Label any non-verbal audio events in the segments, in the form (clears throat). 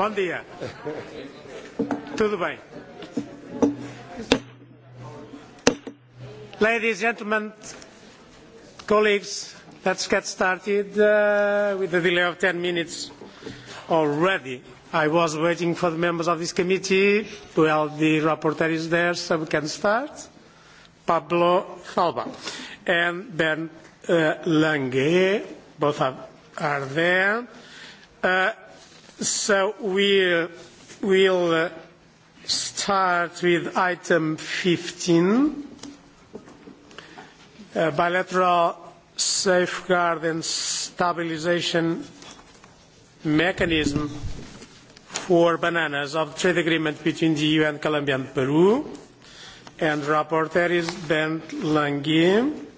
Bom dia. Tudo bem. Ladies and gentlemen, colleagues, let's get started uh, with a delay of 10 minutes already. I was waiting for the members of this committee. Well, the rapporteur is there, so we can start. Pablo Salva and Ben uh, Lange, both are, are there. Uh, So we uh, will uh, start with item 15, uh, bilateral safeguard and stabilization mechanism for bananas of trade agreement between the EU and Colombia and Peru. And rapporteur is Bent Lange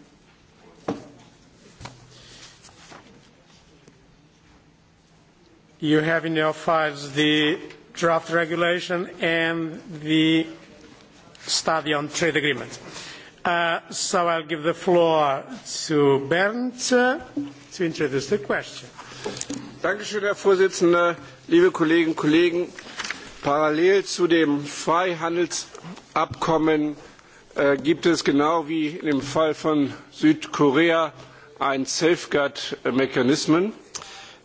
You have in your files the draft regulation and the study on trade agreement. Uh, so I'll give the floor to Bernd uh, to introduce the question. Dankeschön, Herr Vorsitzender, liebe Kolleginnen und Kollegen. Parallel zu dem Freihandelsabkommen äh, gibt es genau wie im Fall von Südkorea ein Safeguard-Mechanismus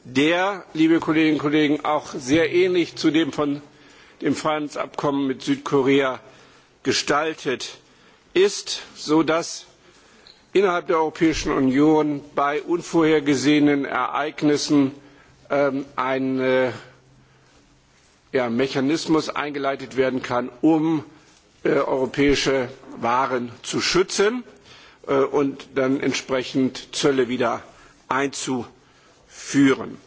der, liebe Kolleginnen und Kollegen, auch sehr ähnlich zu dem von dem Freihandelsabkommen mit Südkorea gestaltet ist, sodass innerhalb der Europäischen Union bei unvorhergesehenen Ereignissen ähm, ein äh, Mechanismus eingeleitet werden kann, um äh, europäische Waren zu schützen äh, und dann entsprechend Zölle wieder einzuführen führen.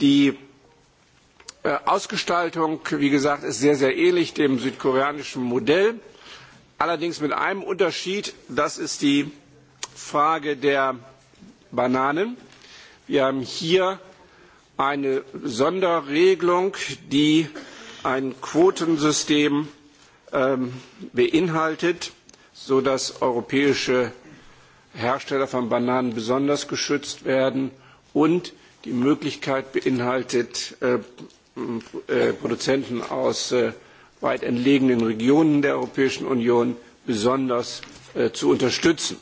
Die äh, Ausgestaltung, wie gesagt, ist sehr, sehr ähnlich dem südkoreanischen Modell, allerdings mit einem Unterschied, das ist die Frage der Bananen. Wir haben hier eine Sonderregelung, die ein Quotensystem ähm, beinhaltet, sodass europäische Hersteller von Bananen besonders geschützt werden und die Möglichkeit beinhaltet, äh, äh, Produzenten aus äh, weit entlegenen Regionen der Europäischen Union besonders zu unterstützen.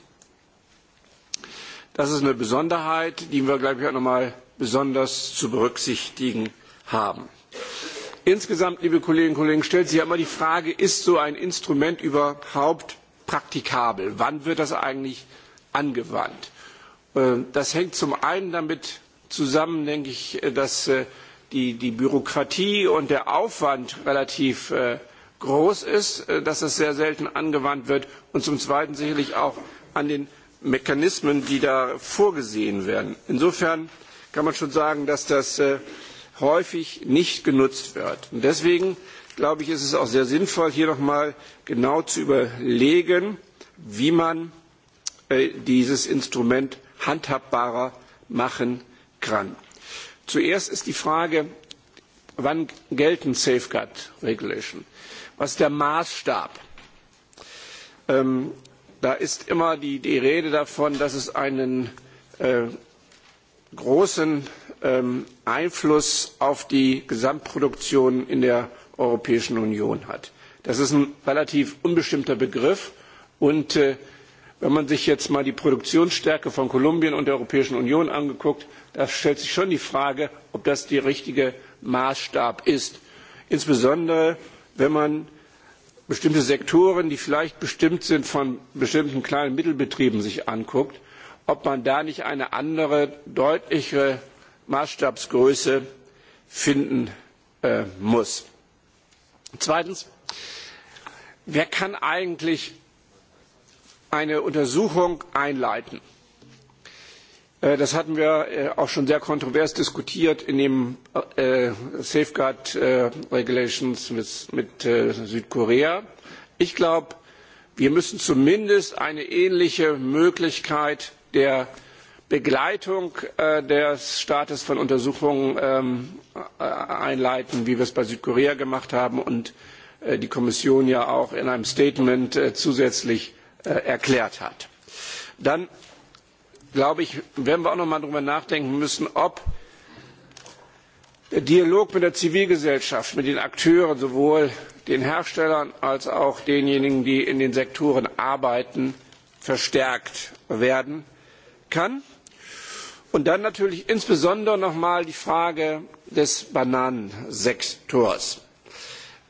Das ist eine Besonderheit, die wir, glaube ich, auch noch nochmal besonders zu berücksichtigen haben. Insgesamt, liebe Kolleginnen und Kollegen, stellt sich ja immer die Frage, ist so ein Instrument überhaupt praktikabel? Wann wird das eigentlich angewandt? Äh, das hängt zum einen damit zusammen, denke ich, äh, dass äh, die, die Bürokratie und der Aufwand relativ groß ist, dass das sehr selten angewandt wird und zum Zweiten sicherlich auch an den Mechanismen, die da vorgesehen werden. Insofern kann man schon sagen, dass das häufig nicht genutzt wird. Und deswegen glaube ich, ist es auch sehr sinnvoll, hier nochmal genau zu überlegen, wie man dieses Instrument handhabbarer machen kann. Zuerst ist die Frage, wann gelten Safeguard Regulation? Was ist der Maßstab? Ähm, da ist immer die, die Rede davon, dass es einen äh, großen ähm, Einfluss auf die Gesamtproduktion in der Europäischen Union hat. Das ist ein relativ unbestimmter Begriff und äh, Wenn man sich jetzt mal die Produktionsstärke von Kolumbien und der Europäischen Union anguckt, da stellt sich schon die Frage, ob das der richtige Maßstab ist. Insbesondere, wenn man bestimmte Sektoren, die vielleicht bestimmt sind von bestimmten kleinen Mittelbetrieben, sich anguckt, ob man da nicht eine andere, deutlichere Maßstabsgröße finden äh, muss. Zweitens, wer kann eigentlich eine Untersuchung einleiten. Äh, das hatten wir äh, auch schon sehr kontrovers diskutiert in dem äh, Safeguard Regulations mit, Südkorea. Ich glaube, wir müssen zumindest eine ähnliche Möglichkeit der Begleitung des Staates von Untersuchungen ähm, einleiten, wie wir es bei Südkorea gemacht haben und die Kommission ja auch in einem Statement zusätzlich Äh, erklärt hat. Dann glaube ich, werden wir auch noch einmal darüber nachdenken müssen, ob der Dialog mit der Zivilgesellschaft, mit den Akteuren, sowohl den Herstellern als auch denjenigen, die in den Sektoren arbeiten, verstärkt werden kann. Und dann natürlich insbesondere noch einmal die Frage des Bananensektors.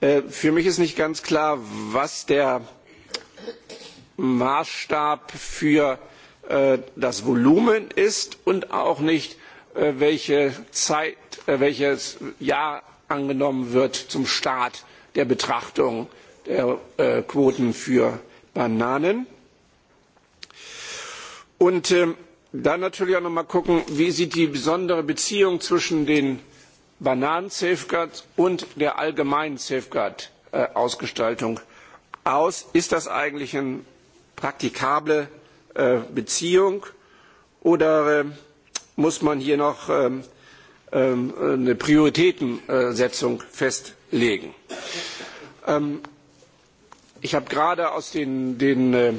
Äh, für mich ist nicht ganz klar, was der Maßstab für äh, das Volumen ist und auch nicht, äh, welche Zeit, äh, welches Jahr angenommen wird zum Start der Betrachtung der Quoten für Bananen. Und ähm, dann natürlich auch noch mal gucken, wie sieht die besondere Beziehung zwischen den bananen safeguards und der allgemeinen Safeguard-Ausgestaltung aus? Ist das eigentlich ein praktikable äh, Beziehung oder äh, muss man hier noch ähm, ähm, eine Prioritätensetzung festlegen? Ähm, ich habe gerade aus den, den äh,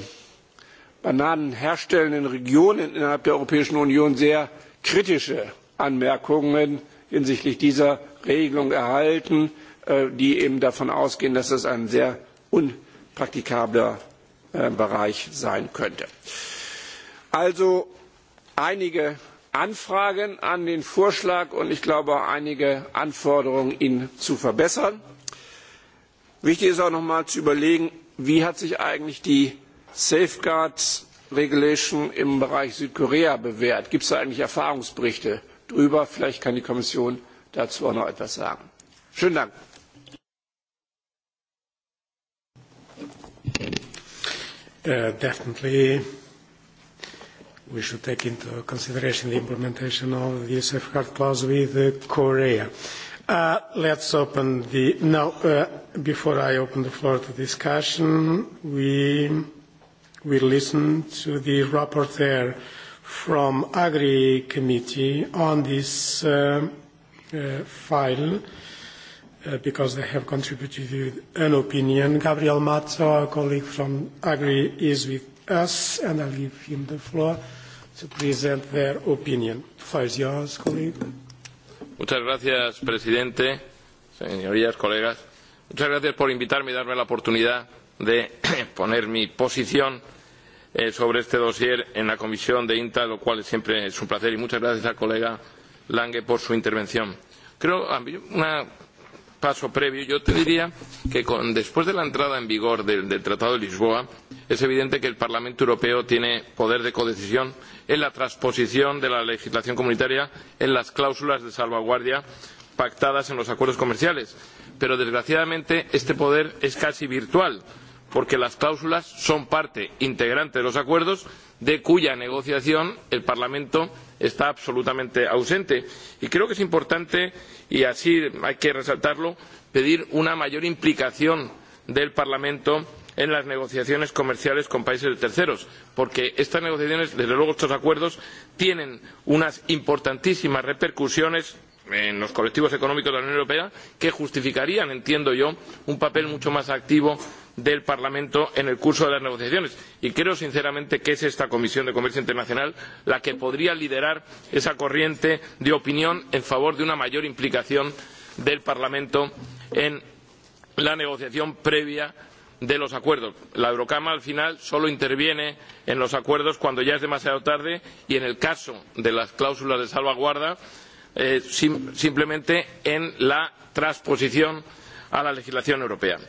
bananenherstellenden Regionen innerhalb der Europäischen Union sehr kritische Anmerkungen hinsichtlich dieser Regelung erhalten, äh, die eben davon ausgehen, dass das ein sehr unpraktikabler Äh, Bereich sein könnte. Also einige Anfragen an den Vorschlag und ich glaube auch einige Anforderungen, ihn zu verbessern. Wichtig ist auch noch einmal zu überlegen, wie hat sich eigentlich die Safeguards Regulation im Bereich Südkorea bewährt? Gibt es da eigentlich Erfahrungsberichte drüber? Vielleicht kann die Kommission dazu auch noch etwas sagen. Schönen Dank. Uh, definitely, we should take into consideration the implementation of the safeguard clause with uh, Korea. Uh, let's open the... No, uh, before I open the floor to discussion, we will listen to the rapporteur from Agri Committee on this uh, file, Uh, because they have contributed with an opinion. Gabriel Mazzo, our colleague from Agri, is with us, and I'll give him the floor to present their opinion. The floor is yours, colleague. Muchas gracias, presidente, señorías, colegas. Muchas gracias por invitarme y darme la oportunidad de (clears throat) poner mi posición eh, sobre este dossier en la comisión de INTA, lo cual siempre es un placer. Y muchas gracias al colega Lange por su intervención. Creo una paso previo, yo te diría que con, después de la entrada en vigor del, del Tratado de Lisboa, es evidente que el Parlamento Europeo tiene poder de codecisión en la transposición de la legislación comunitaria en las cláusulas de salvaguardia pactadas en los acuerdos comerciales. Pero, desgraciadamente, este poder es casi virtual, porque las cláusulas son parte integrante de los acuerdos de cuya negociación el Parlamento está absolutamente ausente. Y creo que es importante, y así hay que resaltarlo, pedir una mayor implicación del Parlamento en las negociaciones comerciales con países terceros, porque estas negociaciones, desde luego estos acuerdos, tienen unas importantísimas repercusiones en los colectivos económicos de la Unión Europea que justificarían, entiendo yo, un papel mucho más activo del Parlamento en el curso de las negociaciones. Y creo sinceramente que es esta Comisión de Comercio Internacional la que podría liderar esa corriente de opinión en favor de una mayor implicación del Parlamento en la negociación previa de los acuerdos. La Eurocámara al final solo interviene en los acuerdos cuando ya es demasiado tarde y en el caso de las cláusulas de salvaguarda eh, sim simplemente en la transposición a la legislación europea.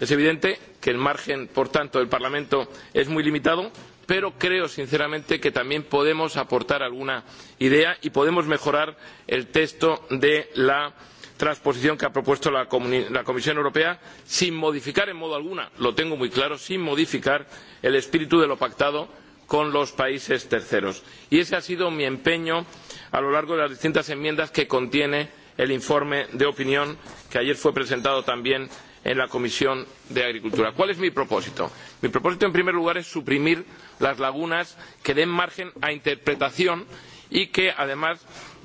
Es evidente que el margen, por tanto, del Parlamento es muy limitado, pero creo sinceramente que también podemos aportar alguna idea y podemos mejorar el texto de la transposición que ha propuesto la, la Comisión Europea sin modificar en modo alguna, lo tengo muy claro, sin modificar el espíritu de lo pactado con los países terceros. Y ese ha sido mi empeño a lo largo de las distintas enmiendas que contiene el informe de opinión que ayer fue presentado también en la Comisión de Agricultura. ¿Cuál es mi propósito? Mi propósito, en primer lugar, es suprimir las lagunas que den margen a interpretación y que, además,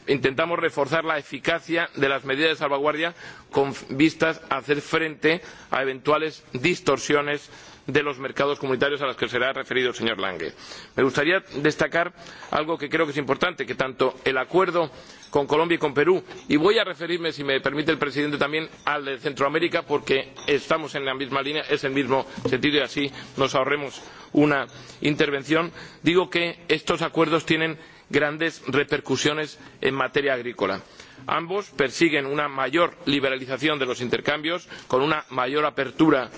intentamos reforzar la eficacia de las medidas de salvaguardia con vistas a hacer frente a eventuales distorsiones de los mercados comunitarios a las que se ha referido el señor Lange. Me gustaría destacar algo que creo que es importante, que tanto el acuerdo con Colombia y con Perú, y voy a referirme, si me permite el presidente, también al de Centroamérica, porque estamos en la misma línea, es el mismo sentido y así nos ahorremos una intervención. Digo que estos acuerdos tienen grandes repercusiones en materia agrícola. Ambos persiguen una mayor liberalización de los intercambios, con una mayor apertura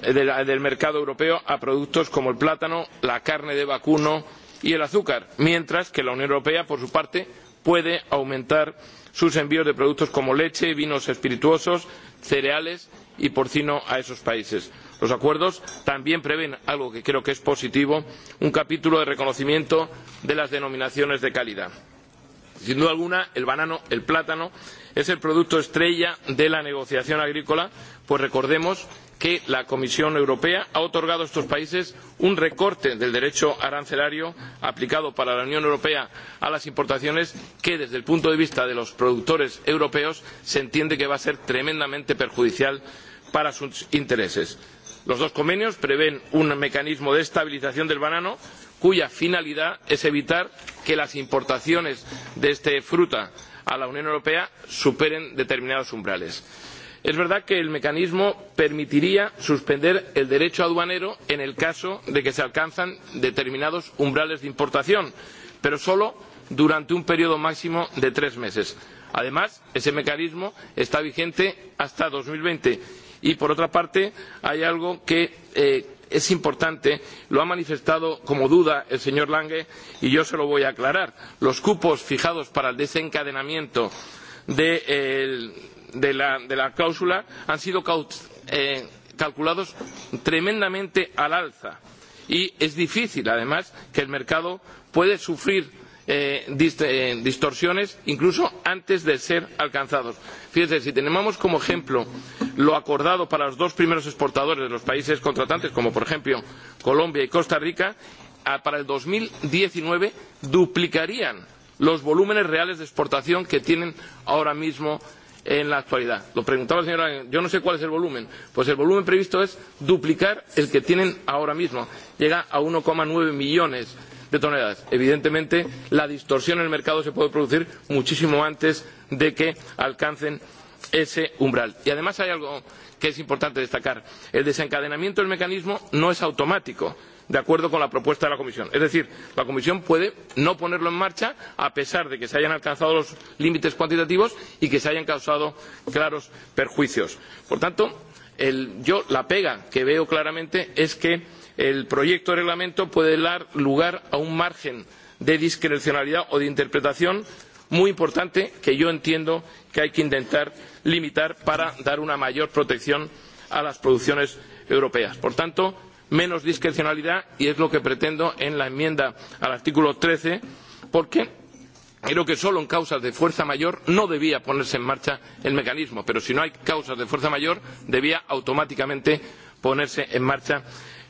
Eh, del, mercado europeo a productos como el plátano, la carne de vacuno y el azúcar, mientras que la Unión Europea, por su parte, puede aumentar sus envíos de productos como leche, vinos espirituosos, cereales y porcino a esos países. Los acuerdos también prevén algo que creo que es positivo un capítulo de reconocimiento de las denominaciones de calidad sin duda alguna el banano el plátano es el producto estrella de la negociación agrícola pues recordemos que la comisión europea ha otorgado a estos países un recorte del derecho arancelario aplicado para la unión europea a las importaciones que desde el punto de vista de los productores europeos se entiende que va a ser tremendamente perjudicial para sus intereses. los dos convenios prevén un mecanismo de estabilización del banano cuya finalidad es evitar que las importaciones de esta fruta a la Unión Europea superen determinados umbrales. Es verdad que el mecanismo permitiría suspender el derecho aduanero en el caso de que se alcanzan determinados umbrales de importación, pero solo durante un periodo máximo de tres meses. Además, ese mecanismo está vigente hasta 2020. Y, por otra parte, hay algo que eh, es importante, lo ha manifestado como duda el señor Lange y yo se lo voy a aclarar. Los cupos fijados para el desencadenamiento de, eh, de, la, de la cláusula han sido eh, calculados tremendamente al alza y es difícil, además, que el mercado puede sufrir Eh, eh, distorsiones incluso antes de ser alcanzados. Fíjense, si tenemos como ejemplo lo acordado para los dos primeros exportadores de los países contratantes, como por ejemplo Colombia y Costa Rica, para el dos mil diecinueve duplicarían los volúmenes reales de exportación que tienen ahora mismo en la actualidad. Lo preguntaba la señora, yo no sé cuál es el volumen. Pues el volumen previsto es duplicar el que tienen ahora mismo. Llega a 1,9 millones de toneladas. Evidentemente, la distorsión en el mercado se puede producir muchísimo antes de que alcancen ese umbral. Y además hay algo que es importante destacar. El desencadenamiento del mecanismo no es automático, de acuerdo con la propuesta de la Comisión. Es decir, la Comisión puede no ponerlo en marcha a pesar de que se hayan alcanzado los límites cuantitativos y que se hayan causado claros perjuicios. Por tanto, el, yo la pega que veo claramente es que el proyecto de reglamento puede dar lugar a un margen de discrecionalidad o de interpretación muy importante que yo entiendo que hay que intentar limitar para dar una mayor protección a las producciones europeas. Por tanto, menos discrecionalidad y es lo que pretendo en la enmienda al artículo trece porque creo que solo en causas de fuerza mayor no debía ponerse en marcha el mecanismo, pero si no hay causas de fuerza mayor debía automáticamente ponerse en marcha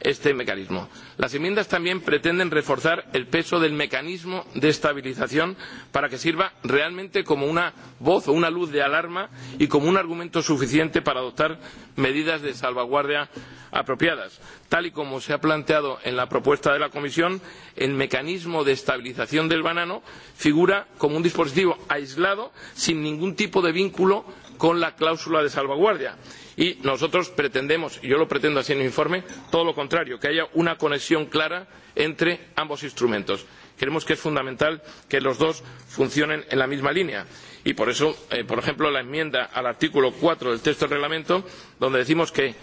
este mecanismo. Las enmiendas también pretenden reforzar el peso del mecanismo de estabilización para que sirva realmente como una voz o una luz de alarma y como un argumento suficiente para adoptar medidas de salvaguardia apropiadas. Tal y como se ha planteado en la propuesta de la Comisión, el mecanismo de estabilización del banano figura como un dispositivo aislado sin ningún tipo de vínculo con la cláusula de salvaguardia y nosotros pretendemos y yo lo pretendo así en el informe todo lo contrario que haya una conexión clara entre ambos instrumentos. creemos que es fundamental que los dos funcionen en la misma línea y por eso eh, por ejemplo la enmienda al artículo cuatro del texto del reglamento donde decimos que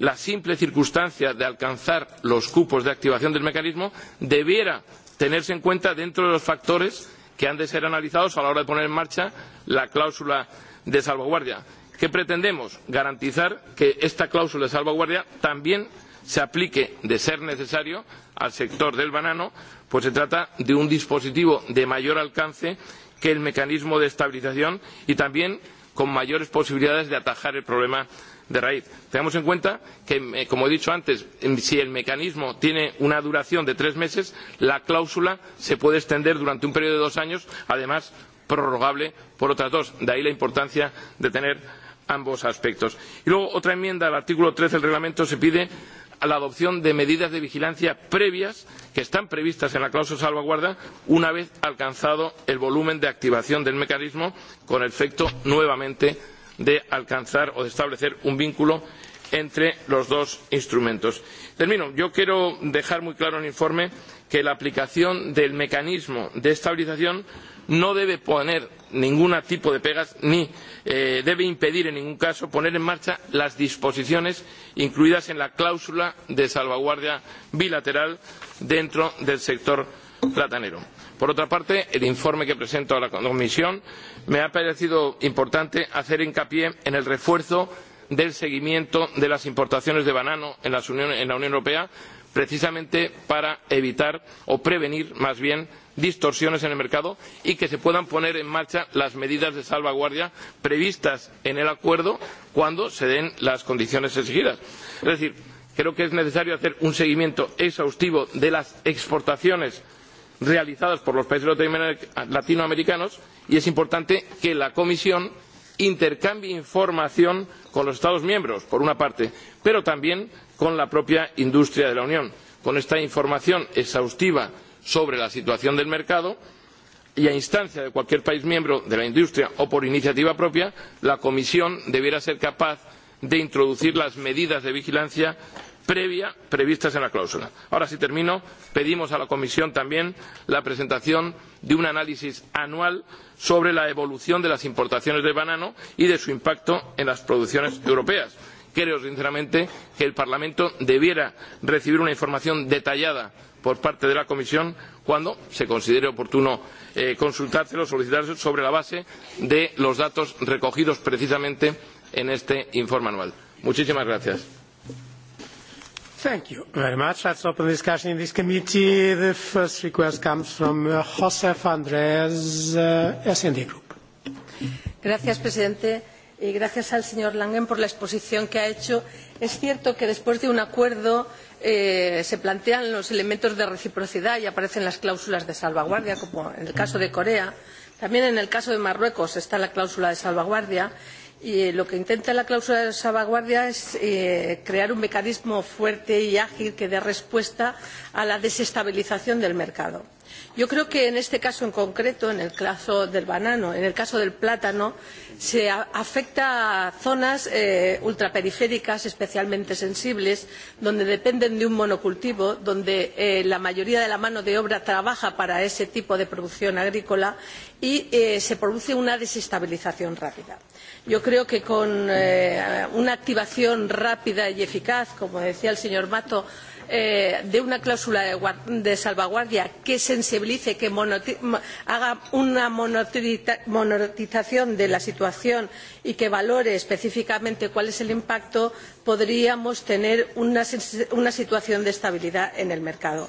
la simple circunstancia de alcanzar los cupos de activación del mecanismo debiera tenerse en cuenta dentro de los factores que han de ser analizados a la hora de poner en marcha la cláusula de salvaguardia que pretendemos garantizar que esta cláusula de salvaguardia también se aplique de ser necesario al sector del banano pues se trata de un dispositivo de mayor alcance que el mecanismo de estabilización y también con mayores posibilidades de atajar el problema de raíz. Tengamos en cuenta que, eh, como he dicho antes, si el mecanismo tiene una duración de tres meses, la cláusula se puede extender durante un periodo de dos años, además prorrogable por otras dos. De ahí la importancia de tener ambos aspectos. Y luego, otra enmienda al artículo 13 del reglamento se pide la adopción de medidas de vigilancia previas que están previstas en la cláusula de salvaguarda una vez alcanzado el volumen de activación del mecanismo con el efecto nuevamente de alcanzar o de establecer un vínculo entre los dos instrumentos. Termino. Yo quiero dejar muy claro en el informe que la aplicación del mecanismo de estabilización no debe poner ningún tipo de pegas ni eh, debe impedir en ningún caso poner en marcha las disposiciones incluidas en la cláusula de salvaguardia bilateral dentro del sector platanero. Por otra parte, el informe que presento a la Comisión me ha parecido importante hacer hincapié en el refuerzo del seguimiento de las importaciones de banano en, la Unión Europea, precisamente para evitar o prevenir, más bien, distorsiones en el mercado y que se puedan poner en marcha las medidas de salvaguardia previstas en el acuerdo cuando se den las condiciones exigidas. Es decir, creo que es necesario hacer un seguimiento exhaustivo de las exportaciones realizadas por los países latinoamericanos y es importante que la Comisión intercambie información con los Estados miembros, por una parte, pero también con la propia industria de la Unión. Con esta información exhaustiva sobre la situación del mercado y a instancia de cualquier país miembro de la industria o por iniciativa propia, la Comisión debiera ser capaz de introducir las medidas de vigilancia previa previstas en la cláusula. Ahora sí termino. Pedimos a la Comisión también la presentación de un análisis anual sobre la evolución de las importaciones de banano y de su impacto en las producciones europeas. Creo sinceramente que el Parlamento debiera recibir una información detallada por parte de la Comisión cuando se considere oportuno eh, consultárselo, solicitárselo sobre la base de los datos recogidos precisamente en este informe anual. Muchísimas gracias. Thank you very much. Let's open the discussion in this committee. The first request comes from uh, Josef Andrés, uh, S&D Group. Gracias, presidente. Y gracias al señor Langen por la exposición que ha hecho. Es cierto que después de un acuerdo eh, se plantean los elementos de reciprocidad y aparecen las cláusulas de salvaguardia, como en el caso de Corea. También en el caso de Marruecos está la cláusula de salvaguardia. Eh, Y eh, lo que intenta la cláusula de salvaguardia es eh, crear un mecanismo fuerte y ágil que dé respuesta a la desestabilización del mercado. Yo creo que en este caso en concreto, en el caso del banano, en el caso del plátano, se afecta a zonas eh, ultraperiféricas especialmente sensibles, donde dependen de un monocultivo, donde la mayoría de la mano de obra trabaja para ese tipo de producción agrícola y se produce una desestabilización rápida. Yo creo que con eh, una activación rápida y eficaz, como decía el señor Mato, eh, de una cláusula de, salvaguardia que sensibilice, que haga una monitorización de la situación y que valore específicamente cuál es el impacto, podríamos tener una, situación de estabilidad en el mercado. Eh,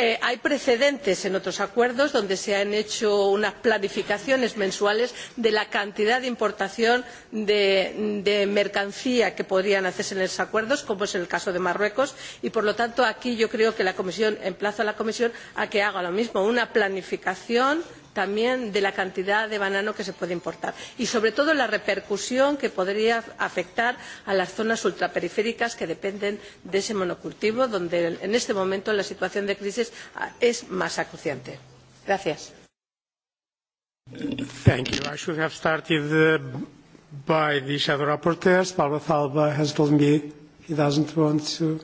Eh, hay precedentes en otros acuerdos donde se han hecho unas planificaciones mensuales de la cantidad de importación de, mercancía que podrían hacerse en esos acuerdos, como es el caso de Marruecos, y por lo tanto aquí yo emplazo a la Comisión a que haga lo mismo, una planificación de también de la cantidad de banano que se puede importar y sobre todo la repercusión que podría afectar a las zonas ultraperiféricas que dependen de ese monocultivo donde en este momento la situación de crisis es más acuciante. Gracias. Thank you. I should have started uh, by the shadow rapporteurs. Pablo Zalba has told me he doesn't want to.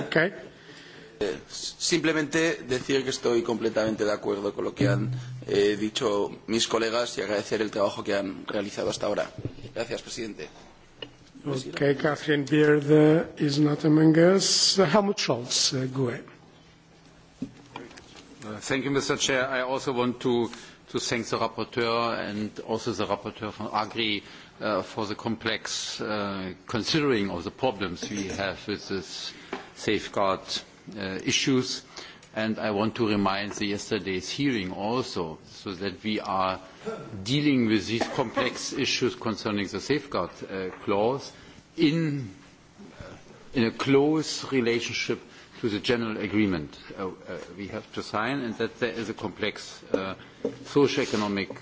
Okay. Simplemente decir que estoy completamente de acuerdo con lo que han eh, dicho mis colegas y agradecer el trabajo que han realizado hasta ahora. Gracias, presidente. Okay, Catherine Beard uh, is not among us. Helmut Scholz, uh, GUE. Uh, thank you, Mr. Chair. I also want to, to thank the rapporteur and also the rapporteur from Agri uh, for the complex uh, considering of the problems we have with this safeguard uh, Uh, issues. And I want to remind the yesterday's hearing also, so that we are dealing with these complex issues concerning the safeguard uh, clause in, uh, in a close relationship to the general agreement we have to sign and that there is a complex socioeconomic socio-economic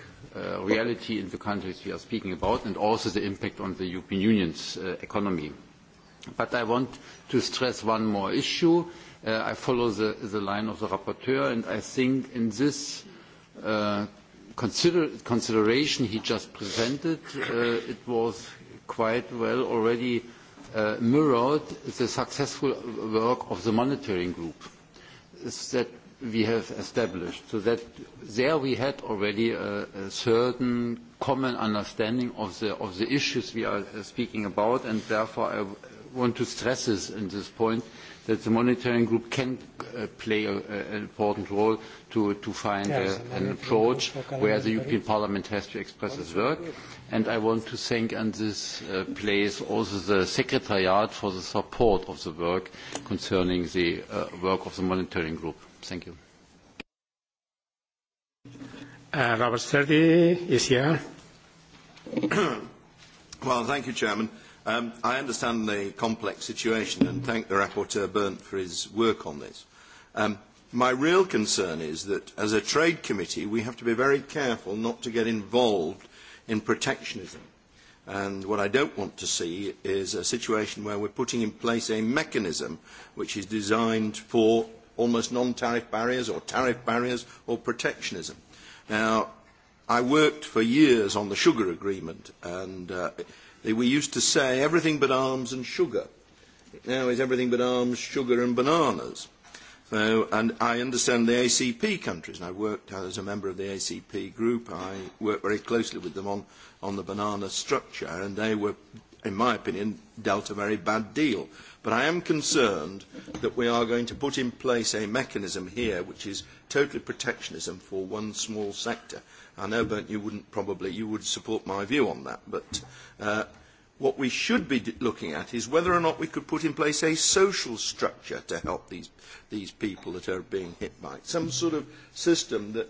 reality in the countries we are speaking about and also the impact on the European Union's economy. But I want to stress one more issue Uh, I follow the, line of the rapporteur, and I think in this uh, consideration he just presented, uh, it was quite well already mirrored the successful work of the monitoring group that we have established. So that there we had already a, certain common understanding of the, issues we are speaking about, and therefore I want to stress this in this point, that the monitoring group can uh, play an important role to, find uh, an approach where the European Parliament has to express its work. And I want to thank in this uh, place also the Secretariat for the support of the work concerning the work of the monitoring group. Thank you. Robert Sturdy is here. well, thank you, Chairman. Um, I understand the complex situation and thank the rapporteur Berndt for his work on this. Um, my real concern is that as a trade committee we have to be very careful not to get involved in protectionism. And what I don't want to see is a situation where we're putting in place a mechanism which is designed for almost non-tariff barriers or tariff barriers or protectionism. Now, I worked for years on the sugar agreement and uh, We used to say everything but arms and sugar. Now it's everything but arms, sugar and bananas. So, and I understand the ACP countries, and I worked as a member of the ACP group. I worked very closely with them on, on the banana structure, and they were, in my opinion, dealt a very bad deal. But I am concerned that we are going to put in place a mechanism here which is totally protectionism for one small sector I know, Bernd, you wouldn't probably, you would support my view on that, but uh, what we should be looking at is whether or not we could put in place a social structure to help these, these people that are being hit by it. Some sort of system that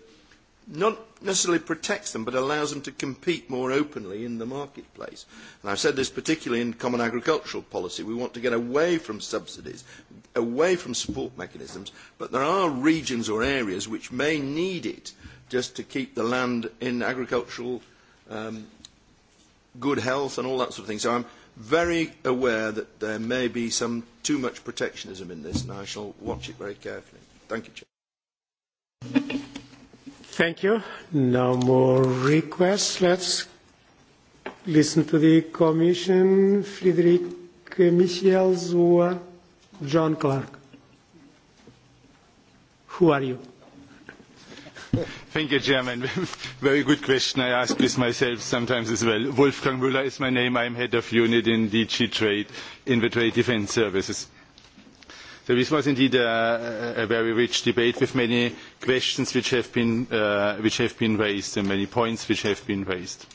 not necessarily protects them, but allows them to compete more openly in the marketplace. And I've said this particularly in common agricultural policy. We want to get away from subsidies, away from support mechanisms, but there are regions or areas which may need it just to keep the land in agricultural um, good health and all that sort of thing. So I'm very aware that there may be some too much protectionism in this, and I shall watch it very carefully. Thank you, Chair. Thank you. No more requests. Let's listen to the Commission. Friedrich Michels Zua, John Clark. Who are you? Thank you, Chairman. (laughs) Very good question. I ask this myself sometimes as well. Wolfgang Müller is my name. I'm head of unit in DG Trade in the Trade Defence Services. So this was indeed a, a very rich debate with many questions which have been, uh, which have been raised and many points which have been raised.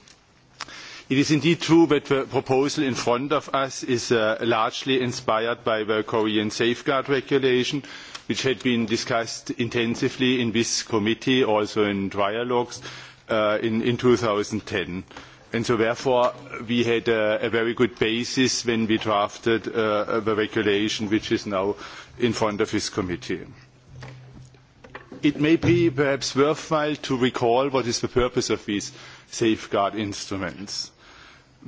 It is indeed true that the proposal in front of us is uh, largely inspired by the Korean safeguard regulation, which had been discussed intensively in this committee, and also in trialogues uh, in, two thousand And ten therefore, we had a, very good basis when we drafted uh, the regulation, which is now in front of this committee. It may be perhaps worthwhile to recall what is the purpose of these safeguard instruments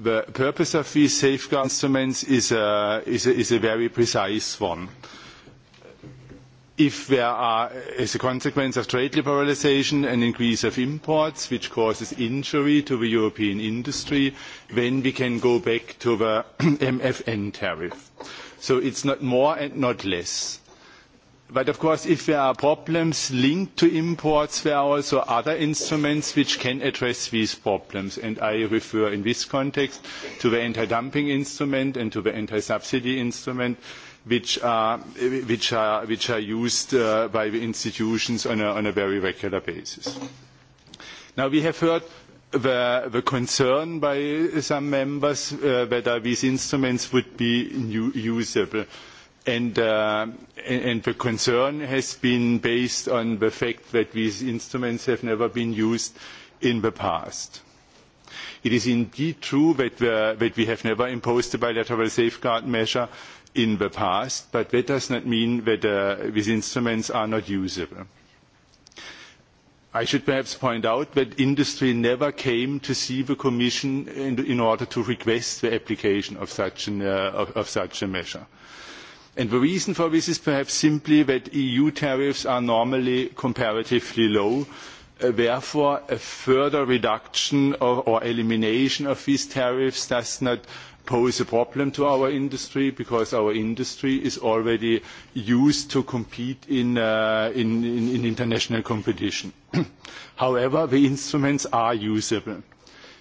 the purpose of these safeguard instruments is a, very precise one. If there are, as a consequence of trade liberalization, an increase of imports which causes injury to the European industry, then we can go back to the (clears throat) MFN tariff. it's not more and not less. But of course, if there are problems linked to imports, there are also other instruments which can address these problems. And I refer in this context to the anti-dumping instrument and to the anti-subsidy instrument, which are, used uh, by the institutions on a, very regular basis. Now, we have heard The, concern by some members uh, whether these instruments would be usable. Uh, and, the concern has been based on the fact that these instruments have never been used in the past. It is indeed true that, we have never imposed a bilateral safeguard measure in the past, but that does not mean that uh, these instruments are not usable. I should perhaps point out that industry never came to see the Commission in, order to request the application of such, uh, a measure. And the reason for this is perhaps simply that EU tariffs are normally comparatively low. Uh, therefore, a further reduction or elimination of these tariffs does not pose a problem to our industry because our industry is already used to compete in, uh, in international competition. (clears throat) However, the instruments are usable.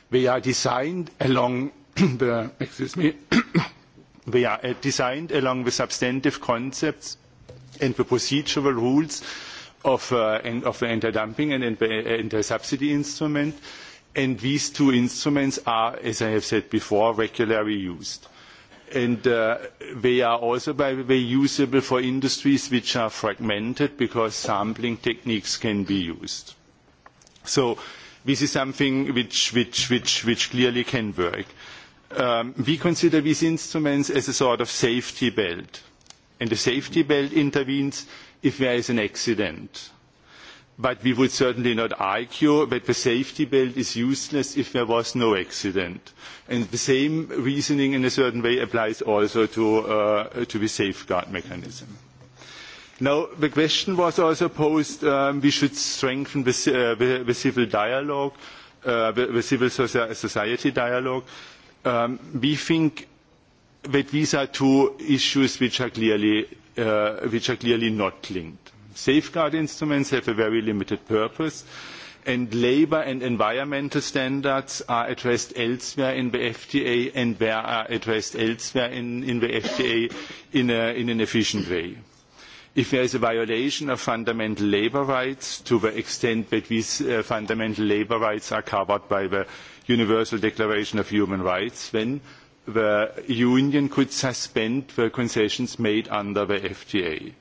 They are designed along (clears throat) the, excuse me, (clears throat) they are uh, designed along the substantive concepts and the procedural rules of, uh, of the anti-dumping and uh, anti-subsidy instrument. And these two instruments are, as I have said before, regularly used. And uh, they are also, by the way, usable for industries which are fragmented because sampling techniques can be used. So this is something which, which, which, which clearly can work. Uh, Um, we consider these instruments as a sort of safety belt. And the safety belt intervenes if there is an accident. But we would certainly not argue that the safety belt is useless if there was no accident. And the same reasoning in a certain way applies also to, uh, the safeguard mechanism. Now, the question was also posed, um, we should strengthen the, uh, civil dialogue, uh, the civil society dialogue Um, we think that these are two issues which are clearly, uh, which are clearly not linked. Safeguard instruments have a very limited purpose, and labour and environmental standards are addressed elsewhere in the FTA and they are addressed elsewhere in, in the FTA in, a, in an efficient way if there is a violation of fundamental labour rights to the extent that these uh, fundamental labour rights are covered by the Universal Declaration of Human Rights when the Union could suspend the concessions made under the FTA.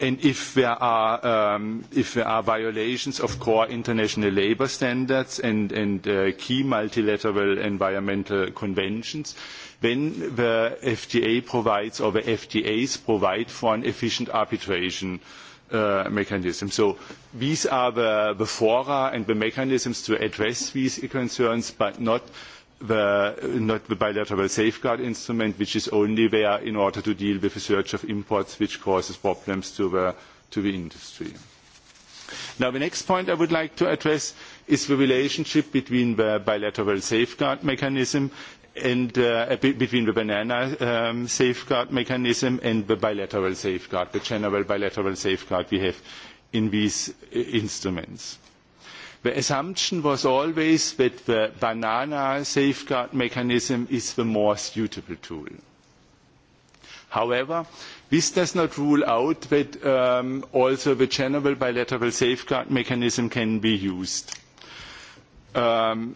And if there are, um, if there are violations of core international labour standards and, and uh, key multilateral environmental conventions, then the FTA provides, or the FTAs provide for an efficient arbitration uh, Äh, mechanism. So these are the, the fora and the mechanisms to address these concerns, but not the, not the bilateral safeguard instrument, which is only there in order to deal with the surge of imports, which causes problems to the, to the industry. Now, the next point I would like to address is the relationship between the bilateral safeguard mechanism and uh, between the banana um, safeguard mechanism and the bilateral safeguard, the general bilateral safeguard we have in these uh, instruments. The assumption was always that the banana safeguard mechanism is the more suitable tool. However, this does not rule out that um, also the general bilateral safeguard mechanism can be used. Um,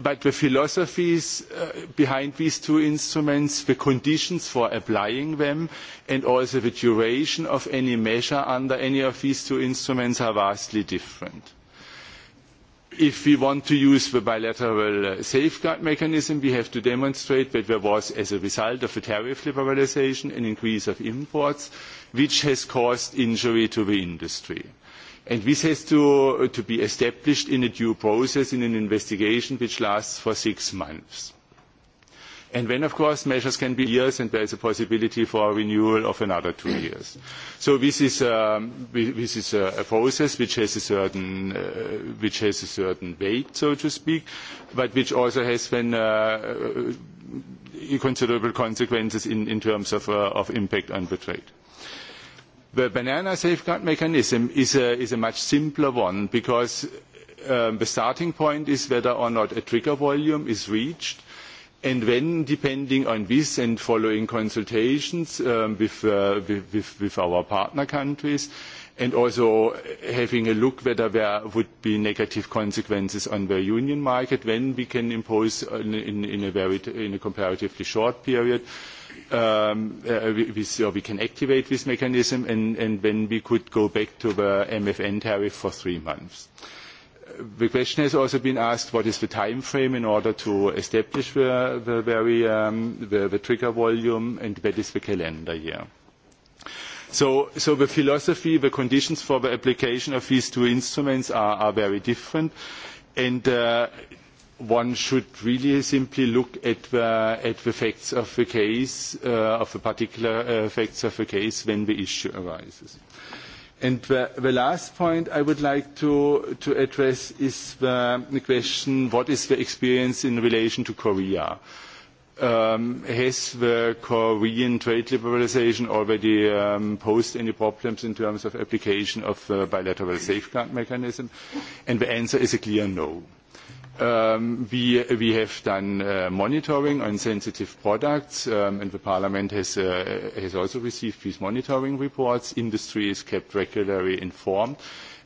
but the philosophies uh, behind these two instruments, the conditions for applying them, and also the duration of any measure under any of these two instruments are vastly different. If we want to use the bilateral uh, safeguard mechanism, we have to demonstrate that there was, as a result of the tariff liberalisation, an increase of imports, which has caused injury to the industry And this has to, be established in a due process, in an investigation which lasts for six months. And then, of course, measures can be years, and there is a possibility for renewal of another two years. So this is, um, a, process which has a certain, uh, which has a certain weight, so to speak, but which also has then uh, uh, considerable consequences in, terms of impact on the trade. The banana safeguard mechanism is a, much simpler one because um, the starting point is whether or not a trigger volume is reached. And then depending on this and following consultations um, uh, with, with, with, our partner countries, and also having a look whether there would be negative consequences on the union market, then we can impose in, in, in, a, very, in a comparatively short period um, uh, we, can activate this mechanism, and, and then we could go back to the MFN tariff for three months. Uh, the question has also been asked, what is the time frame in order to establish the, the, very, um, the, the trigger volume, and that is the calendar year. So, so the philosophy, the conditions for the application of these two instruments are, are very different. And uh, one should really simply look at the, at the facts of the case, uh, of the particular uh, facts of the case when the issue arises. And the, the last point I would like to, to address is the, question, what is the experience in relation to Korea? Um, has the Korean trade liberalization already um, posed any problems in terms of application of the bilateral safeguard mechanism? And the answer is a clear no. Ähm, we, have done äh, monitoring on sensitive products, ähm, and the parliament äh, has, also received these monitoring reports. Industry is kept regularly informed,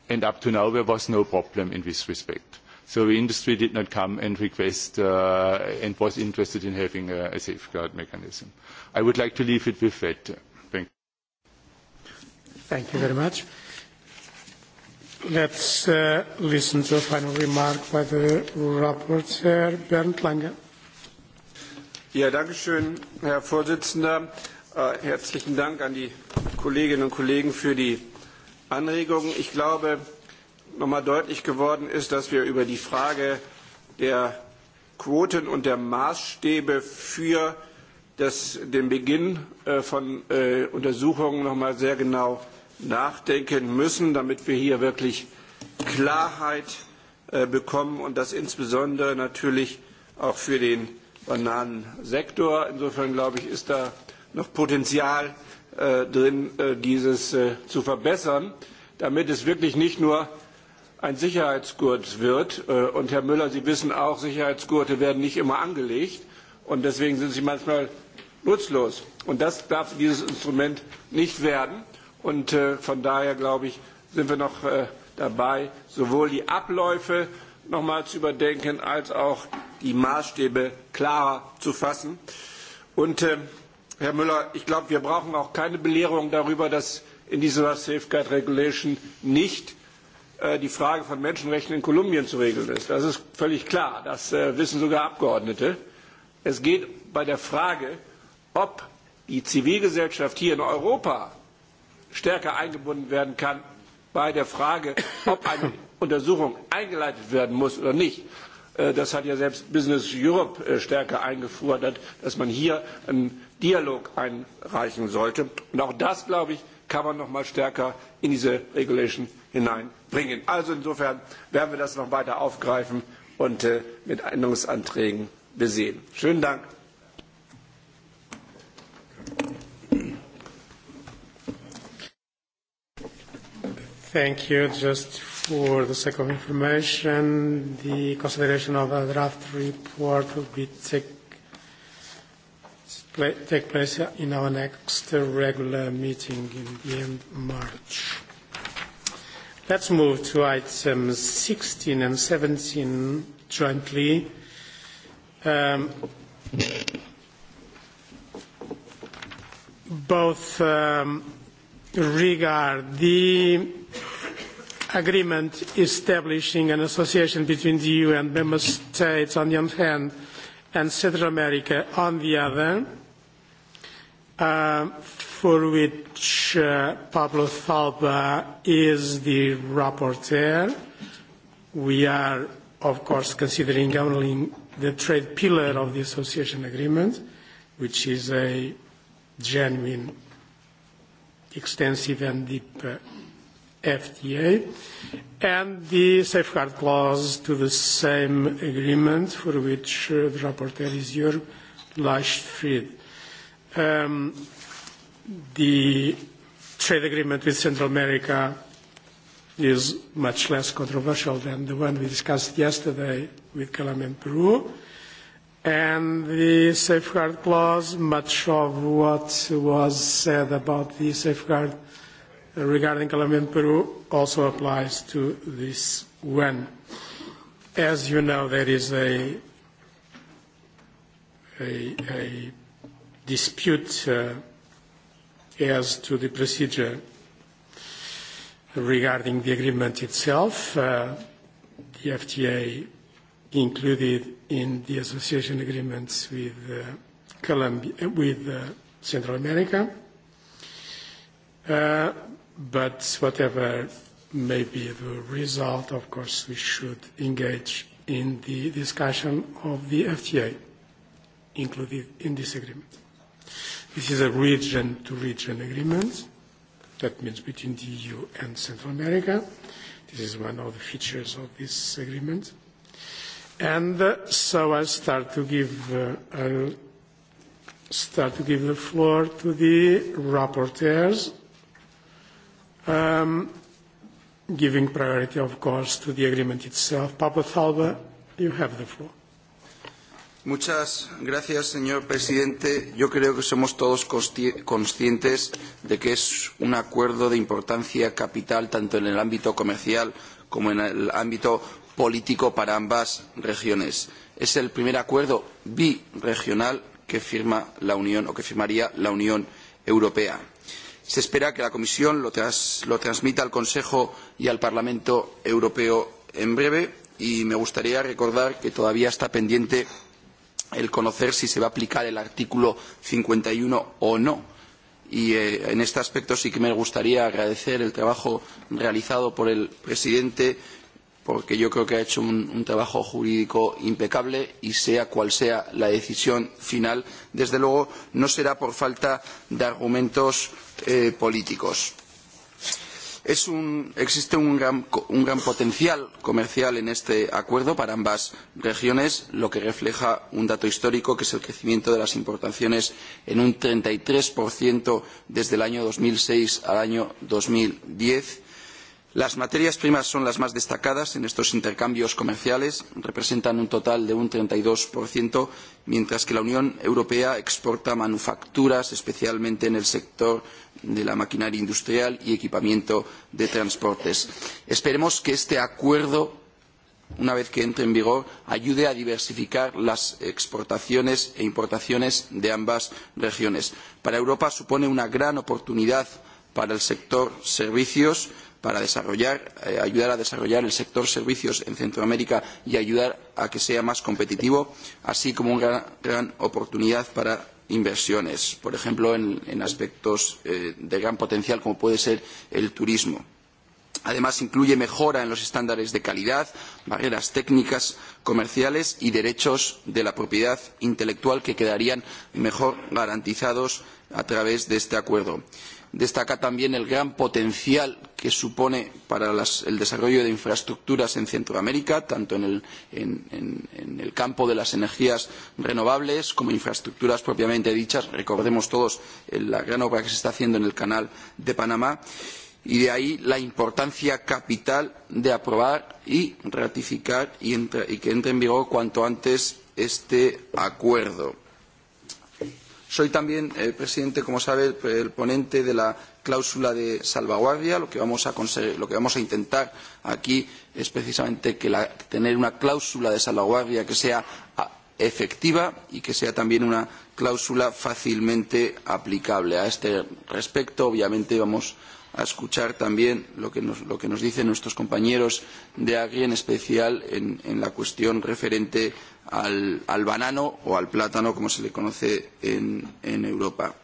and up to now, there was no problem in this respect. So the industry did not come and request uh, and was interested in having a, a safeguard mechanism. I would like to leave it with that. Thank you. Thank you very much. Let's uh, listen to a final remark by the rapporteur, Bernd Lange. Ja, danke schön, Herr Vorsitzender. Äh, herzlichen Dank an die Kolleginnen und Kollegen für die Anregungen. Ich glaube, nochmal deutlich geworden ist, dass wir über die Frage der Quoten und der Maßstäbe für das, den Beginn äh, von äh, Untersuchungen nochmal sehr genau nachdenken müssen, damit wir hier wirklich Klarheit äh, bekommen und das insbesondere natürlich auch für den Bananensektor. Insofern glaube ich, ist da noch Potenzial äh, drin, äh, dieses äh, zu verbessern, damit es wirklich nicht nur ein Sicherheitsgurt wird. Und Herr Müller, Sie wissen auch, Sicherheitsgurte werden nicht immer angelegt und deswegen sind sie manchmal nutzlos. Und das darf dieses Instrument nicht werden. Und äh, von daher, glaube ich, sind wir noch äh, dabei, sowohl die Abläufe noch mal zu überdenken, als auch die Maßstäbe klarer zu fassen. Und äh, Herr Müller, ich glaube, wir brauchen auch keine Belehrung darüber, dass in dieser Safeguard Regulation nicht die Frage von Menschenrechten in Kolumbien zu regeln ist. Das ist völlig klar. Das wissen sogar Abgeordnete. Es geht bei der Frage, ob die Zivilgesellschaft hier in Europa stärker eingebunden werden kann bei der Frage, ob eine Untersuchung eingeleitet werden muss oder nicht. Äh, das hat ja selbst Business Europe äh, stärker eingefordert, dass man hier einen Dialog einreichen sollte. Und auch das, glaube ich, kann man noch mal stärker in diese Regulation hineinbringen. Also insofern werden wir das noch weiter aufgreifen und äh, mit Änderungsanträgen besehen. Schönen Dank. Thank you. Just for the sake of information, the consideration of a draft report will be take, take place in our next regular meeting in the end of March. Let's move to items 16 and 17 jointly. Um, both um, regard the agreement establishing an association between the EU and member states on the one hand and Central America on the other, uh, for which uh, Pablo Falba is the rapporteur. We are, of course, considering only the trade pillar of the association agreement, which is a genuine extensive and deep uh, FTA, and the safeguard clause to the same agreement for which uh, the rapporteur is your last feed. Um, the trade agreement with Central America is much less controversial than the one we discussed yesterday with Colombia and Peru And the safeguard clause, much of what was said about the safeguard regarding Colombia and Peru also applies to this one. As you know, there is a, a, a dispute uh, as to the procedure regarding the agreement itself. Uh, the FTA included in the association agreements with uh, Colombia, uh, with uh, Central America. Uh, but whatever may be the result, of course, we should engage in the discussion of the FTA included in this agreement. This is a region-to-region -region agreement. That means between the EU and Central America. This is one of the features of this agreement. And uh, so I start to give, uh, I'll start to give the floor to the rapporteurs, um, giving priority, of course, to the agreement itself. Papa Thalba, you have the floor. Muchas gracias, señor presidente. Yo creo que somos todos conscientes de que es un acuerdo de importancia capital tanto en el ámbito comercial como en el ámbito político para ambas regiones. Es el primer acuerdo birregional que firma la Unión o que firmaría la Unión Europea. Se espera que la Comisión lo, tras, lo transmita al Consejo y al Parlamento Europeo en breve y me gustaría recordar que todavía está pendiente el conocer si se va a aplicar el artículo 51 o no. Y eh, en este aspecto sí que me gustaría agradecer el trabajo realizado por el presidente porque yo creo que ha hecho un, un trabajo jurídico impecable y sea cual sea la decisión final, desde luego no será por falta de argumentos eh, políticos. Es un, existe un gran, un gran potencial comercial en este acuerdo para ambas regiones, lo que refleja un dato histórico que es el crecimiento de las importaciones en un 33% desde el año 2006 al año 2010 Las materias primas son las más destacadas en estos intercambios comerciales, representan un total de un 32%, mientras que la Unión Europea exporta manufacturas, especialmente en el sector de la maquinaria industrial y equipamiento de transportes. Esperemos que este acuerdo una vez que entre en vigor, ayude a diversificar las exportaciones e importaciones de ambas regiones. Para Europa supone una gran oportunidad para el sector servicios, para desarrollar, eh, ayudar a desarrollar el sector servicios en Centroamérica y ayudar a que sea más competitivo, así como una gran oportunidad para inversiones, por ejemplo, en, en aspectos eh, de gran potencial como puede ser el turismo. Además, incluye mejora en los estándares de calidad, barreras técnicas, comerciales y derechos de la propiedad intelectual que quedarían mejor garantizados a través de este acuerdo. Destaca también el gran potencial que supone para las, el desarrollo de infraestructuras en Centroamérica, tanto en el, en, en, en el campo de las energías renovables como infraestructuras propiamente dichas. Recordemos todos eh, la gran obra que se está haciendo en el canal de Panamá y de ahí la importancia capital de aprobar y ratificar y, entra, y que entre en vigor cuanto antes este acuerdo. Soy también, eh, presidente, como sabe, el ponente de la cláusula de salvaguardia. Lo que vamos a, conseguir, lo que vamos a intentar aquí es precisamente que la, tener una cláusula de salvaguardia que sea efectiva y que sea también una cláusula fácilmente aplicable. A este respecto, obviamente, vamos a escuchar también lo que nos, lo que nos dicen nuestros compañeros de Agri, en especial en, en la cuestión referente al, al banano o al plátano, como se le conoce en, en Europa.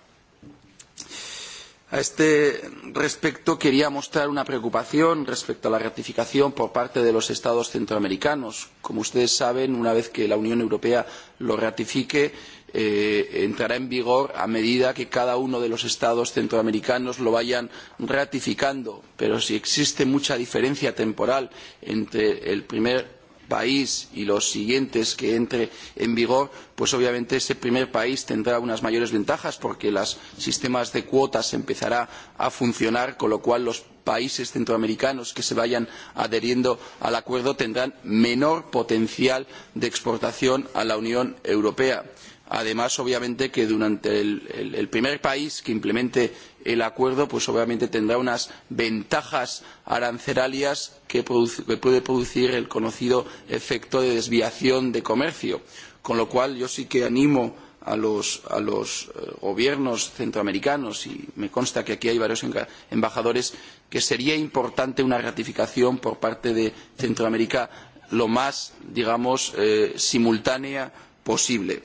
A este respecto quería mostrar una preocupación respecto a la ratificación por parte de los Estados centroamericanos. Como ustedes saben, una vez que la Unión Europea lo ratifique, eh, entrará en vigor a medida que cada uno de los Estados centroamericanos lo vayan ratificando. Pero si existe mucha diferencia temporal entre el primer país y los siguientes que entre en vigor, pues obviamente ese primer país tendrá unas mayores ventajas porque los sistemas de cuotas empezará a funcionar, con lo cual los países centroamericanos que se vayan adheriendo al acuerdo tendrán menor potencial de exportación a la Unión Europea. Además, obviamente, que durante el, el, el primer país que implemente el acuerdo pues obviamente tendrá unas ventajas arancelarias que, produce, que puede producir el conocido efecto de desviación de comercio. Con lo cual yo sí que animo a los, a los eh, gobiernos centroamericanos y me consta que aquí hay varios embajadores que sería importante una ratificación por parte de Centroamérica lo más, digamos, eh, simultánea posible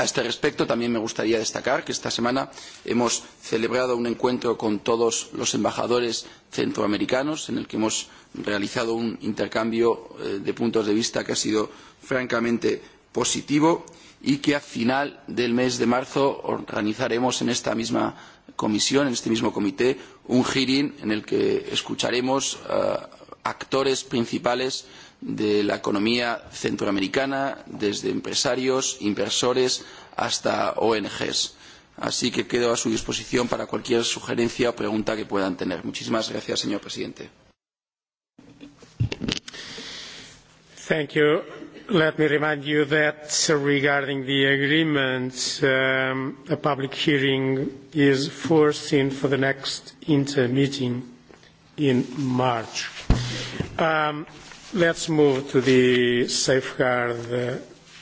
A este respecto, también me gustaría destacar que esta semana hemos celebrado un encuentro con todos los embajadores centroamericanos en el que hemos realizado un intercambio eh, de puntos de vista que ha sido francamente positivo y que a final del mes de marzo organizaremos en esta misma comisión, en este mismo comité, un hearing en el que escucharemos uh, actores principales de la economía centroamericana, desde empresarios, inversores hasta ONGs. Así que quedo a su disposición para cualquier sugerencia o pregunta que puedan tener. Muchísimas gracias, señor presidente. Thank you. Let me remind you that regarding the agreement, um, a public hearing is foreseen for the next inter meeting in March. Um, Let's move to the safeguard, uh,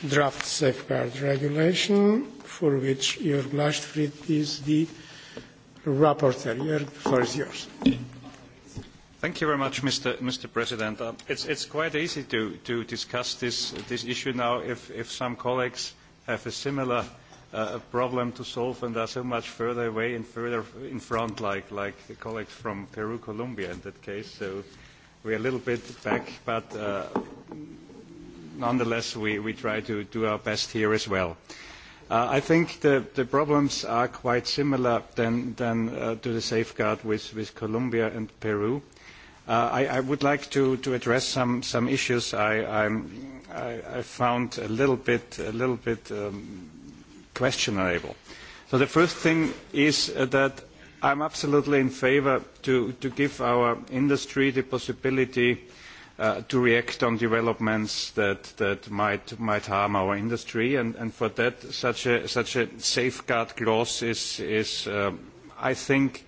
draft safeguard regulation, for which Jörg Lashfried is the rapporteur. Jörg, the floor is yours. Thank you very much, Mr. Mr. President. Uh, it's, it's quite easy to, to discuss this, this issue now if, if some colleagues have a similar uh, problem to solve and are so much further away and further in front, like, like the colleagues from Peru, Colombia in that case. So We're a little bit back, but uh, nonetheless, we, try to do our best here as well. Uh, I think the, problems are quite similar than, uh, to the safeguard with, Colombia and Peru. I, would like to, address some, issues I, found a little bit, um, questionable. the first thing is that i am absolutely in favour of giving our industry the possibility uh, to react on developments that, that might, might harm our industry and, and for that such a, such a safeguard clause is, is um, i think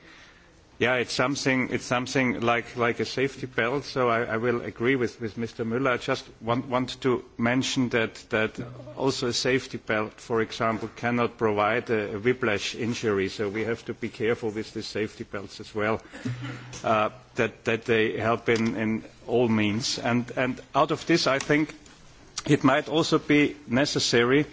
Yeah, it's something, it's something like, like a safety belt, so I, I will agree with, with Mr. Müller. I just want, want to mention that, that also a safety belt, for example, cannot provide a, a whiplash injury, so we have to be careful with the safety belts as well, uh, that, that they help in, in all means. And, and out of this, I think it might also be necessary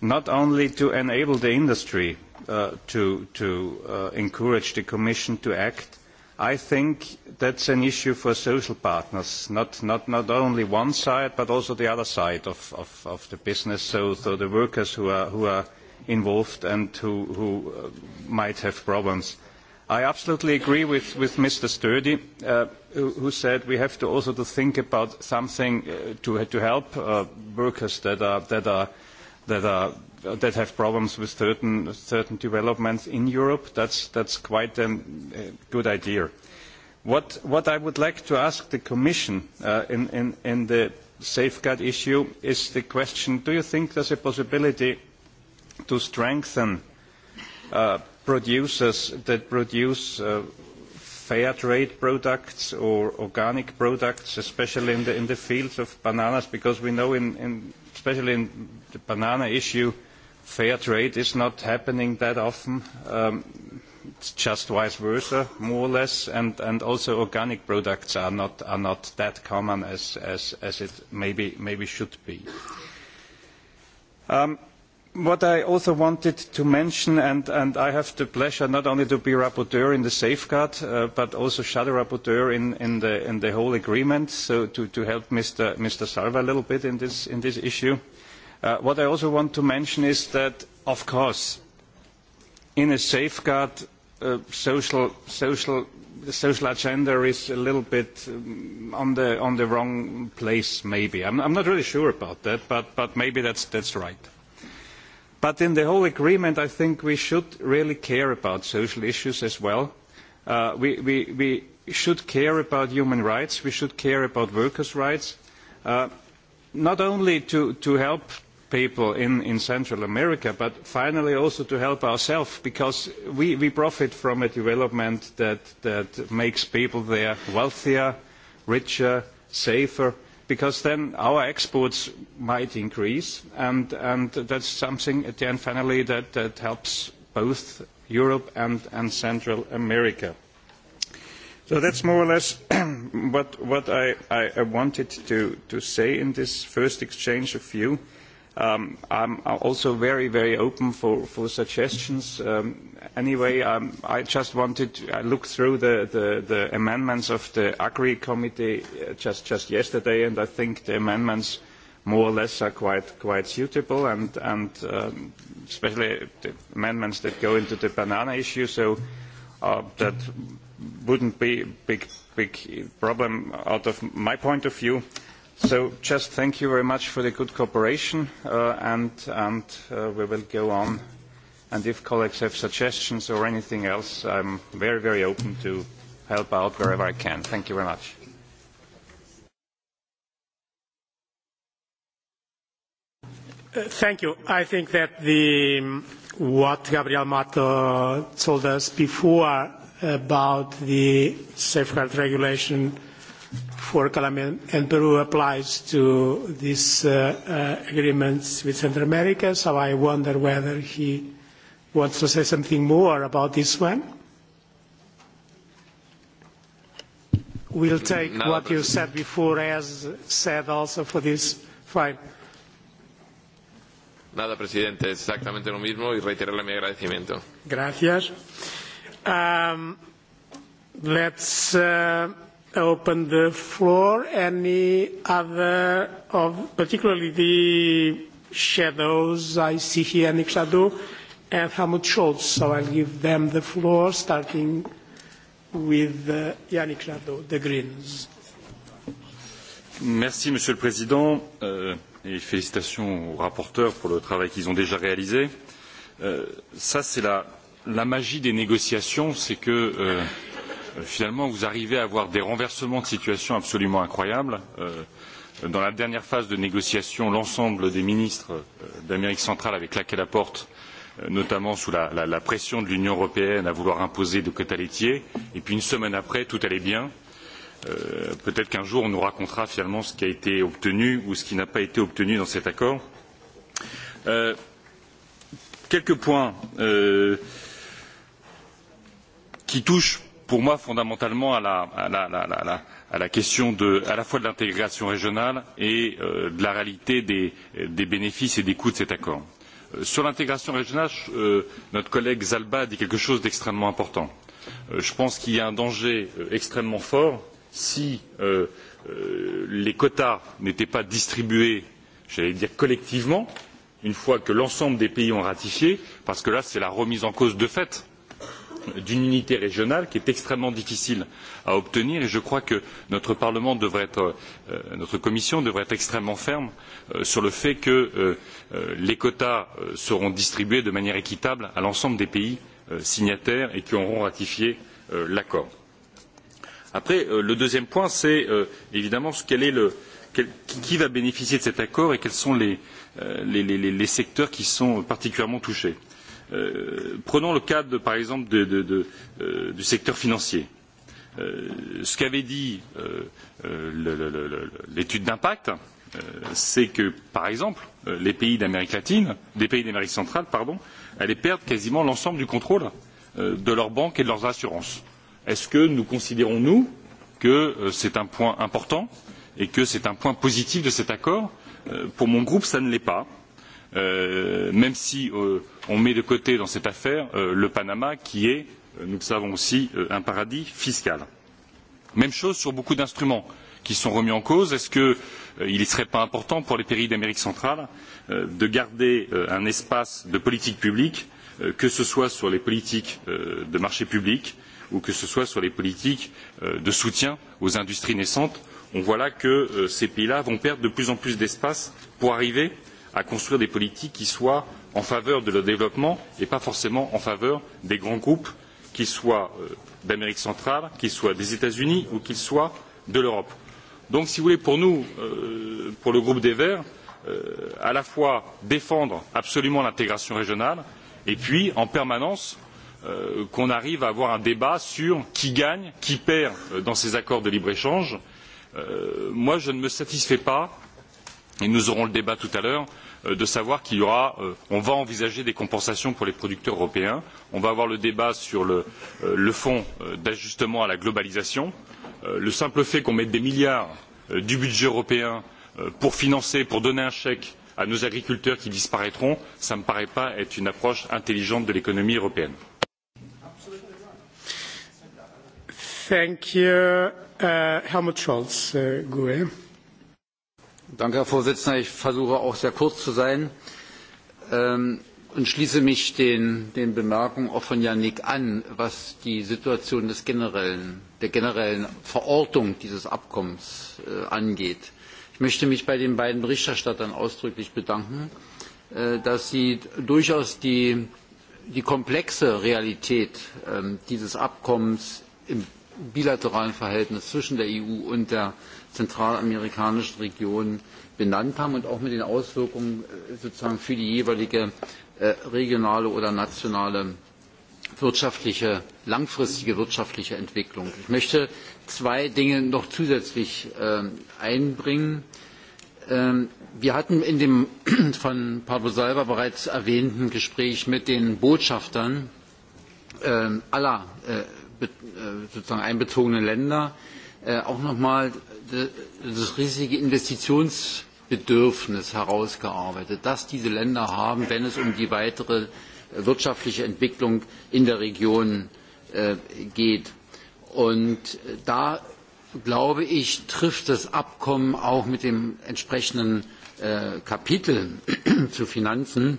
not only to enable the industry, Uh, to, to uh, encourage the Commission to act. I think that's an issue for social partners, not, not, not only one side, but also the other side of, of, of the business, so, so the workers who are, who are involved and who, who uh, might have problems. I absolutely agree with, with Mr. Sturdy, uh, who, who said we have to also to think about something uh, to, to help uh, workers that are, that are that have problems with certain certain developments in Europe. That's that's quite a good idea. What what I would like to ask the Commission uh, in, in the safeguard issue is the question: Do you think there's a possibility to strengthen uh, producers that produce uh, fair trade products or organic products, especially in the fields of bananas, because we know in especially in the banana issue, fair trade is not happening that often. Um, it's just vice versa, more or less, and, and also organic products are not, are not that common as, as, as it maybe, maybe should be. Um, what I also wanted to mention, and, I have the pleasure not only to be rapporteur in the safeguard, uh, but also shadow rapporteur in, the, whole agreement, so to, help Mr. zalba Salva a little bit in this, issue. Uh, what I also want to mention is that, of course, in a safeguard, uh, social, the social agenda is a little bit in um, on, the, wrong place, maybe. I'm, am not really sure about that, but, maybe that that's right But in the whole agreement, I think we should really care about social issues as well. Uh, we, we, we should care about human rights. We should care about workers' rights, uh, not only to, to help people in, in Central America, but finally also to help ourselves, because we, we profit from a development that, that makes people there wealthier, richer, safer, because then our exports might increase, and, and that's something at the end finally that, that helps both Europe and, and Central America. So that's more or less (clears throat) what, what I, I wanted to, to say in this first exchange of view. Um, I'm also very, very open for, for suggestions. Um, anyway, um, I just wanted to look through the, the, the amendments of the Agri Committee uh, just, just yesterday, and I think the amendments more or less are quite, quite suitable, and, and um, especially the amendments that go into the banana issue, so uh, that wouldn't be a big, big problem out of my point of view. So just thank you very much for the good cooperation, uh, and, and uh, we will go on. And if colleagues have suggestions or anything else, I'm very, very open to help out wherever I can. Thank you very much. Uh, thank you. I think that the, um, what Gabriel Mato told us before about the safeguard regulation for Colombia and Peru applies to these uh, uh, agreements with Central America, so I wonder whether he wants to say something more about this one. We'll mm, take no, what you said before as said also for this file. Nada, presidente, exactamente lo mismo y reiterarle mi agradecimiento. Gracias. Um, let's uh, open the floor. Any other of particularly the shadows? I see here Nick Shadow and Helmut Schultz, so I'll give them the floor, starting with uh, Yannick Jadot, The Greens. Merci, Monsieur le Président, euh, et félicitations aux rapporteurs pour le travail qu'ils ont déjà réalisé. Euh, ça, c'est la, la magie des négociations, c'est que euh, Euh, finalement, vous arrivez à avoir des renversements de situation absolument incroyables. Euh, dans la dernière phase de négociation, l'ensemble des ministres euh, d'Amérique centrale avaient claqué la porte notamment sous la, la, la pression de l'Union européenne à vouloir imposer des quotas laitiers. Et puis une semaine après, tout allait bien. Euh, Peut-être qu'un jour, on nous racontera finalement ce qui a été obtenu ou ce qui n'a pas été obtenu dans cet accord. Euh, quelques points euh, qui touchent pour moi fondamentalement à la, à la, la, la, la, à la question de, à la fois de l'intégration régionale et euh, de la réalité des, des bénéfices et des coûts de cet accord. Euh, sur l'intégration régionale, euh, notre collègue Zalba a dit quelque chose d'extrêmement important. Euh, je pense qu'il y a un danger euh, extrêmement fort si euh, euh, les quotas n'étaient pas distribués, j'allais dire collectivement, une fois que l'ensemble des pays ont ratifié, parce que là c'est la remise en cause de fait d'une unité régionale qui est extrêmement difficile à obtenir et je crois que notre parlement devrait être euh, notre commission devrait être extrêmement ferme euh, sur le fait que euh, les quotas seront distribués de manière équitable à l'ensemble des pays signataires et qui auront ratifié l'accord. après le deuxième point c'est évidemment quel est le, quel, qui va bénéficier de cet accord et quels sont les, les, les, les secteurs qui sont particulièrement touchés. Euh, prenons le cas de, par exemple, de, de, de, euh, du secteur financier. Euh, ce qu'avait dit euh, euh, l'étude d'impact, euh, c'est que, par exemple, euh, les pays d'Amérique latine, des pays d'Amérique centrale, pardon, allaient perdre quasiment l'ensemble du contrôle euh, de leurs banques et de leurs assurances. Est-ce que nous considérons, nous, que euh, c'est un point important et que c'est un point positif de cet accord euh, Pour mon groupe, ça ne l'est pas. Euh, euh, même si euh, on met de côté dans cette affaire euh, le Panama, qui est, euh, nous le savons aussi, euh, un paradis fiscal. Même chose sur beaucoup d'instruments qui sont remis en cause. Est-ce qu'il euh, ne serait pas important pour les pays d'Amérique centrale de garder un espace de politique publique, que ce soit sur les politiques de marché public ou que ce soit sur les politiques de soutien aux industries naissantes on voit là que ces pays là vont perdre de plus en plus d'espace pour arriver à à construire des politiques qui soient en faveur de leur développement et pas forcément en faveur des grands groupes, qu'ils soient euh, d'Amérique centrale, qu'ils soient des États-Unis ou qu'ils soient de l'Europe. Donc, si vous voulez, pour nous, euh, pour le groupe des Verts, euh, à la fois défendre absolument l'intégration régionale et puis en permanence qu'on arrive à avoir un débat sur qui gagne, qui perd dans ces accords de libre-échange. moi, je ne me satisfais pas, et nous aurons le débat tout à l'heure, Euh, de savoir qu'il y aura euh, on va envisager des compensations pour les producteurs européens on va avoir le débat sur le, euh, le fonds d'ajustement à la globalisation le simple fait qu'on mette des milliards du budget européen pour financer pour donner un chèque à nos agriculteurs qui disparaîtront ça ne me paraît pas être une approche intelligente de l'économie européenne. Thank you. Uh, Helmut Scholz, uh, Herr Präsident! Ich versuche auch sehr kurz zu sein ähm, und schließe mich den, Bemerkungen auch von Yannick an, was die Situation der generellen Verortung dieses Abkommens äh, angeht. Ich möchte mich bei den beiden Berichterstattern ausdrücklich bedanken, äh, dass sie durchaus die, die komplexe Realität ähm, dieses Abkommens im bilateralen Verhältnis zwischen der EU und der zentralamerikanischen Region benannt haben und auch mit den Auswirkungen äh, sozusagen für die jeweilige äh, regionale oder nationale wirtschaftliche, langfristige wirtschaftliche Entwicklung. Ich möchte zwei Dinge noch zusätzlich ähm, einbringen. Ähm, wir hatten in dem (clears throat) von Pablo Salva bereits erwähnten Gespräch mit den Botschaftern ähm, aller äh, sozusagen einbezogenen Länder auch nochmal das riesige Investitionsbedürfnis herausgearbeitet, das diese Länder haben, wenn es um die weitere wirtschaftliche Entwicklung in der Region äh, geht. Und da glaube ich, trifft das Abkommen auch mit dem entsprechenden äh, Kapitel (clears throat) zu Finanzen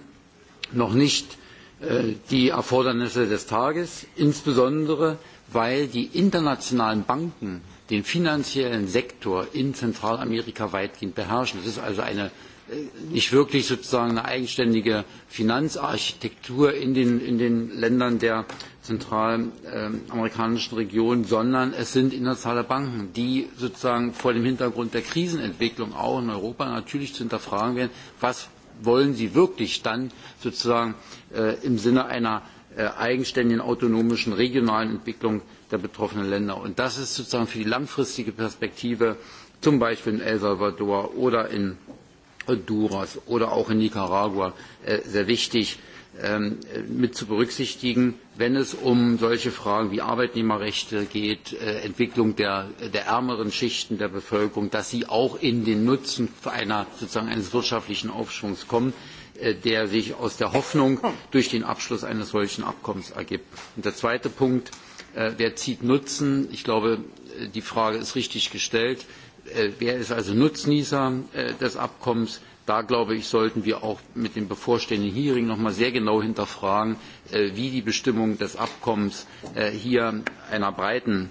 noch nicht äh, die Erfordernisse des Tages, insbesondere weil die internationalen Banken den finanziellen Sektor in Zentralamerika weitgehend beherrschen. Es ist also eine, äh, nicht wirklich sozusagen eine eigenständige Finanzarchitektur in den, in den Ländern der zentralamerikanischen ähm, Region, sondern es sind internationale Banken, die sozusagen vor dem Hintergrund der Krisenentwicklung auch in Europa natürlich zu hinterfragen werden, was wollen sie wirklich dann sozusagen äh, im Sinne einer Äh, eigenständigen, autonomischen, regionalen Entwicklung der betroffenen Länder. Und das ist sozusagen für die langfristige Perspektive, zum Beispiel in El Salvador oder in Honduras oder auch in Nicaragua, äh, sehr wichtig ähm, mit zu berücksichtigen, wenn es um solche Fragen wie Arbeitnehmerrechte geht, äh, Entwicklung der, der ärmeren Schichten der Bevölkerung, dass sie auch in den Nutzen einer, sozusagen eines wirtschaftlichen Aufschwungs kommen. Äh, der sich aus der Hoffnung durch den Abschluss eines solchen Abkommens ergibt. Und der zweite Punkt, äh, wer zieht Nutzen? Ich glaube, äh, die Frage ist richtig gestellt. Wer ist also Nutznießer des Abkommens? Da glaube ich, sollten wir auch mit dem bevorstehenden Hearing noch mal sehr genau hinterfragen, wie die Bestimmungen des Abkommens hier einer breiten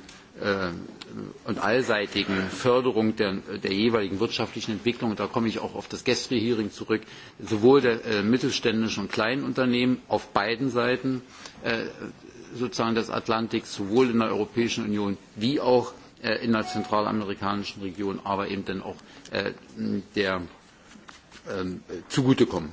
und allseitigen Förderung der, der jeweiligen wirtschaftlichen Entwicklung, da komme ich auch auf das gestrige Hearing zurück, sowohl der äh, mittelständischen und kleinen Unternehmen auf beiden Seiten äh, sozusagen des Atlantiks, sowohl in der Europäischen Union wie auch äh, in der zentralamerikanischen Region, aber eben dann auch äh, der äh, zugutekommen.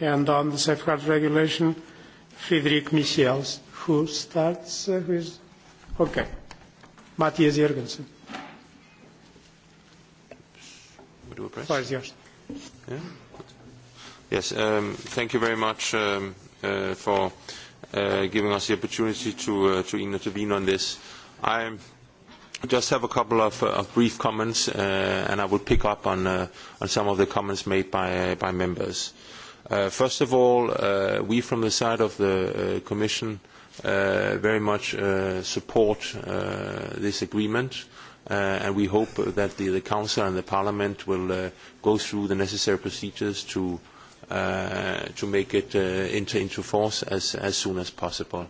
and on the safeguard regulation, Friedrich Michels. Who starts? Uh, who Okay. Matthias Jürgensen. do a press? Far yours. Yeah. Yes, um, thank you very much um, uh, for uh, giving us the opportunity to, uh, to intervene on this. I just have a couple of, uh, of brief comments, uh, and I will pick up on, uh, on some of the comments made by, uh, by members. Uh, first of all, uh, we from the side of the uh, Commission uh, very much uh, support this agreement, and we hope that the, the Council and the Parliament will go through the necessary procedures to, to make it enter into force as, as soon as possible.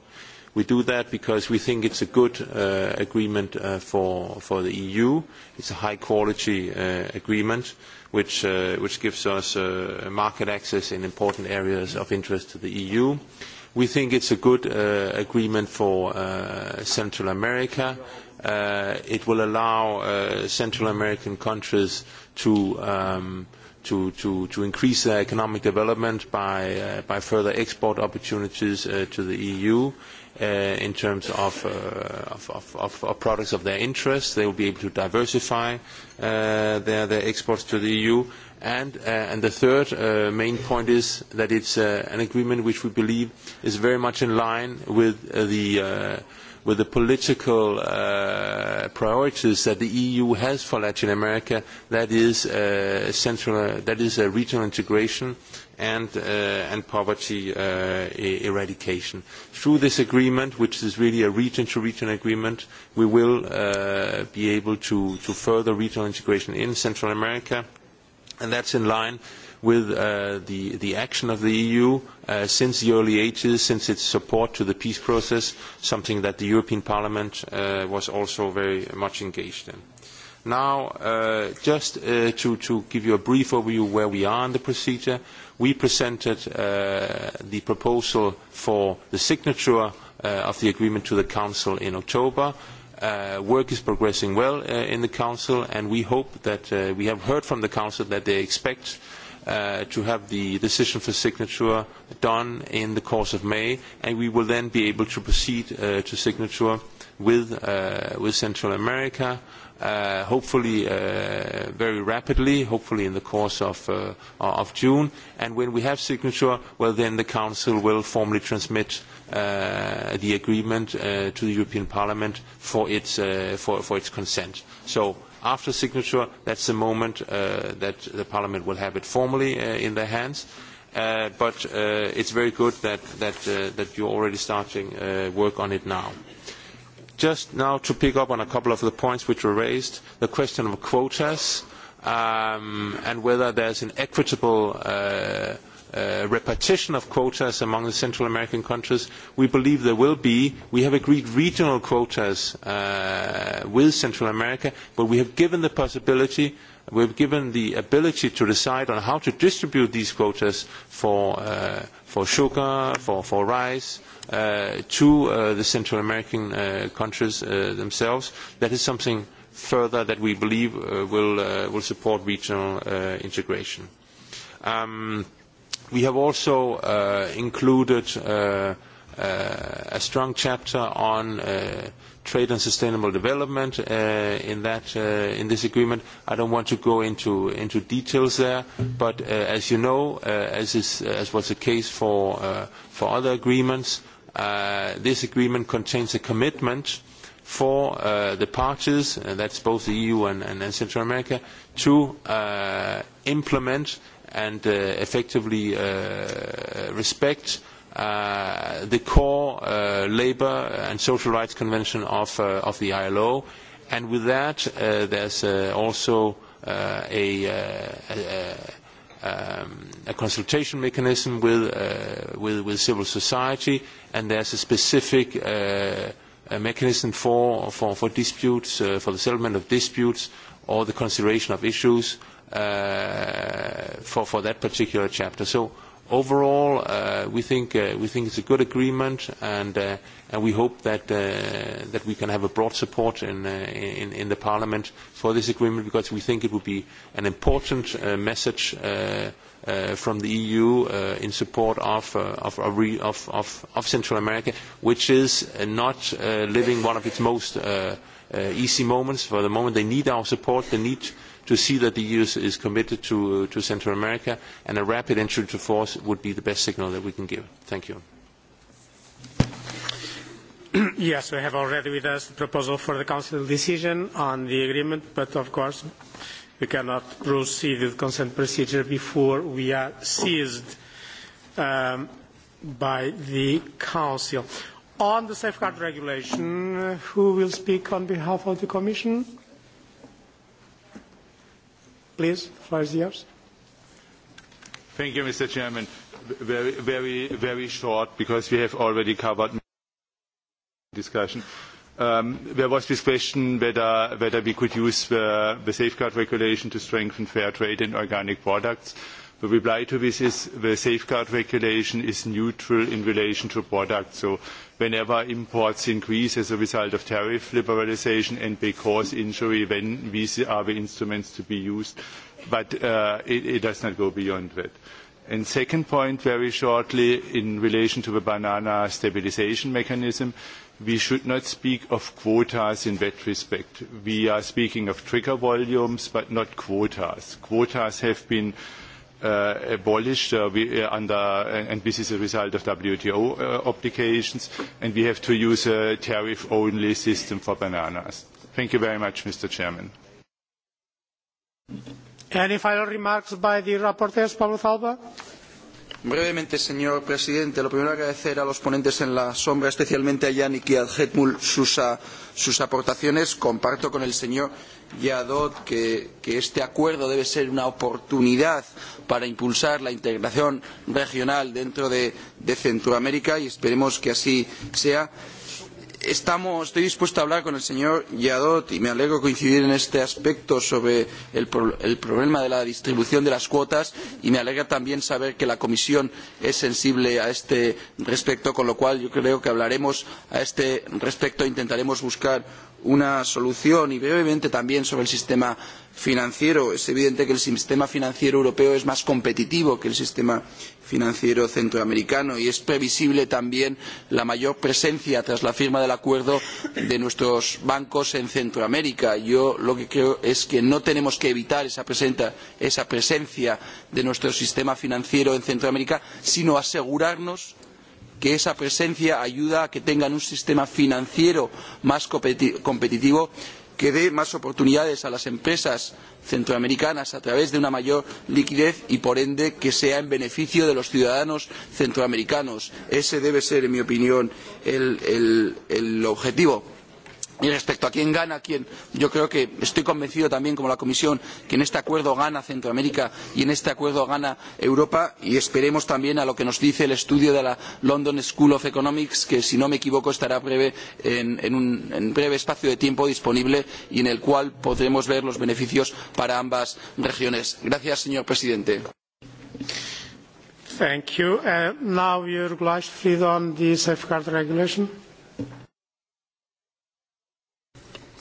We do that because we think it's a good agreement for, for the EU. It's a high-quality agreement Uh, which, gives us uh, market access in important areas of interest to the EU. We think it's a good uh, agreement for Central America. It will allow Central American countries um, to, increase their economic development by further export opportunities to the EU Uh, in terms uh, of, products of their interest. They will be able to diversify uh, their, exports to the EU. And, the third main point is that it's an agreement which we believe is very much in line with the with the political uh, priorities that the EU has for Latin America, that is, uh, central, uh, that is a regional integration and, uh, and poverty uh, e-, eradication. Through this agreement, which is really a region-to-region -region agreement, we will uh, be able to, to further regional integration in Central America, and that's in line with uh, the, the action of the EU uh, since the early 80 since its support to the peace process, something that the European Parliament uh, was also very much engaged in. Now, uh, just uh, to, give you a brief overview where we are in the procedure, we presented uh, the proposal for the signature of the agreement to the Council in October. Work is progressing well in the Council, and we hope that we have heard from the Council that they expect to have the decision for signature done in the course of May, and we will then be able to proceed to signature with Central America Uh, hopefully uh, very rapidly, hopefully in the course uh, of, June. and When we have signature, well, then the council will formally transmit the agreement to the European Parliament for its, for its consent. So After signature, that's the moment that the parliament will have it formally in their hands. But It's very good that, that, that you're already starting work on it now. Just now to pick up on a couple of the points which were raised, the question of quotas um, and whether there's an equitable repartition uh, uh, repetition of quotas among the Central American countries. We believe there will be. We have agreed regional quotas uh, with Central America, but we have given the possibility we've given the ability to decide on how to distribute these quotas for, for sugar, for, for rice, uh, to uh, the Central American uh, countries uh, themselves. That is something further that we believe uh, will, uh, will support regional uh, integration. Um, we have also uh, included uh, uh, a strong chapter on uh, trade and sustainable development uh, in that uh, in this agreement. I don't want to go into into details there, but uh, as you know, uh, as is as was the case for uh, for other agreements, Uh, this agreement contains a commitment for uh, the parties, uh, that's both the EU and, and Central America, to uh, implement and uh, effectively uh, respect the core labour and social rights convention of, of the ILO. And with that, there's also a, a, a um, a consultation mechanism with, uh, with, with civil society, and there's a specific uh, a mechanism for, for, for disputes, uh, for the settlement of disputes, or the consideration of issues uh, for, for that particular chapter. So Overall, uh, we think uh, we it's a good agreement, and uh, we hope uh, that we can have a broad support in, the Parliament for this agreement because we think it would be an important message from the EU in support of of Central America, which is not living one of its most easy moments. For the moment, they need our support. They need to see that the EU is committed to, uh, to Central America, and a rapid entry into force would be the best signal that we can give. Thank you. (clears throat) Yes, we have already with us the proposal for the Council decision on the agreement, but of course we cannot proceed with consent procedure before we are seized um, by the Council. On the safeguard regulation, who will speak on behalf of the Commission? Please, floor is yours. Thank you, Mr. Chairman. Very, very, very short, because we have already covered discussion. Um, there was this question whether, whether we could use the, the safeguard regulation to strengthen fair trade in organic products. The reply to this is the safeguard regulation is neutral in relation to products. So whenever imports increase as a result of tariff liberalisation and they cause injury, then these are the instruments to be used. But uh, it, it does not go beyond that. And second point, very shortly, in relation to the banana stabilisation mechanism, we should not speak of quotas in that respect. We are speaking of trigger volumes, but not quotas. Quotas have been uh, abolished, uh, we, uh, under, and this is a result of WTO uh, obligations, and we have to use a tariff-only system for bananas. Thank you very much, Mr. Chairman. Any final remarks by the rapporteurs, Pablo Zalba? Brevemente, señor presidente. Lo primero, agradecer a los ponentes en la sombra, especialmente a Yannick y a Hetmul, sus, a, sus aportaciones. Comparto con el señor Yadot que, que este acuerdo debe ser una oportunidad para impulsar la integración regional dentro de, de Centroamérica y esperemos que así sea. Estamos, estoy dispuesto a hablar con el señor Yadot y me alegro coincidir en este aspecto sobre el, pro, el problema de la distribución de las cuotas y me alegra también saber que la Comisión es sensible a este respecto, con lo cual yo creo que hablaremos a este respecto e intentaremos buscar una solución. Y brevemente también sobre el sistema financiero. Es evidente que el sistema financiero europeo es más competitivo que el sistema financiero centroamericano y es previsible también la mayor presencia tras la firma del acuerdo de nuestros bancos en Centroamérica. Yo lo que creo es que no tenemos que evitar esa, presenta, esa presencia de nuestro sistema financiero en Centroamérica, sino asegurarnos que esa presencia ayuda a que tengan un sistema financiero más competitivo que dé más oportunidades a las empresas centroamericanas a través de una mayor liquidez y, por ende, que sea en beneficio de los ciudadanos centroamericanos. Ese debe ser, en mi opinión, el, el, el objetivo Y respecto a quién gana, quién, yo creo que estoy convencido también, como la Comisión, que en este acuerdo gana Centroamérica y en este acuerdo gana Europa. Y esperemos también a lo que nos dice el estudio de la London School of Economics, que, si no me equivoco, estará breve, en, en un en breve espacio de tiempo disponible y en el cual podremos ver los beneficios para ambas regiones. Gracias, señor presidente. Thank you. Uh, now you're obliged to on the safeguard regulation.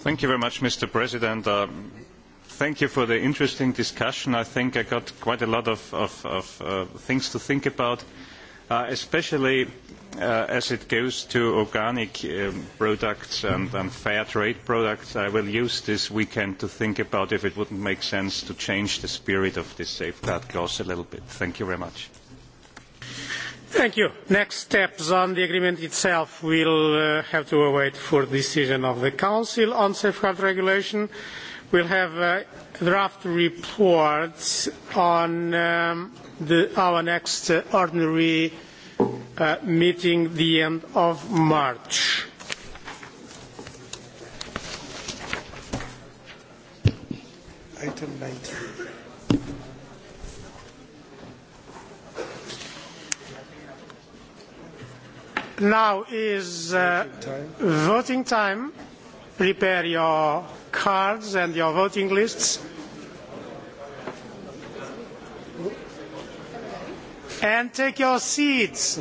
Thank you very much, Mr. President. Uh, thank you for the interesting discussion. I think I got quite a lot of, uh, things to think about, uh, especially as it goes to organic um, products and, fair trade products. I will use this weekend to think about if it not make sense to change the spirit of this safeguard clause a little bit. Thank you very much. Thank you. Next steps on the agreement itself will uh, have to await for the decision of the Council on safeguard regulation. We'll have a draft report on um, the, our next ordinary uh, meeting, the end of March. Item 19. Now is uh, voting time. Prepare your cards and your voting lists. And take your seats.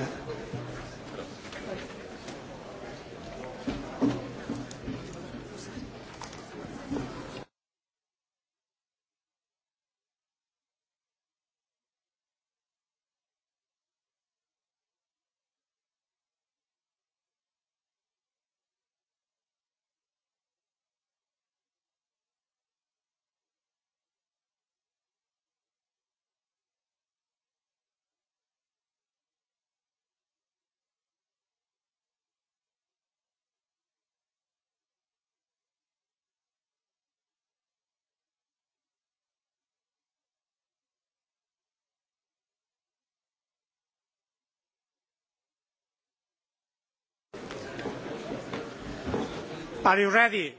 Are you ready?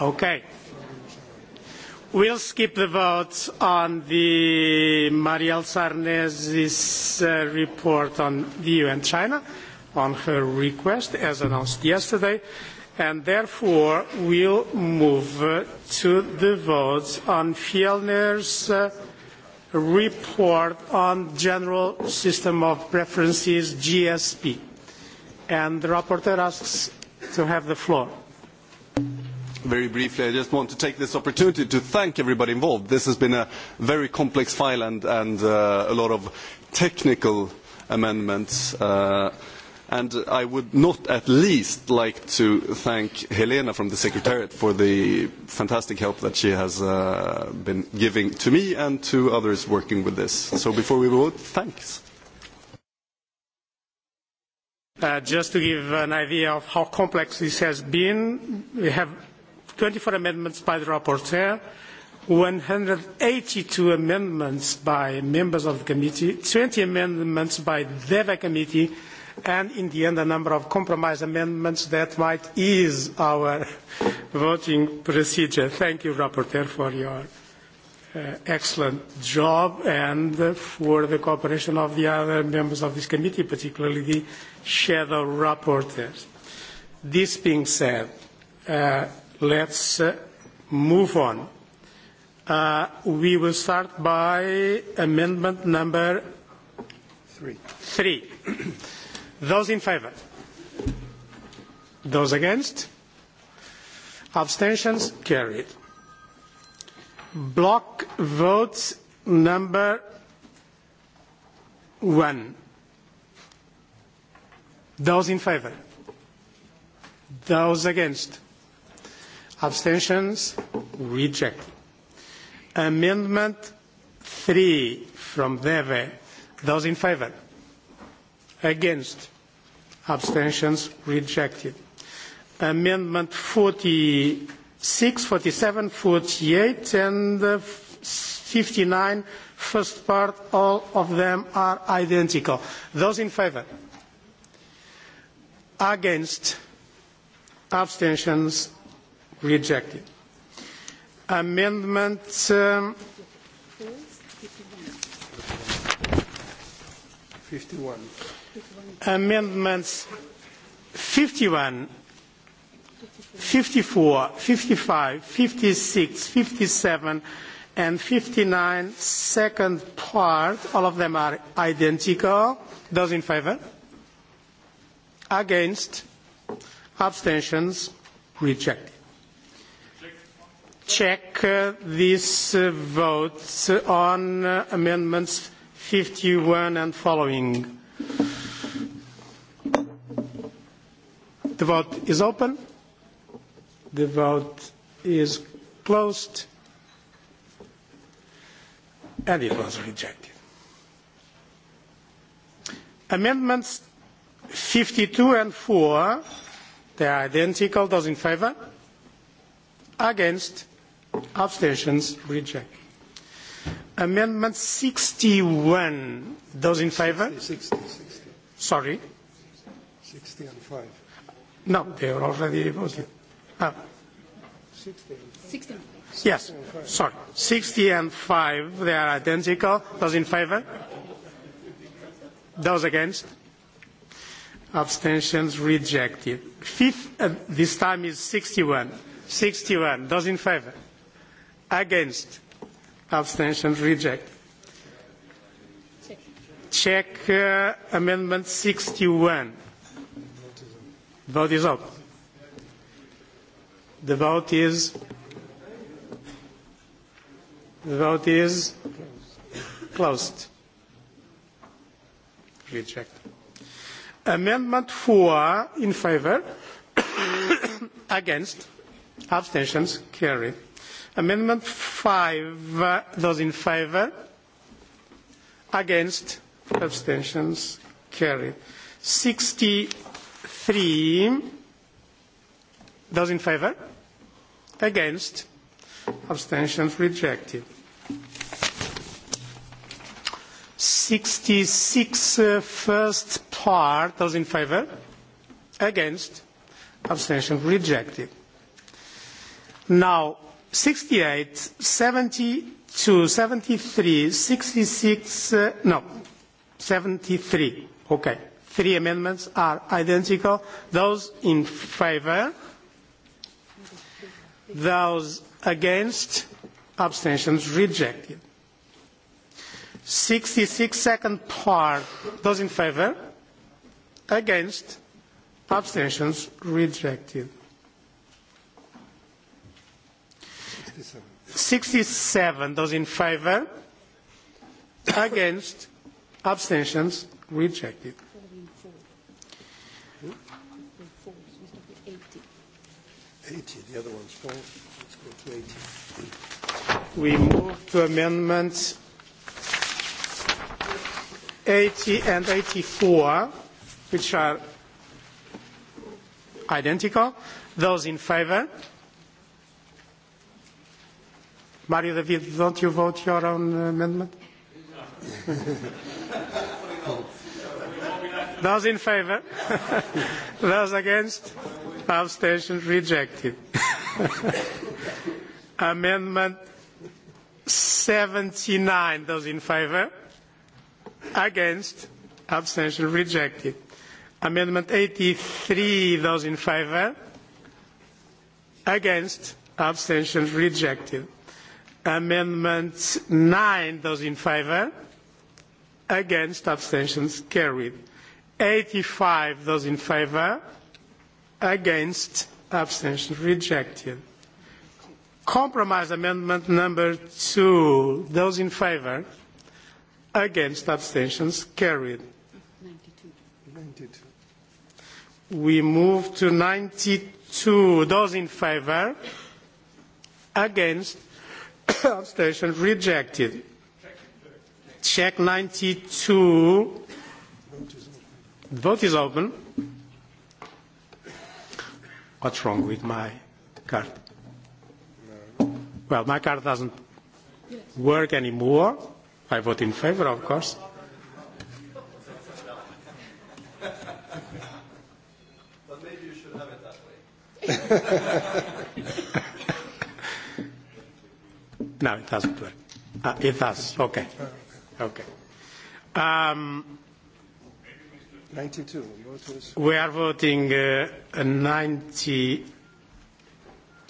Okay. We'll skip the votes on the Marielle Sarnez's uh, report on the EU and China on her request as announced yesterday and therefore we'll move uh, to the votes on Fjellner's uh, report on general system of preferences GSP and the rapporteur asks to have the floor very briefly, I just want to take this opportunity to thank everybody involved. This has been a very complex file and, and uh, a lot of technical amendments. Uh, and I would not at least like to thank Helena from the Secretariat for the fantastic help that she has uh, been giving to me and to others working with this. So before we vote, thanks. Uh, just to give an idea of how complex this has been, we have twenty four amendments by the rapporteur one hundred and eighty two amendments by members of the committee twenty amendments by the deve committee and in the end a number of compromise amendments that might ease our (laughs) voting procedure. Thank you, Rapporteur, for your uh, excellent job and for the cooperation of the other members of this committee, particularly the shadow rapporteurs. This being said, uh, Let's uh, move on. Uh, we will start by amendment number three. Three. (clears throat) Those in favour? Those against? Abstentions? Carried. Block votes number one. Those in favour? Those against? abstentions rejected amendment 3 from deve those in favor against abstentions rejected amendment 46 47 48 and 59 first part all of them are identical those in favor against abstentions Rejected. Amendment um, 51. Amendments 51, 54, 55, 56, 57, and 59, second part, all of them are identical. Those in favour? Against? Abstentions? Rejected check uh, these uh, votes on uh, amendments 51 and following. The vote is open. The vote is closed. And it was rejected. Amendments 52 and 4, they are identical. Those in favour? Against? Abstentions? Reject. Amendment 61. Those in favor? 60, 60. Sorry? 60 and 5. No, they are already voted. Ah. 60 60. Yes, sorry. 60 and 5, they are identical. Those in favor? Those against? Abstentions rejected. Fifth, uh, this time is 61. 61. Those in favor? against abstention reject. check uh, amendment 61 vote is open the vote is the vote is closed Reject. amendment 4 in favor (coughs) against abstentions carried Amendment 5, uh, those in favor Against? Abstentions? Carried. 63, those in favor Against? Abstentions? Rejected. 66, uh, first part, those in favor Against? Abstention rejected. Now, 68, 70 to 73, 66, uh, no, 73. Okay. Three amendments are identical. Those in favor, those against, abstentions rejected. 66 second part, those in favor, against, abstentions rejected. 67. Those in favour? Against? Abstentions? Rejected. The other Let's go to 80. We move to amendments 80 and 84, which are identical. Those in favour? Mario David, don't you vote your own amendment? Those in favour? Those against? Abstention rejected. Amendment 79. Those in favour? Against? Abstention rejected. Amendment 83. Those in favour? Against? Abstention rejected amendment nine those in favour against abstentions carried eighty five those in favour against abstentions rejected compromise amendment number two those in favour against abstentions carried 92. 92. we move to ninety two those in favour against (coughs) abstention rejected. Check 92. Vote is open. What's wrong with my card? Well, my card doesn't work anymore. I vote in favor, of course. But maybe you should have it that way. (laughs) No, it doesn't work. Uh, it does. Okay. Okay. Um, 92. We are voting uh, 92.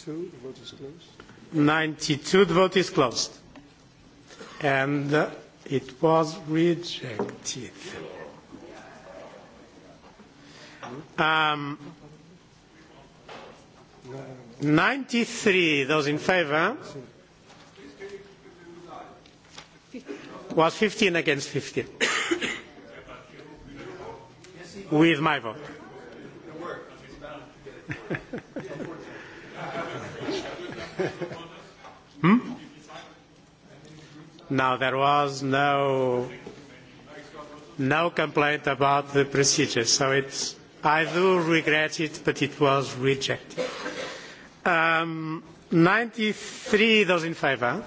The vote is closed. 92. The vote is closed. And uh, it was rejected. Um, 93. No, no, no. Those in favor? was 15 against 15 with my vote. (laughs) hmm? Now there was no no complaint about the procedure, so it's I do regret it, but it was rejected. Um, 93 those in favour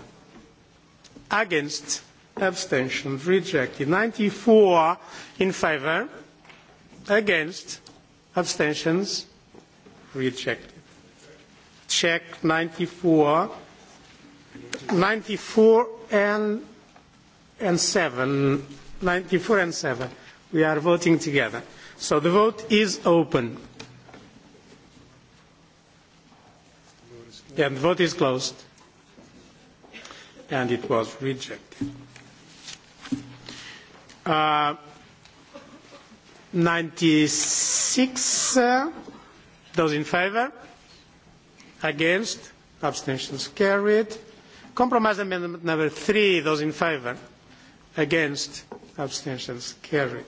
against abstentions rejected 94 in favor against abstentions rejected check 94 94 and and 7 94 and 7 we are voting together so the vote is open and the vote is closed and it was rejected. Uh, 96, uh, those in favour? Against? Abstentions carried. Compromise amendment number 3, those in favour? Against? Abstentions carried.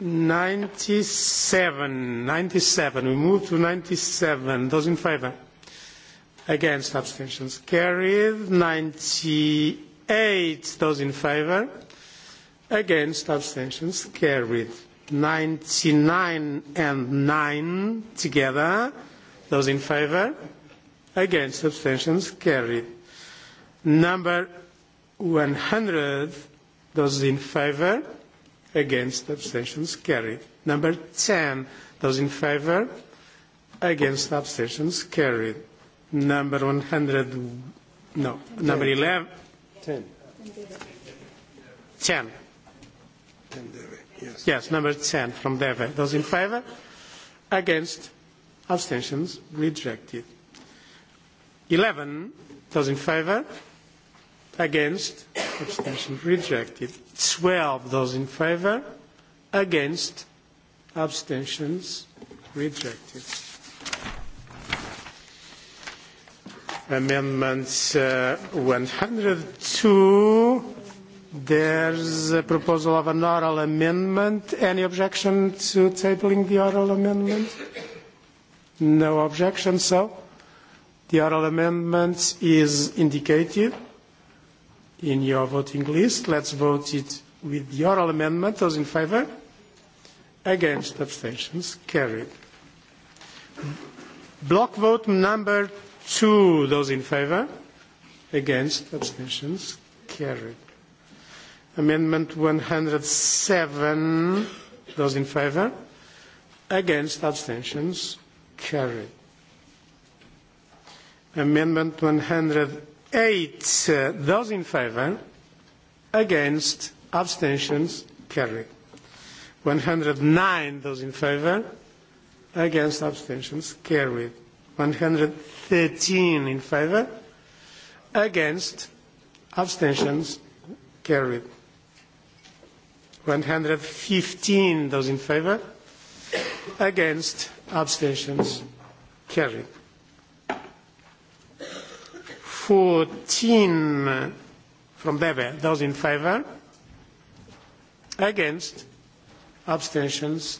97, 97. We move to 97. Those in favour? Against abstentions carried. 98, those in favour. Against abstentions carried. 99 and 9 together. Those in favour? Against abstentions carried. Number 100. Those in favour? Against abstentions carried. Number 10. Those in favour? Against abstentions carried number 100, no, Ten. number 11. 10. 10. Deve, yes. yes, number 10 from Deve. Those in favor? Against? Abstentions? Rejected. 11. Those in favor? Against? Abstentions? Rejected. 12. Those in favor? Against? Abstentions? Rejected. amendments uh, 102. There's a proposal of an oral amendment. Any objection to tabling the oral amendment? No objection, so the oral amendment is indicated in your voting list. Let's vote it with the oral amendment. Those in favour? Against abstentions? Carried. Block vote number Two, those in favor, Against? Abstentions? Carried. Amendment 107. Those in favor, Against? Abstentions? Carried. Amendment 108. Uh, those in favor, Against? Abstentions? Carried. 109. Those in favor, Against? Abstentions? Carried. 110 13 in favour, against, abstentions, carried. 115 those in favour, against, abstentions, carried. 14 from Deve, those in favour, against, abstentions,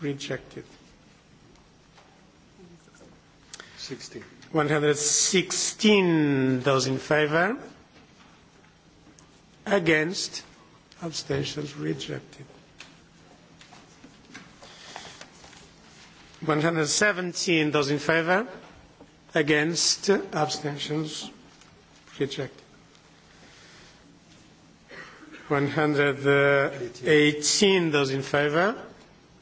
rejected. 16. 116, those in favor. Against, abstentions rejected. 117, those in favor. Against, abstentions rejected. 118, those in favor.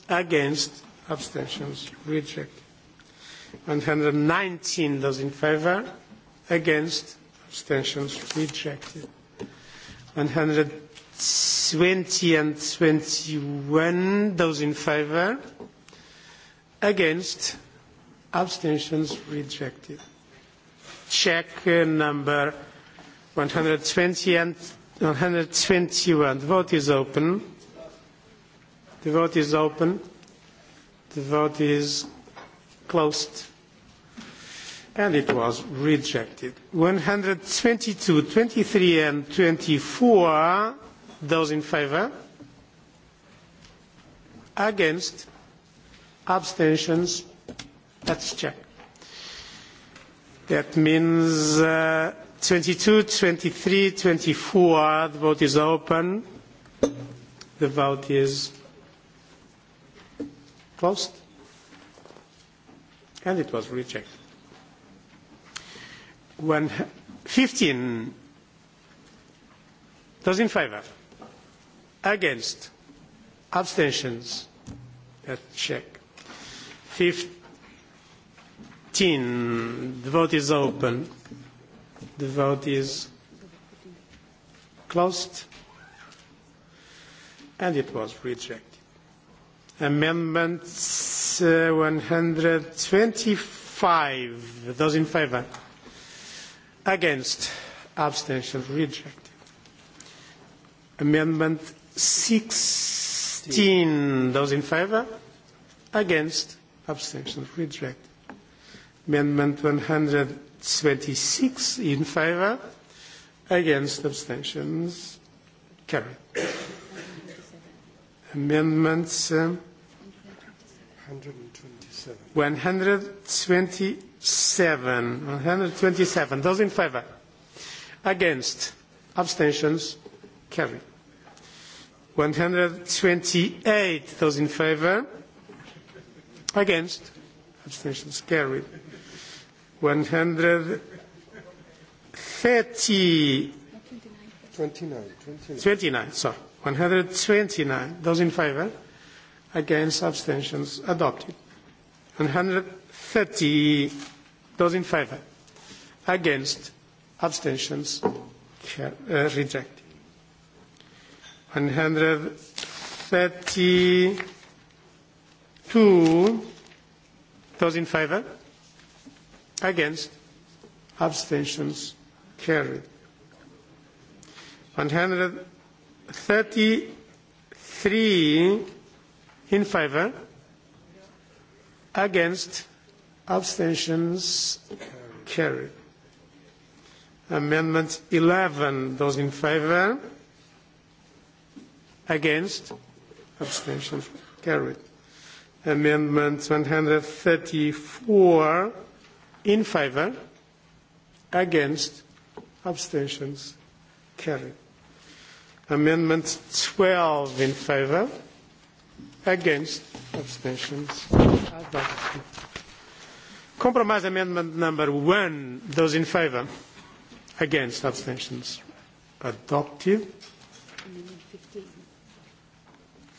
Against, abstentions rejected. 119, those in favor, against, abstentions rejected. 120 and 21, those in favor, against, abstentions rejected. Check uh, number 120 and 121. The vote is open. The vote is open. The vote is Closed. And it was rejected. 122, 23 and 24, those in favour? Against? Abstentions? Let's check. That means uh, 22, 23, 24. The vote is open. The vote is closed and it was rejected. 115 those in favor against abstentions that check 15 the vote is open the vote is closed and it was rejected Amendments uh, 125. Those in favor, Against? Abstentions rejected. Amendment 16. Those in favor, Against? Abstentions rejected. Amendment 126 in favor, Against? Abstentions carried. Amendments 127. 127. 127. Those in favour? Against? Abstentions? Carried. 128. Those in favour? Against? Abstentions? Carried. 130. 29. 29. 29, sorry. 129. Those in favor? Against. Abstentions. Adopted. 130. Those in favor? Against. Abstentions. Uh, rejected. 132. Those in favor? Against. Abstentions. Carried. 100 33 in favour against abstentions carried amendment 11 those in favour against abstentions carried amendment 134 in favour against abstentions carried Amendment 12 in favour. Against. Abstentions. Compromise amendment number 1. Those in favour. Against. Abstentions. Adopted.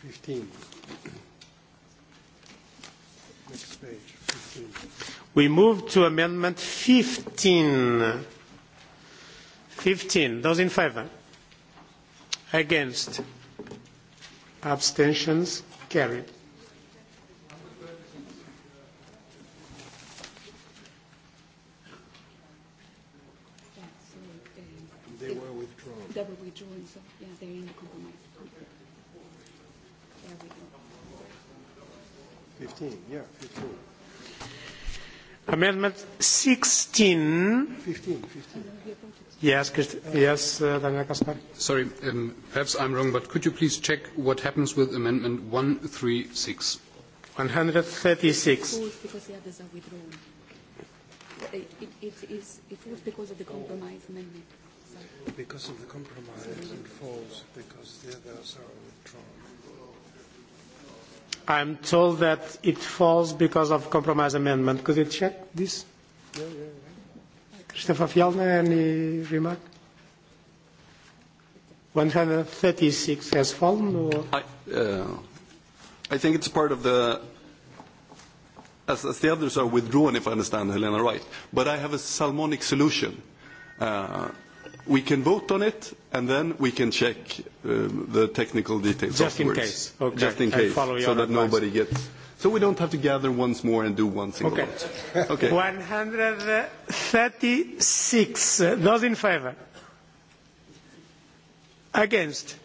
15. We move to amendment 15. 15. Those in favour Against? Abstentions? Carried. They were withdrawn. They were withdrawn, so yeah, they're in the compromise. There we go. 15, yeah, 15. Amendment 16. 15, 15. Yes, Christi yes, uh, Kaspar. Sorry, um, perhaps I'm wrong, but could you please check what happens with Amendment 136? 136. It falls Because the others are withdrawn. It, it, it, is, it falls because of the compromise amendment. Because of the compromise, it falls because the others are withdrawn. I'm told that it falls because of compromise amendment. Could you check this? Yeah, yeah, yeah. Christopher Fjellner, any remark? 136 has fallen, or? I, uh, I think it's part of the as, as the others are withdrawn, if I understand Helena right. But I have a salmonic solution. Uh, We can vote on it, and then we can check um, the technical details Just in case. Okay. Just in case. I follow your so advice. that nobody gets. So we don't have to gather once more and do one single okay. vote. Okay. 136. (laughs) Those in favor? Against?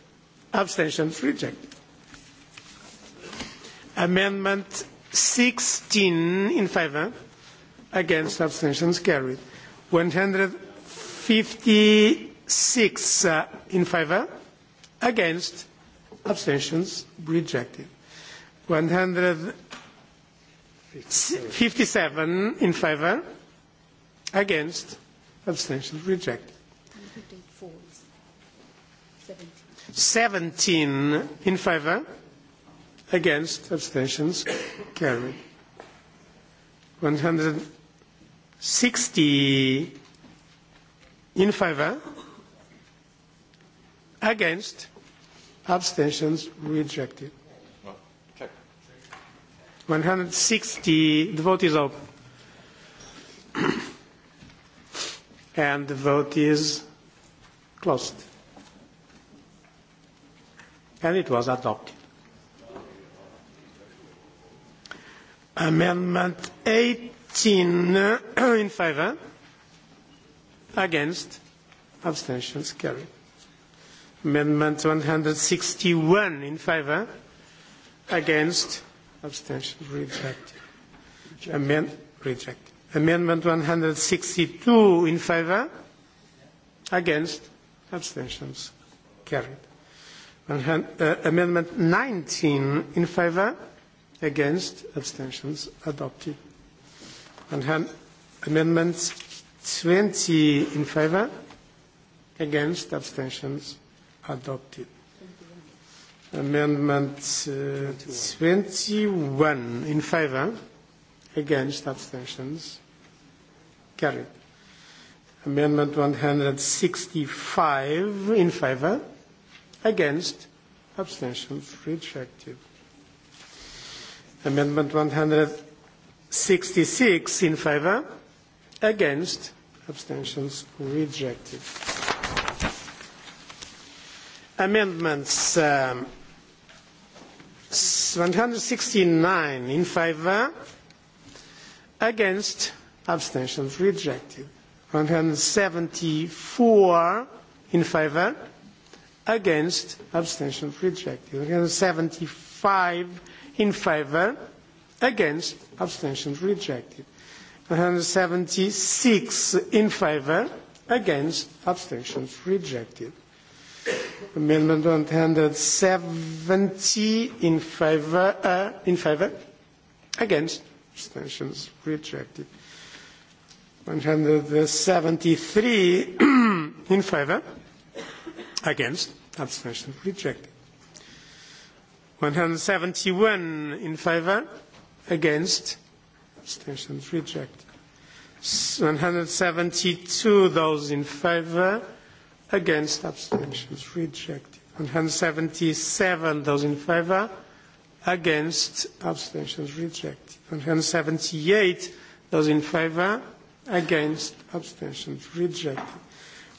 Abstentions? Rejected. Amendment 16 in favor? Against? Abstentions? Carried. 100 56 uh, in favour, against, abstentions, rejected. 157 in favour, against, abstentions, rejected. 17 in favour, against, abstentions, carried. 160 in favor against abstentions rejected 160 the vote is open (coughs) and the vote is closed and it was adopted amendment 18 (coughs) in favor Against? Abstentions carried. Amendment 161 in favour. Against? Abstentions rejected. Amend rejected. Amendment 162 in favour. Against? Abstentions carried. Uh, amendment 19 in favour. Against? Abstentions adopted. And amendments 20 in favor, against, abstentions, adopted. Amendment 21 uh, in favor, against, abstentions, carried. Amendment 165 in favor, against, abstentions, rejected. Amendment 166 in favor, against, abstentions rejected. Amendments um, 169 in favour, against, abstentions rejected. 174 in favour, against, abstentions rejected. 175 in favour, against, abstentions rejected. 176 in favor, against, abstentions rejected. Amendment 170 in favor, uh, in favor, against, abstentions rejected. 173 (clears throat) in favor, against, abstentions rejected. 171 in favor, against, abstentions rejected. 172, those in favour, against abstentions rejected. 177, those in favour, against abstentions rejected. 178, those in favour, against abstentions rejected.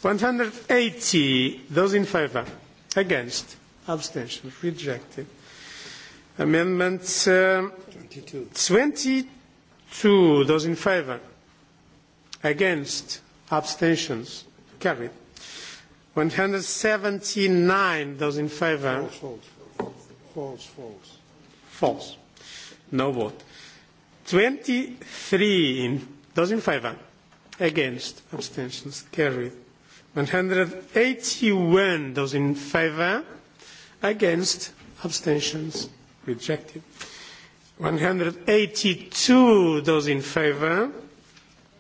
180, those in favour, against abstentions rejected. Amendment uh, 22. 22 2. Those in favour? Against? Abstentions? Carried. 179. Those in favour? False, false. False, false. False. No vote. 23. In, those in favour? Against? Abstentions? Carried. 181. Those in favour? Against? Abstentions? Rejected. 182, those in favour.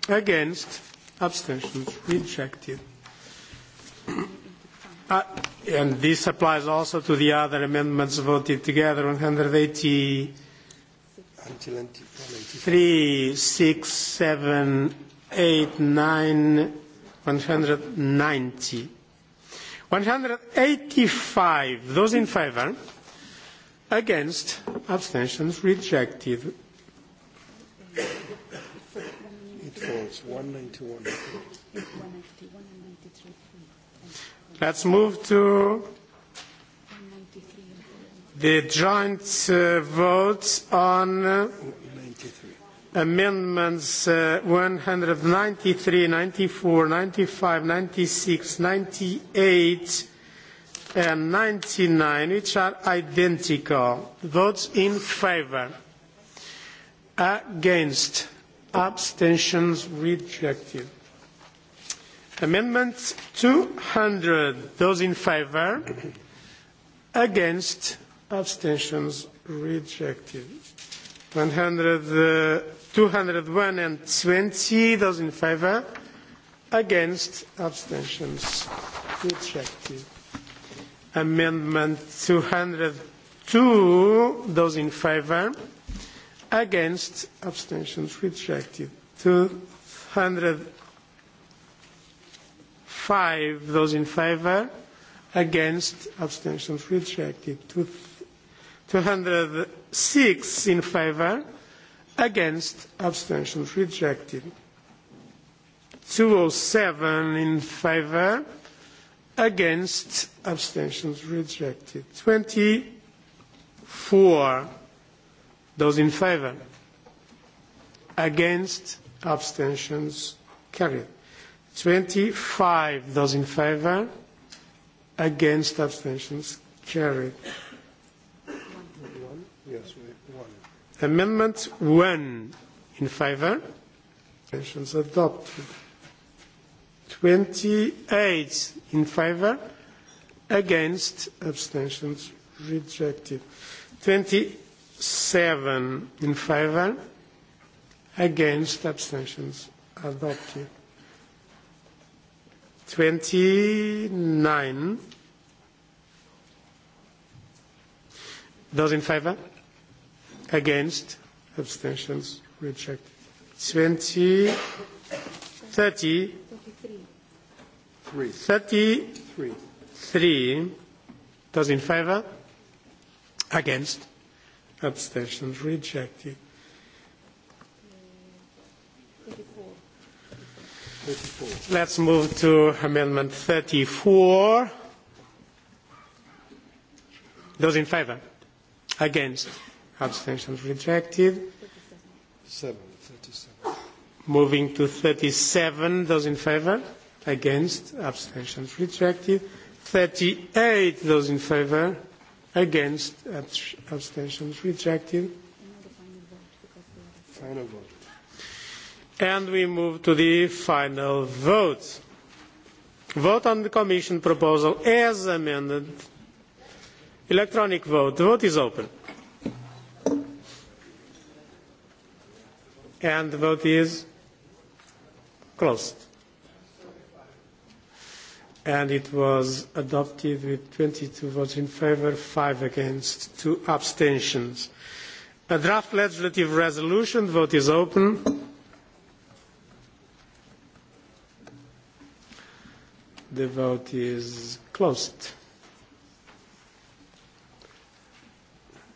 Against. Abstentions. Rejected. Uh, and this applies also to the other amendments voted together, 180 until 3, 6, 7, 8, 9, 190. 185. Those in favour? Against, abstentions rejected. 191. Let's move to the joint uh, votes on uh, amendments uh, 193, 94, 95, 96, 98, and 99, which are identical. Votes in favour. Against. Abstentions rejected. Amendment 200. Those in favour. Against. Abstentions rejected. 100, uh, 201 and 20. Those in favour. Against. Abstentions rejected. Amendment 202, those in favour, against, abstentions rejected. 205, those in favour, against, abstentions rejected. 206 in favour, against, abstentions rejected. 207 in favour, against abstentions rejected 24 those in favor against abstentions carried 25 those in favor against abstentions carried Amendment one. amendment 1 in favour. abstentions adopted 28 in favor against abstentions rejected 27 in favor against abstentions adopted 29 those in favor against abstentions rejected 20 30 33. Three. Those in favour? Against? Abstentions rejected. 34. Let's move to amendment 34. Those in favour? Against? Abstentions rejected. 37. Moving to 37. Those in favour? against, abstentions rejected. 38, those in favor, against, abstentions rejected. Final vote. And we move to the final vote. Vote on the Commission proposal as amended. Electronic vote. The vote is open. And the vote is closed and it was adopted with 22 votes in favour, five against, two abstentions. A draft legislative resolution, vote is open. The vote is closed.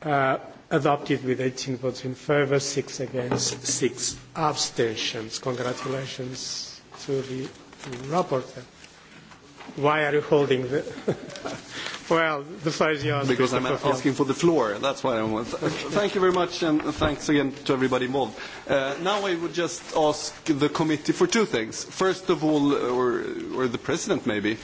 Uh, adopted with 18 votes in favour, six against, six abstentions. Congratulations to the rapporteur. Why are you holding the... (laughs) well, the floor is yours. Because I'm asking for the floor. That's why I'm... Thank you very much, and thanks again to everybody involved. Uh, now I would just ask the committee for two things. First of all, uh, or, or the president maybe,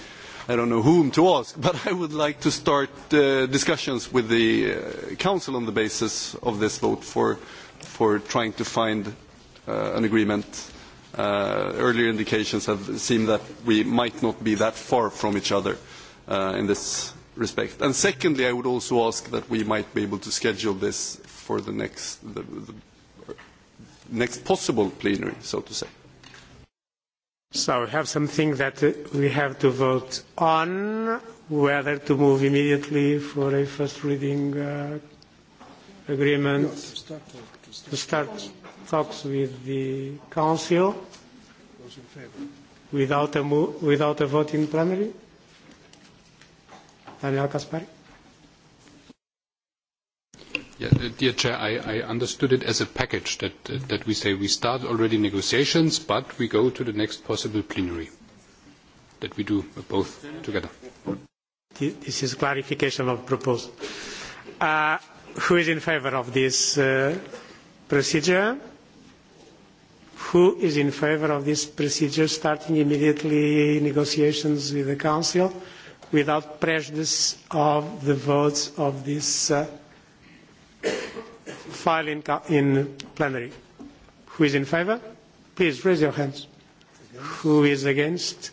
I don't know whom to ask, (laughs) but I would like to start uh, discussions with the uh, council on the basis of this vote for, for trying to find uh, an agreement Uh, earlier indications have seemed that we might not be that far from each other uh, in this respect. And secondly, I would also ask that we might be able to schedule this for the next, the, the next possible plenary, so to say. So we have something that we have to vote on, whether to move immediately for a first reading uh, agreement. No, to start. To start. To start talks with the Council? Without a, without a vote in plenary? Daniel Kaspari? Yeah, uh, dear Chair, I, I understood it as a package that, uh, that we say we start already negotiations, but we go to the next possible plenary. That we do both together. This is clarification of proposal. Uh, who is in favour of this uh, procedure? Who is in favour of this procedure starting immediately negotiations with the Council without prejudice of the votes of this uh, file in, in plenary? Who is in favour? Please raise your hands. Who is against?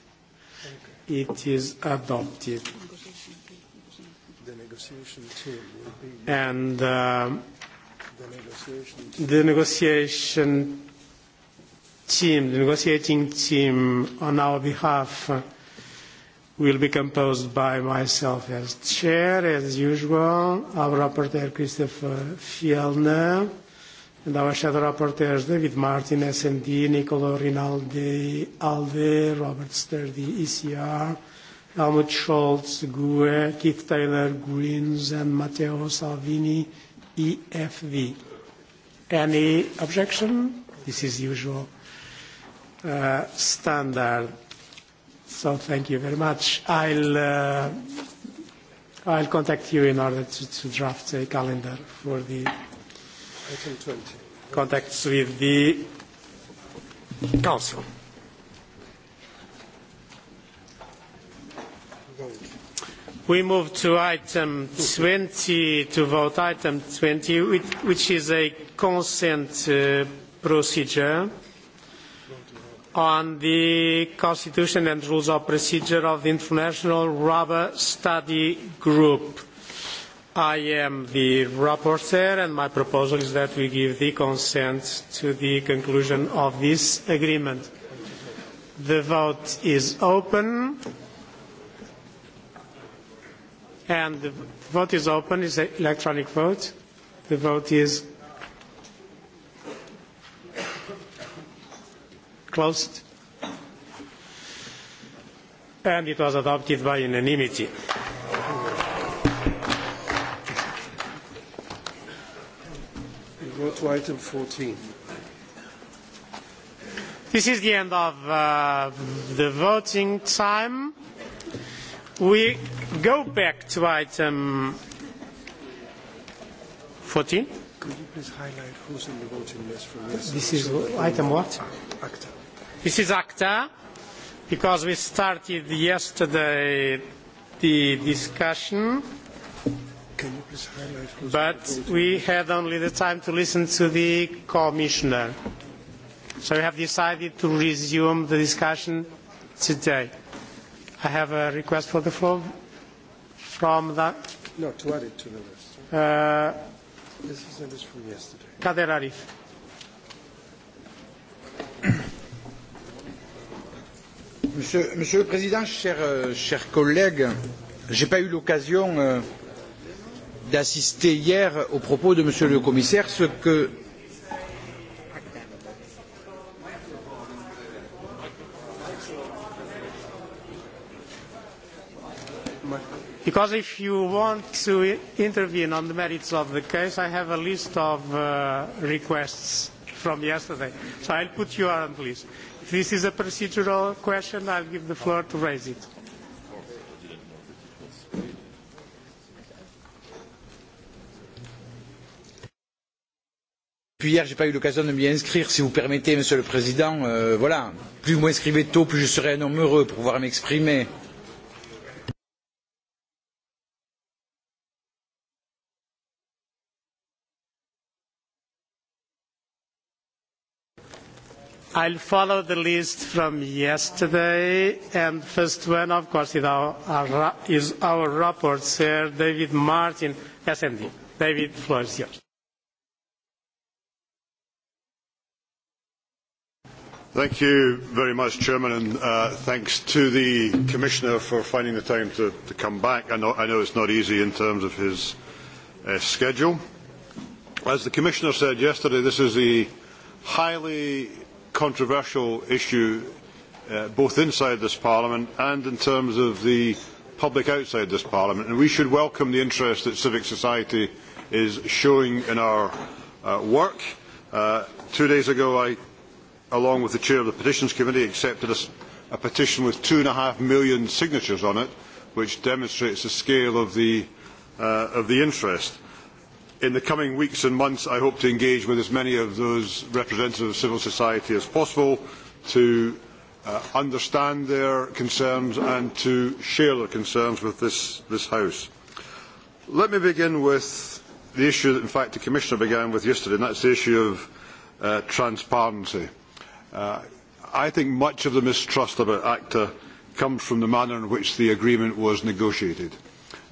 It is adopted. And the negotiation team, the negotiating team on our behalf uh, will be composed by myself as chair, as usual, our rapporteur Christopher Fjellner, and our shadow rapporteurs David Martin, S&D, Nicolo Rinaldi, Alde, Robert Sturdy, ECR, Helmut Scholz, GUE, Keith Taylor, Greens, and Matteo Salvini, EFV. Any objection? This is usual uh, standard. So thank you very much. I'll, uh, I'll contact you in order to, to draft a calendar for the contacts with the council. We move to item 20, to vote item 20, which, which is a consent uh, procedure on the constitution and rules of procedure of the International Rubber Study Group. I am the rapporteur and my proposal is that we give the consent to the conclusion of this agreement. The vote is open. And the vote is open. It's an electronic vote. The vote is closed and it was adopted by unanimity. We go to item 14. This is the end of uh, the voting time. We go back to item 14. Could you please highlight who's in the voting list for this? This is item what? ACTA this is Acta, because we started yesterday the discussion, but we had only the time to listen to the Commissioner. So we have decided to resume the discussion today. I have a request for the floor from the... No, to add it to the list. Uh, this is from yesterday. Kader Arif. Monsieur, Monsieur le Président, chers, euh, chers collègues, je n'ai pas eu l'occasion euh, d'assister hier aux propos de Monsieur le Commissaire, ce que because if you want to intervene on the merits of the case, I have a list of uh, requests from yesterday. So I'll put you on the This is a procedural question. I'll give the floor to raise it. Puis hier, je n'ai pas eu l'occasion de m'y inscrire. Si vous permettez, Monsieur le Président, euh, voilà, plus vous m'inscrivez tôt, plus je serai un homme heureux pour pouvoir m'exprimer. I'll follow the list from yesterday, and first one, of course, is our, rapporteur, David Martin, SND. David, floor is yours. Thank you very much, Chairman, and uh, thanks to the Commissioner for finding the time to, come back. I know, it's not easy in terms of his uh, schedule. As the Commissioner said yesterday, this is a highly controversial issue uh, both inside this Parliament and in terms of the public outside this Parliament. And we should welcome the interest that civic society is showing in our uh, work. Uh, two days ago, I, along with the chair of the Petitions Committee, accepted a, a petition with two and a half million signatures on it, which demonstrates the scale of the, uh, of the interest. In the coming weeks and months, I hope to engage with as many of those representatives of civil society as possible to uh, understand their concerns and to share their concerns with this, this House. Let me begin with the issue that, in fact, the Commissioner began with yesterday, and that's the issue of uh, transparency. Uh, I think much of the mistrust about ACTA comes from the manner in which the agreement was negotiated.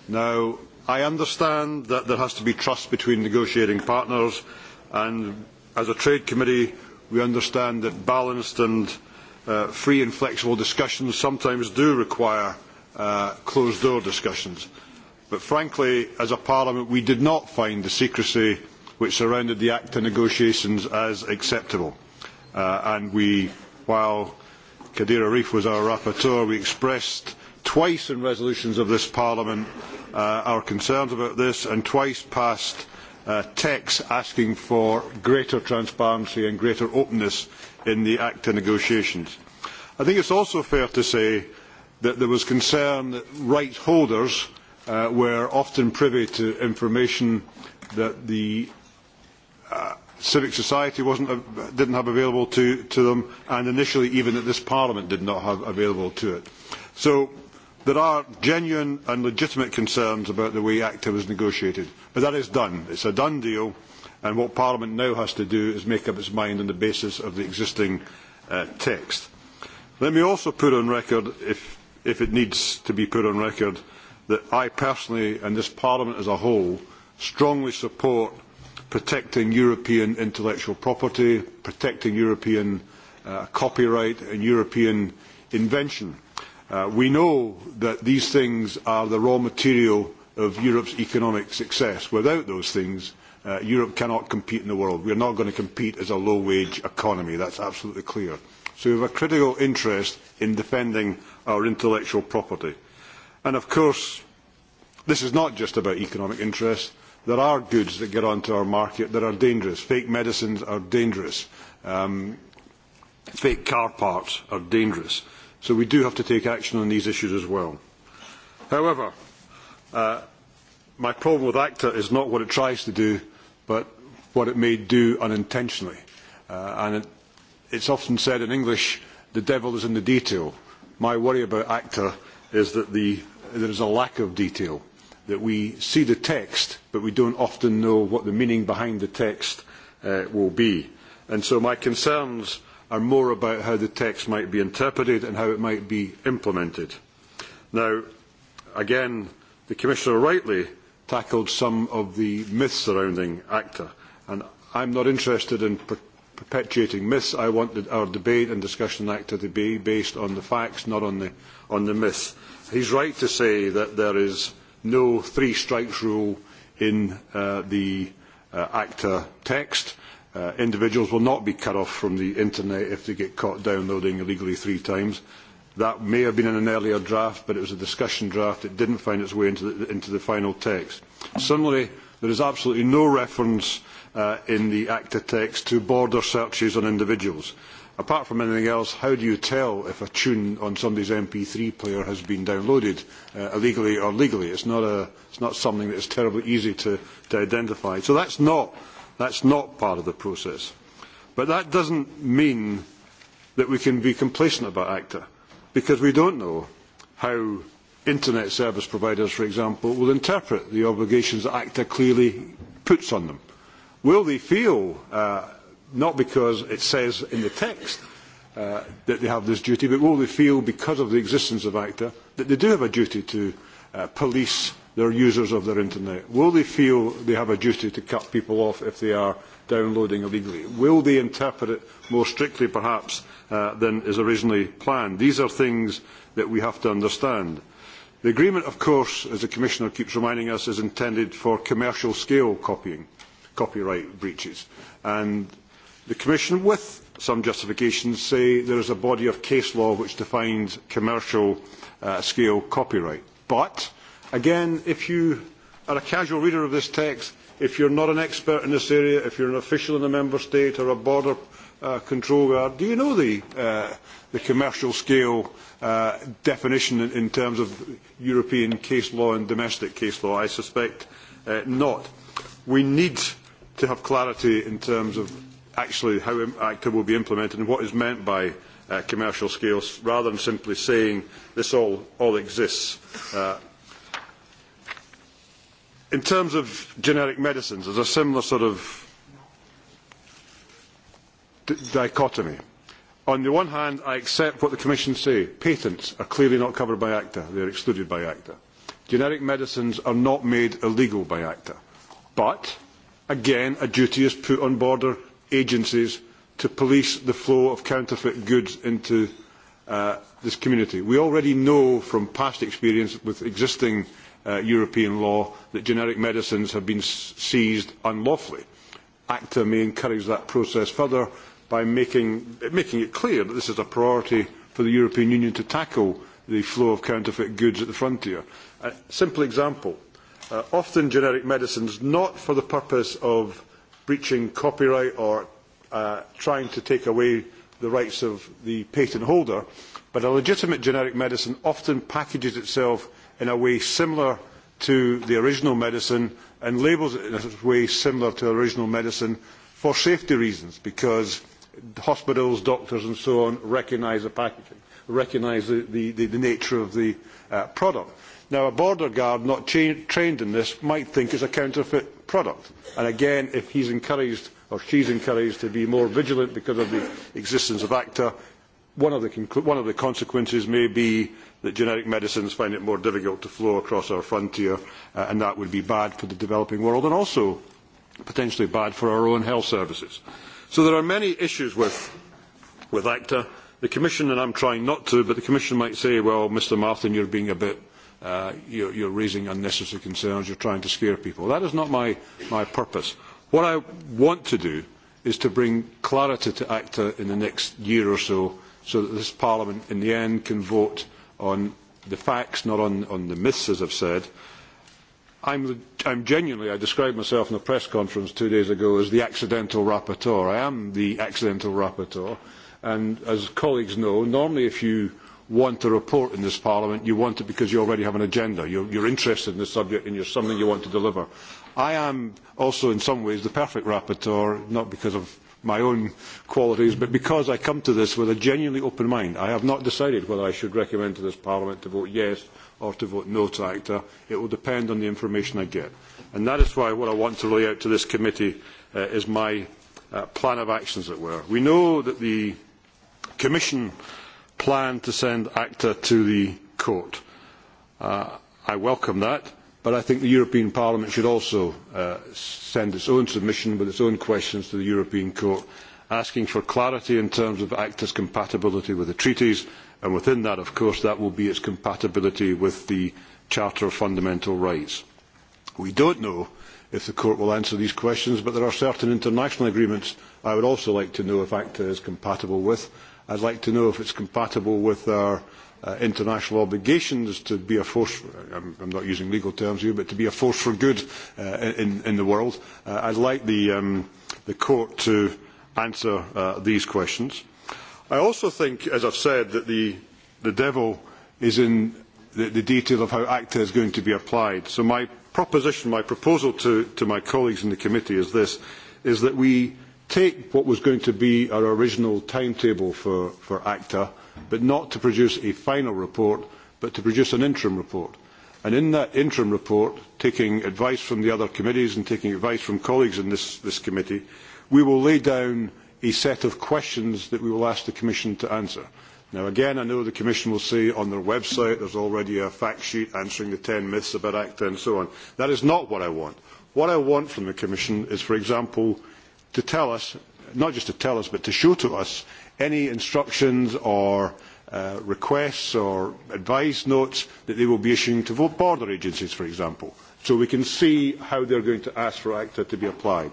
Now, I understand that there has to be trust between negotiating partners, and as a trade committee, we understand that balanced and uh, free and flexible discussions sometimes do require uh, closed door discussions. But frankly, as a parliament, we did not find the secrecy which surrounded the ACTA negotiations as acceptable. Uh, and we, while Kadir Arif was our rapporteur, we expressed twice in resolutions of this Parliament uh, our concerns about this and twice passed uh, texts asking for greater transparency and greater openness in the ACTA negotiations. I think it's also fair to say that there was concern that rights holders uh, were often privy to information that the uh, civic society wasn't, uh, didn't have available to, to them and initially even that this Parliament did not have available to it. So There are genuine and legitimate concerns about the way ACTA was negotiated, but that is done. It's a done deal, and what Parliament now has to do is make up its mind on the basis of the existing uh, text. Let me also put on record, if, if it needs to be put on record, that I personally and this Parliament as a whole strongly support protecting European intellectual property, protecting European uh, copyright and European invention Uh, we know that these things are the raw material of Europe's economic success. Without those things, uh, Europe cannot compete in the world. We are not going to compete as a low-wage economy. That's absolutely clear. So we have a critical interest in defending our intellectual property. And of course, this is not just about economic interests. There are goods that get onto our market that are dangerous. Fake medicines are dangerous. Um, fake car parts are dangerous. So we do have to take action on these issues as well. However, uh, my problem with ACTA is not what it tries to do, but what it may do unintentionally. Uh, and it, it's often said in English, the devil is in the detail. My worry about ACTA is that the, there is a lack of detail, that we see the text, but we don't often know what the meaning behind the text uh, will be. And so my concerns are more about how the text might be interpreted and how it might be implemented. Now, again, the Commissioner rightly tackled some of the myths surrounding ACTA, and I'm not interested in per perpetuating myths. I want the, our debate and discussion on ACTA to be based on the facts, not on the, on the myths. He's right to say that there is no three strikes rule in uh, the uh, ACTA text Uh, individuals will not be cut off from the internet if they get caught downloading illegally three times. That may have been in an earlier draft, but it was a discussion draft. It didn't find its way into the, into the final text. Similarly, there is absolutely no reference uh, in the ACTA text to border searches on individuals. Apart from anything else, how do you tell if a tune on somebody's MP3 player has been downloaded uh, illegally or legally? It's not, a, it's not something that is terribly easy to, to identify. So that's not That's not part of the process. But that doesn't mean that we can be complacent about ACTA, because we don't know how internet service providers, for example, will interpret the obligations that ACTA clearly puts on them. Will they feel, uh, not because it says in the text uh, that they have this duty, but will they feel because of the existence of ACTA that they do have a duty to uh, Uh, police their users of their internet? Will they feel they have a duty to cut people off if they are downloading illegally? Will they interpret it more strictly, perhaps, uh, than is originally planned? These are things that we have to understand. The agreement, of course, as the Commissioner keeps reminding us, is intended for commercial scale copying, copyright breaches. And the Commission, with some justifications, say there is a body of case law which defines commercial uh, scale copyright. But, again, if you are a casual reader of this text, if you're not an expert in this area, if you're an official in a member state or a border uh, control guard, do you know the, uh, the commercial scale uh, definition in, in terms of European case law and domestic case law? I suspect uh, not. We need to have clarity in terms of actually how ACTA will be implemented and what is meant by uh, commercial scales, rather than simply saying this all, all exists. Uh, in terms of generic medicines, there's a similar sort of dichotomy. On the one hand, I accept what the Commission say. Patents are clearly not covered by ACTA. They are excluded by ACTA. Generic medicines are not made illegal by ACTA. But, again, a duty is put on border agencies to police the flow of counterfeit goods into uh, this community. We already know from past experience with existing uh, European law that generic medicines have been seized unlawfully. ACTA may encourage that process further by making, making it clear that this is a priority for the European Union to tackle the flow of counterfeit goods at the frontier. A simple example, uh, often generic medicines not for the purpose of breaching copyright or Uh, trying to take away the rights of the patent holder, but a legitimate generic medicine often packages itself in a way similar to the original medicine and labels it in a way similar to the original medicine for safety reasons because hospitals, doctors and so on recognise the packaging, recognise the, the, the, nature of the uh, product. Now a border guard not trained in this might think it's a counterfeit product and again if he's encouraged or she's encouraged to be more vigilant because of the existence of ACTA. One of, the, one of the consequences may be that generic medicines find it more difficult to flow across our frontier, uh, and that would be bad for the developing world and also potentially bad for our own health services. So there are many issues with, with ACTA. The Commission, and I'm trying not to, but the Commission might say, well, Mr Martin, you're being a bit uh, you're, you're raising unnecessary concerns, you're trying to scare people. That is not my, my purpose. What I want to do is to bring clarity to ACTA in the next year or so, so that this Parliament in the end can vote on the facts, not on, on the myths, as I've said. I'm, I'm genuinely, I described myself in a press conference two days ago as the accidental rapporteur. I am the accidental rapporteur. And as colleagues know, normally if you want a report in this Parliament, you want it because you already have an agenda. You're, you're interested in the subject and you're something you want to deliver. I am also in some ways the perfect rapporteur, not because of my own qualities, but because I come to this with a genuinely open mind. I have not decided whether I should recommend to this Parliament to vote yes or to vote no to ACTA. It will depend on the information I get. And that is why what I want to lay out to this committee uh, is my uh, plan of action, as it were. We know that the Commission planned to send ACTA to the court. Uh, I welcome that But I think the European Parliament should also uh, send its own submission with its own questions to the European Court, asking for clarity in terms of ACTA's compatibility with the treaties, and within that, of course, that will be its compatibility with the Charter of Fundamental Rights. We don't know if the Court will answer these questions, but there are certain international agreements I would also like to know if ACTA is compatible with. I'd like to know if it's compatible with our uh, international obligations to be a force, uh, I'm, I'm not using legal terms here, but to be a force for good uh, in, in the world. Uh, I'd like the, um, the court to answer uh, these questions. I also think, as I've said, that the, the devil is in the, the detail of how ACTA is going to be applied. So my proposition, my proposal to, to my colleagues in the committee is this, is that we take what was going to be our original timetable for, for ACTA but not to produce a final report, but to produce an interim report. And in that interim report, taking advice from the other committees and taking advice from colleagues in this, this committee, we will lay down a set of questions that we will ask the Commission to answer. Now, again, I know the Commission will say on their website there's already a fact sheet answering the 10 myths about ACTA and so on. That is not what I want. What I want from the Commission is, for example, to tell us, not just to tell us, but to show to us any instructions or uh, requests or advice notes that they will be issuing to border agencies, for example, so we can see how they are going to ask for ACTA to be applied.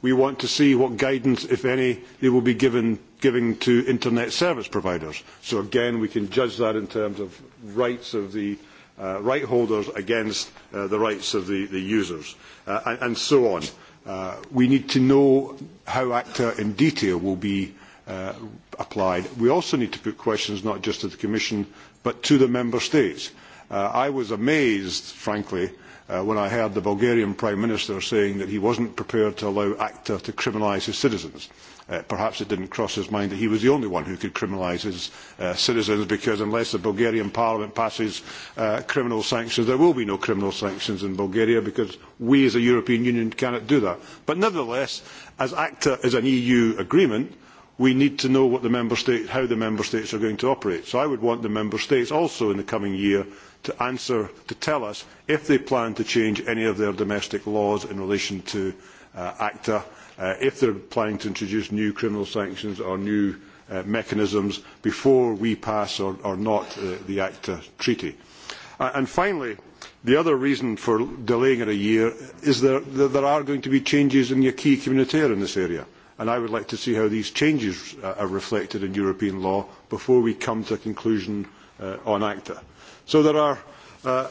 We want to see what guidance, if any, they will be given, giving to internet service providers. So again, we can judge that in terms of rights of the uh, right holders against uh, the rights of the, the users, uh, and, and so on. Uh, we need to know how ACTA in detail will be Uh, applied. We also need to put questions not just to the Commission, but to the Member States. Uh, I was amazed, frankly, uh, when I heard the Bulgarian Prime Minister saying that he wasn't prepared to allow ACTA to criminalise his citizens. Uh, perhaps it didn't cross his mind that he was the only one who could criminalise his uh, citizens because unless the Bulgarian parliament passes uh, criminal sanctions, there will be no criminal sanctions in Bulgaria because we as a European Union cannot do that. But nevertheless, as ACTA is an EU agreement, we need to know how the member states are going to operate. So I would want the member states also in the coming year to answer, to tell us if they plan to change any of their domestic laws in relation to uh, ACTA, uh, if they are planning to introduce new criminal sanctions or new uh, mechanisms before we pass or, not the ACTA treaty. and finally, the other reason for delaying it a year is that there are going to be changes in the acquis communautaire in this area and I would like to see how these changes uh, are reflected in European law before we come to a conclusion uh, on ACTA. So there are, uh,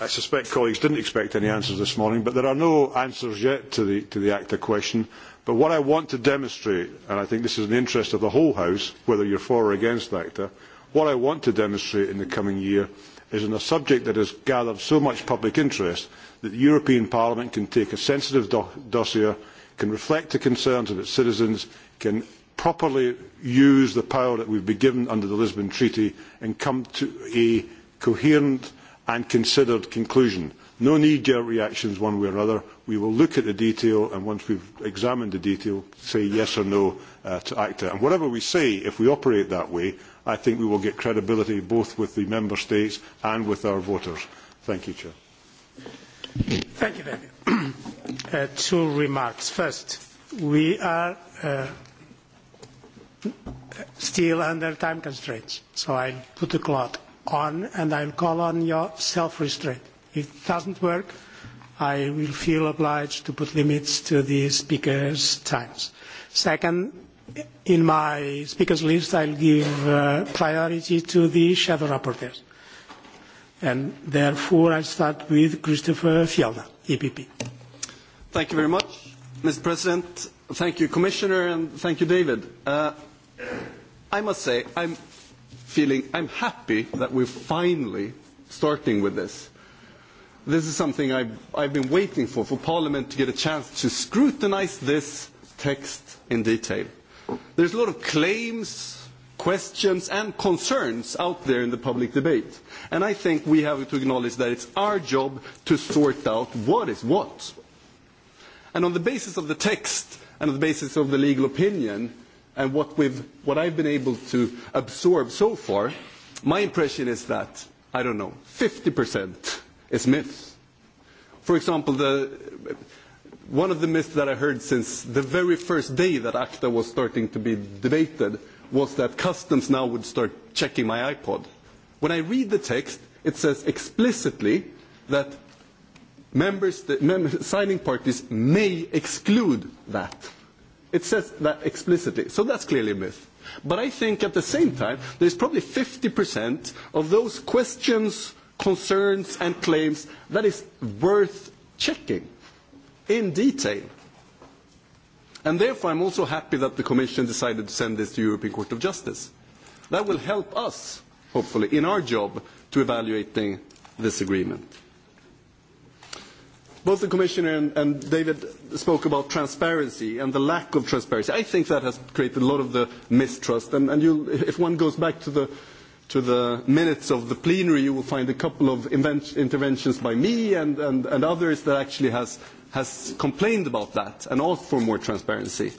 I, I suspect colleagues didn't expect any answers this morning, but there are no answers yet to the, to the ACTA question. But what I want to demonstrate, and I think this is in the interest of the whole House, whether you're for or against ACTA, what I want to demonstrate in the coming year is on a subject that has gathered so much public interest that the European Parliament can take a sensitive do dossier can reflect the concerns of its citizens, can properly use the power that we've been given under the Lisbon Treaty and come to a coherent and considered conclusion. No knee-jerk reactions one way or other. We will look at the detail and once we've examined the detail, say yes or no uh, to ACTA. And whatever we say, if we operate that way, I think we will get credibility both with the Member States and with our voters. Thank you, Chair. Thank you, David. (clears throat) Uh, two remarks. First, we are uh, still under time constraints, so I'll put the clock on and I'll call on your self-restraint. If it doesn't work, I will feel obliged to put limits to the speakers' times. Second, in my speakers list, I'll give uh, priority to the shadow rapporteurs. And therefore, I start with Christopher Fielder, EPP. Thank you very much, Mr. President. Thank you, Commissioner, and thank you, David. Uh, I must say, I'm feeling, I'm happy that we're finally starting with this. This is something I've, I've been waiting for, for Parliament to get a chance to scrutinise this text in detail. There's a lot of claims questions and concerns out there in the public debate. And I think we have to acknowledge that it's our job to sort out what is what. And on the basis of the text and on the basis of the legal opinion and what, we've, what I've been able to absorb so far, my impression is that, I don't know, 50% is myth. For example, the, one of the myths that I heard since the very first day that ACTA was starting to be debated was that customs now would start checking my iPod. When I read the text, it says explicitly that members, signing parties may exclude that. It says that explicitly, so that's clearly a myth. But I think at the same time, there's probably 50% of those questions, concerns, and claims that is worth checking in detail. And therefore, I'm also happy that the Commission decided to send this to the European Court of Justice. That will help us, hopefully, in our job to evaluating this agreement. Both the Commissioner and, and David spoke about transparency and the lack of transparency. I think that has created a lot of the mistrust. And, and if one goes back to the, to the minutes of the plenary, you will find a couple of interventions by me and, and, and others that actually has, has complained about that and asked for more transparency.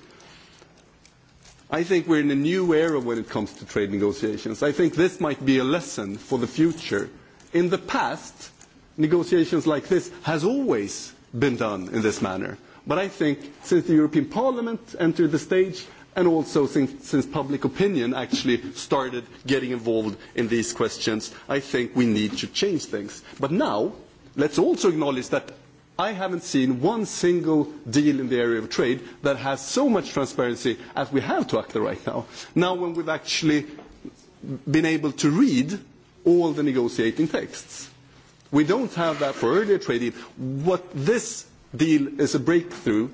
I think we're in a new era when it comes to trade negotiations. I think this might be a lesson for the future. In the past, negotiations like this has always been done in this manner. But I think since the European Parliament entered the stage, and also since, since public opinion actually started getting involved in these questions, I think we need to change things. But now, let's also acknowledge that I haven't seen one single deal in the area of trade that has so much transparency as we have to ACTA right now. Now when we've actually been able to read all the negotiating texts. We don't have that for earlier trade deals. What this deal is a breakthrough,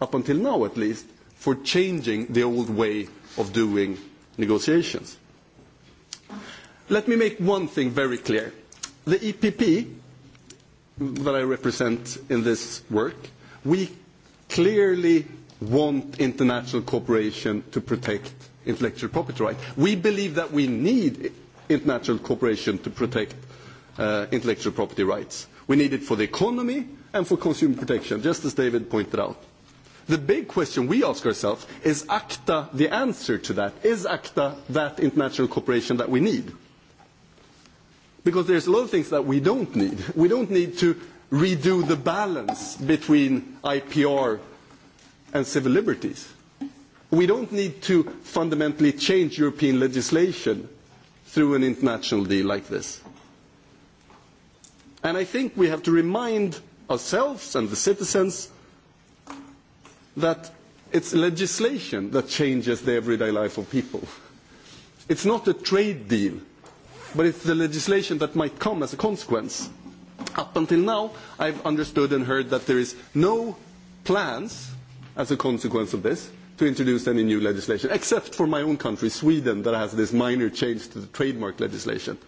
up until now at least, for changing the old way of doing negotiations. Let me make one thing very clear. The EPP that I represent in this work, we clearly want international cooperation to protect intellectual property rights. We believe that we need international cooperation to protect Uh, intellectual property rights. We need it for the economy and for consumer protection, just as David pointed out. The big question we ask ourselves is ACTA the answer to that? Is ACTA that international cooperation that we need? Because there's a lot of things that we don't need. We don't need to redo the balance between IPR and civil liberties. We don't need to fundamentally change European legislation through an international deal like this. And I think we have to remind ourselves and the citizens that it's legislation that changes the everyday life of people. It's not a trade deal, but it's the legislation that might come as a consequence. Up until now, I've understood and heard that there is no plans as a consequence of this to introduce any new legislation, except for my own country, Sweden, that has this minor change to the trademark legislation.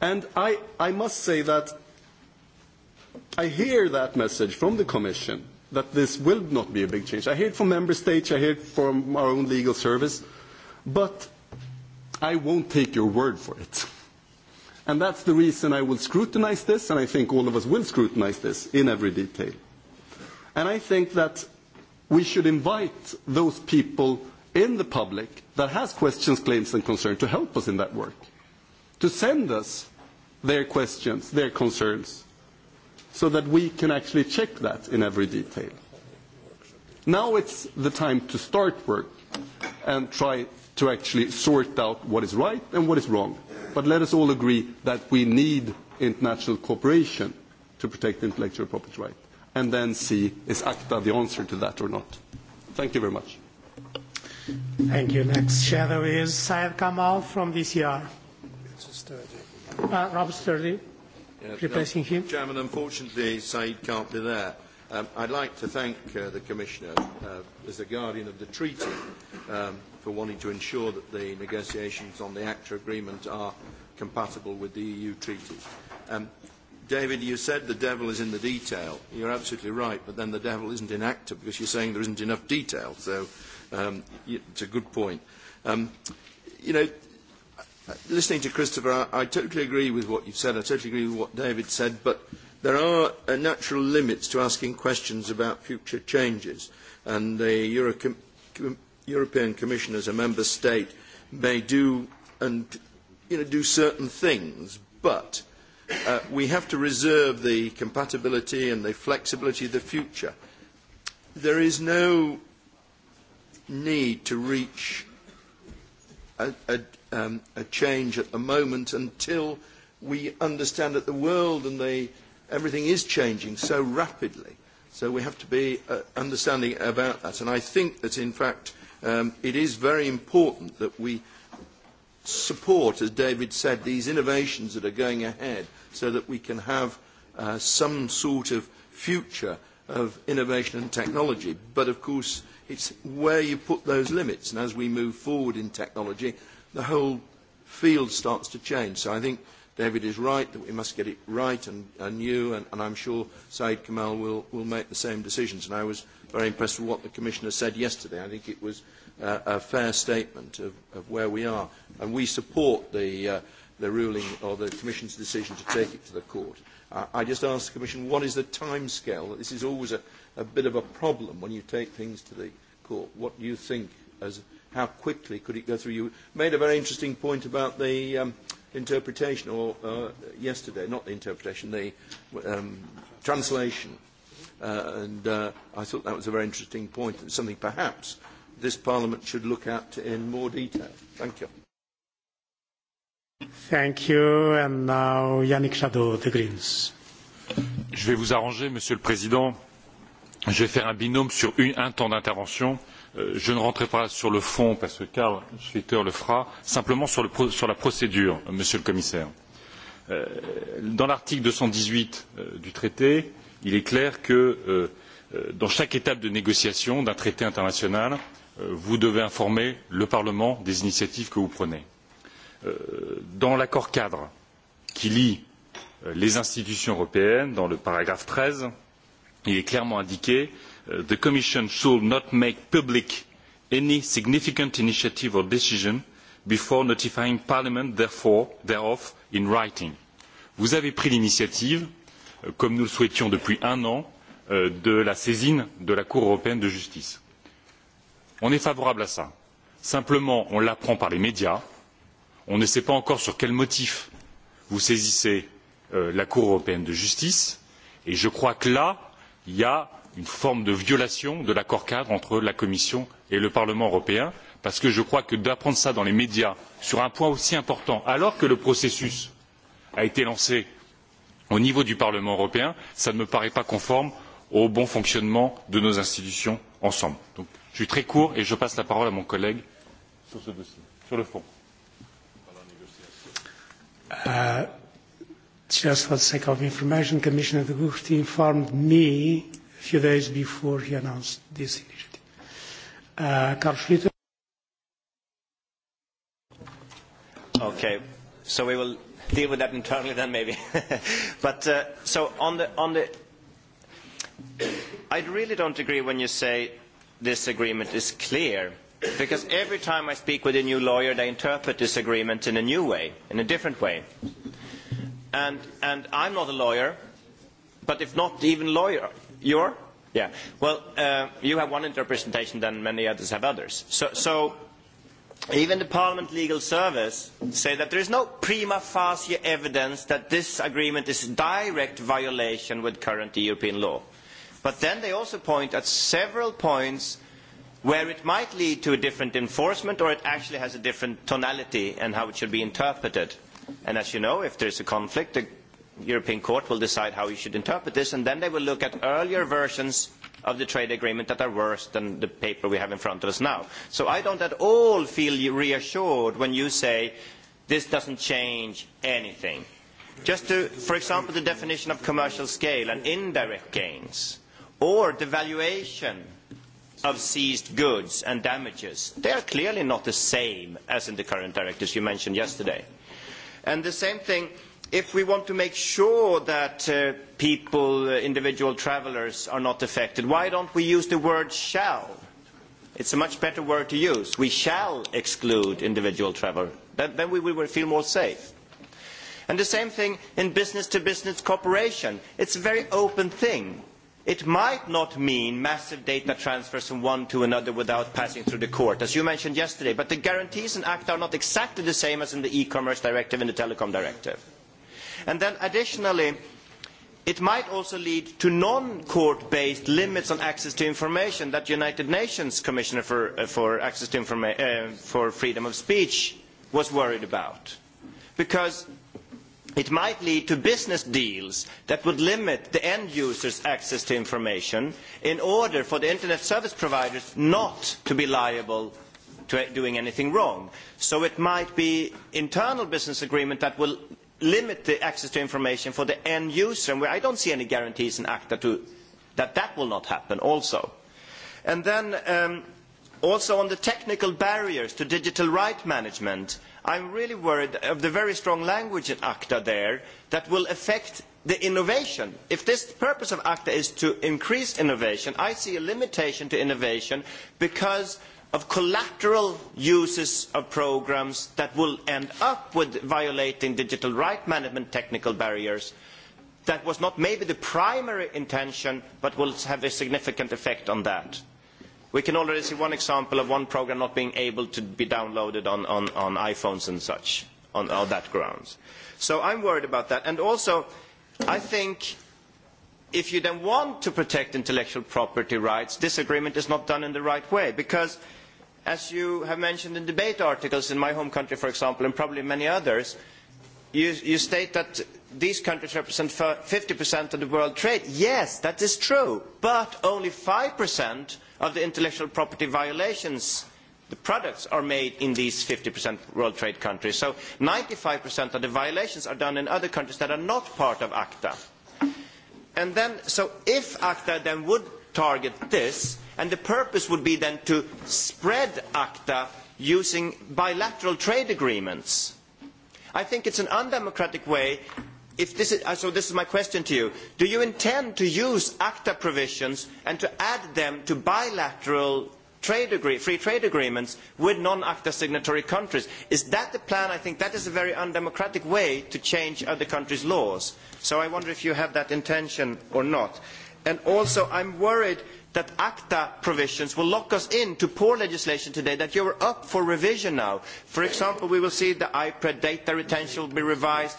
And I, I must say that I hear that message from the Commission that this will not be a big change. I hear it from member states, I hear it from our own legal service, but I won't take your word for it. And that's the reason I will scrutinize this, and I think all of us will scrutinize this in every detail. And I think that we should invite those people in the public that has questions, claims, and concerns to help us in that work, to send us their questions, their concerns, so that we can actually check that in every detail. Now it's the time to start work and try to actually sort out what is right and what is wrong. But let us all agree that we need international cooperation to protect intellectual property rights, and then see is ACTA the answer to that or not. Thank you very much. Thank you. Next shadow is Syed Kamal from DCR. Uh, Rob Sturdy, yeah, no, replacing no, him. Chairman, unfortunately, Said can't be there. Um, I'd like to thank uh, the Commissioner, uh, as the guardian of the treaty, um, for wanting to ensure that the negotiations on the ACTA agreement are compatible with the EU treaties. Um, David, you said the devil is in the detail. You're absolutely right, but then the devil isn't in ACTA because you're saying there isn't enough detail. So um, it's a good point. Um, you know, listening to Christopher, I, I totally agree with what you've said. I totally agree with what David said, but there are uh, natural limits to asking questions about future changes, and the Euro com com European Commission as a member state may do and you know do certain things, but uh, we have to reserve the compatibility and the flexibility of the future. There is no need to reach a, a, um, a change at the moment until we understand that the world and the, everything is changing so rapidly. So we have to be uh, understanding about that. And I think that, in fact, um, it is very important that we support, as David said, these innovations that are going ahead so that we can have uh, some sort of future of innovation and technology. But, of course, it's where you put those limits. And as we move forward in technology, the whole field starts to change. So I think David is right that we must get it right, and, and new, and, and I'm sure Saeed Kamal will, will make the same decisions. And I was very impressed with what the Commissioner said yesterday. I think it was uh, a fair statement of, of where we are. And we support the, uh, the ruling or the Commission's decision to take it to the court. Uh, I just asked the Commission, what is the timescale? This is always a, a bit of a problem when you take things to the court. What do you think as how quickly could it go through? You made a very interesting point about the um, interpretation, or uh, yesterday, not the interpretation, the um, translation. Uh, and uh, I thought that was a very interesting point and something perhaps this Parliament should look at in more detail. Thank you. Thank you. And now Yannick Jadot, The Greens. Je vais vous arranger, Monsieur le Président. Je vais faire un binôme sur une, un temps d'intervention Euh, je ne rentrerai pas sur le fond parce que Karl schlyter le fera, simplement sur, la procédure, monsieur le commissaire. Euh, dans l'article deux cent dix huit euh, du traité, il est clair que dans chaque étape de négociation d'un traité international, vous devez informer le Parlement des initiatives que vous prenez. Dans l'accord cadre qui lie les institutions européennes, dans le paragraphe treize il est clairement indiqué euh, the commission should not make public any significant initiative or decision before notifying parliament thereof in writing. vous avez pris l'initiative euh, comme nous le souhaitions depuis un an euh, de la saisine de la cour européenne de justice. on est favorable à cela simplement on l'apprend par les médias on ne sait pas encore sur quel motif vous saisissez euh, la cour européenne de justice et je crois que là il y a une forme de violation de l'accord cadre entre la commission et le parlement européen parce que je crois que d'apprendre cela dans les médias sur un point aussi important alors que le processus a été lancé au niveau du parlement européen cela ne me paraît pas conforme au bon fonctionnement de nos institutions ensemble. Donc, je suis très court et je passe la parole à mon collègue sur ce dossier sur le fond. Uh, just for the sake of information, Commissioner Gucht informed me few days before he announced this initiative. Uh, Karl Schlitter. Okay, so we will deal with that internally then maybe. (laughs) but uh, so on the on the, I really don't agree when you say this agreement is clear, because every time I speak with a new lawyer, they interpret this agreement in a new way, in a different way. And and I'm not a lawyer, but if not even lawyer, Your? Yeah. Well, uh, you have one interpretation, then many others have others. So, so even the Parliament Legal Service say that there is no prima facie evidence that this agreement is a direct violation with current European law. But then they also point at several points where it might lead to a different enforcement or it actually has a different tonality and how it should be interpreted. And as you know, if there is a conflict, the European Court will decide how we should interpret this, and then they will look at earlier versions of the trade agreement that are worse than the paper we have in front of us now. So I don't at all feel reassured when you say this doesn't change anything. Just to, for example, the definition of commercial scale and indirect gains, or the valuation of seized goods and damages, they are clearly not the same as in the current directives you mentioned yesterday. And the same thing if we want to make sure that uh, people, uh, individual travellers, are not affected, why don't we use the word shall? It's a much better word to use. We shall exclude individual travel. Then, we will feel more safe. And the same thing in business-to-business -business cooperation. It's a very open thing. It might not mean massive data transfers from one to another without passing through the court, as you mentioned yesterday, but the guarantees in ACTA are not exactly the same as in the e-commerce directive and the telecom directive. And then additionally, it might also lead to non-court based limits on access to information that United Nations Commissioner uh, uh, for, freedom of speech was worried about. Because it might lead to business deals that would limit the end user's access to information in order for the internet service providers not to be liable to doing anything wrong. So it might be internal business agreement that will limit the access to information for the end user. And I don't see any guarantees in ACTA to, that that will not happen also. And then um, also on the technical barriers to digital right management, I'm really worried of the very strong language in ACTA there that will affect the innovation. If this purpose of ACTA is to increase innovation, I see a limitation to innovation because of collateral uses of programmes that will end up with violating digital rights management technical barriers that was not maybe the primary intention but will have a significant effect on that. We can already see one example of one programme not being able to be downloaded on, on, on iPhones and such on, on that grounds. So I'm worried about that. And also, I think if you then want to protect intellectual property rights, this agreement is not done in the right way because – as you have mentioned in debate articles in my home country, for example, and probably many others, you, you state that these countries represent 50% of the world trade. Yes, that is true, but only 5% of the intellectual property violations the products are made in these 50% world trade countries. So 95% of the violations are done in other countries that are not part of ACTA. And then, so if ACTA then would target this, and the purpose would be then to spread acta using bilateral trade agreements. i think it is an undemocratic way this is, uh, so this is my question to you do you intend to use acta provisions and to add them to bilateral trade agree, free trade agreements with non acta signatory countries is that the plan i think that is a very undemocratic way to change other countries laws so i wonder if you have that intention or not and also i'm worried that ACTA provisions will lock us into poor legislation today that you are up for revision now. For example, we will see the IPRED data retention will be revised,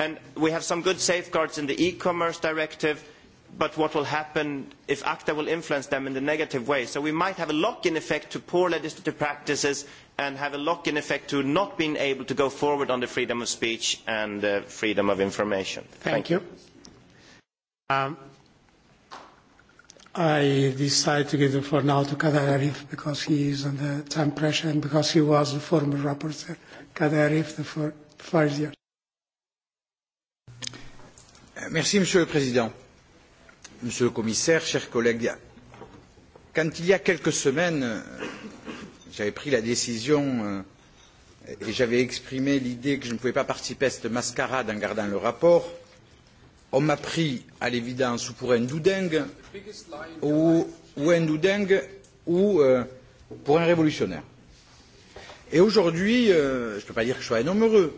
and we have some good safeguards in the e-commerce directive, but what will happen if ACTA will influence them in a negative way. So we might have a lock-in effect to poor legislative practices and have a lock-in effect to not being able to go forward on the freedom of speech and uh, freedom of information. Thank, Thank you. you. Um, I decided to give the floor now to Kader Arif because he is under time pressure and because he was a former rapporteur. Kader Arif, the floor, the floor is yours. Merci, Monsieur le Président. Monsieur le Commissaire, chers collègues, quand il y a quelques semaines, j'avais pris la décision euh, et j'avais exprimé l'idée que je ne pouvais pas participer à cette mascarade en gardant le rapport, on m'a pris à l'évidence pour un doudeng ou, ou un doudeng ou euh, pour un révolutionnaire. Et aujourd'hui, euh, je ne peux pas dire que je sois un homme heureux,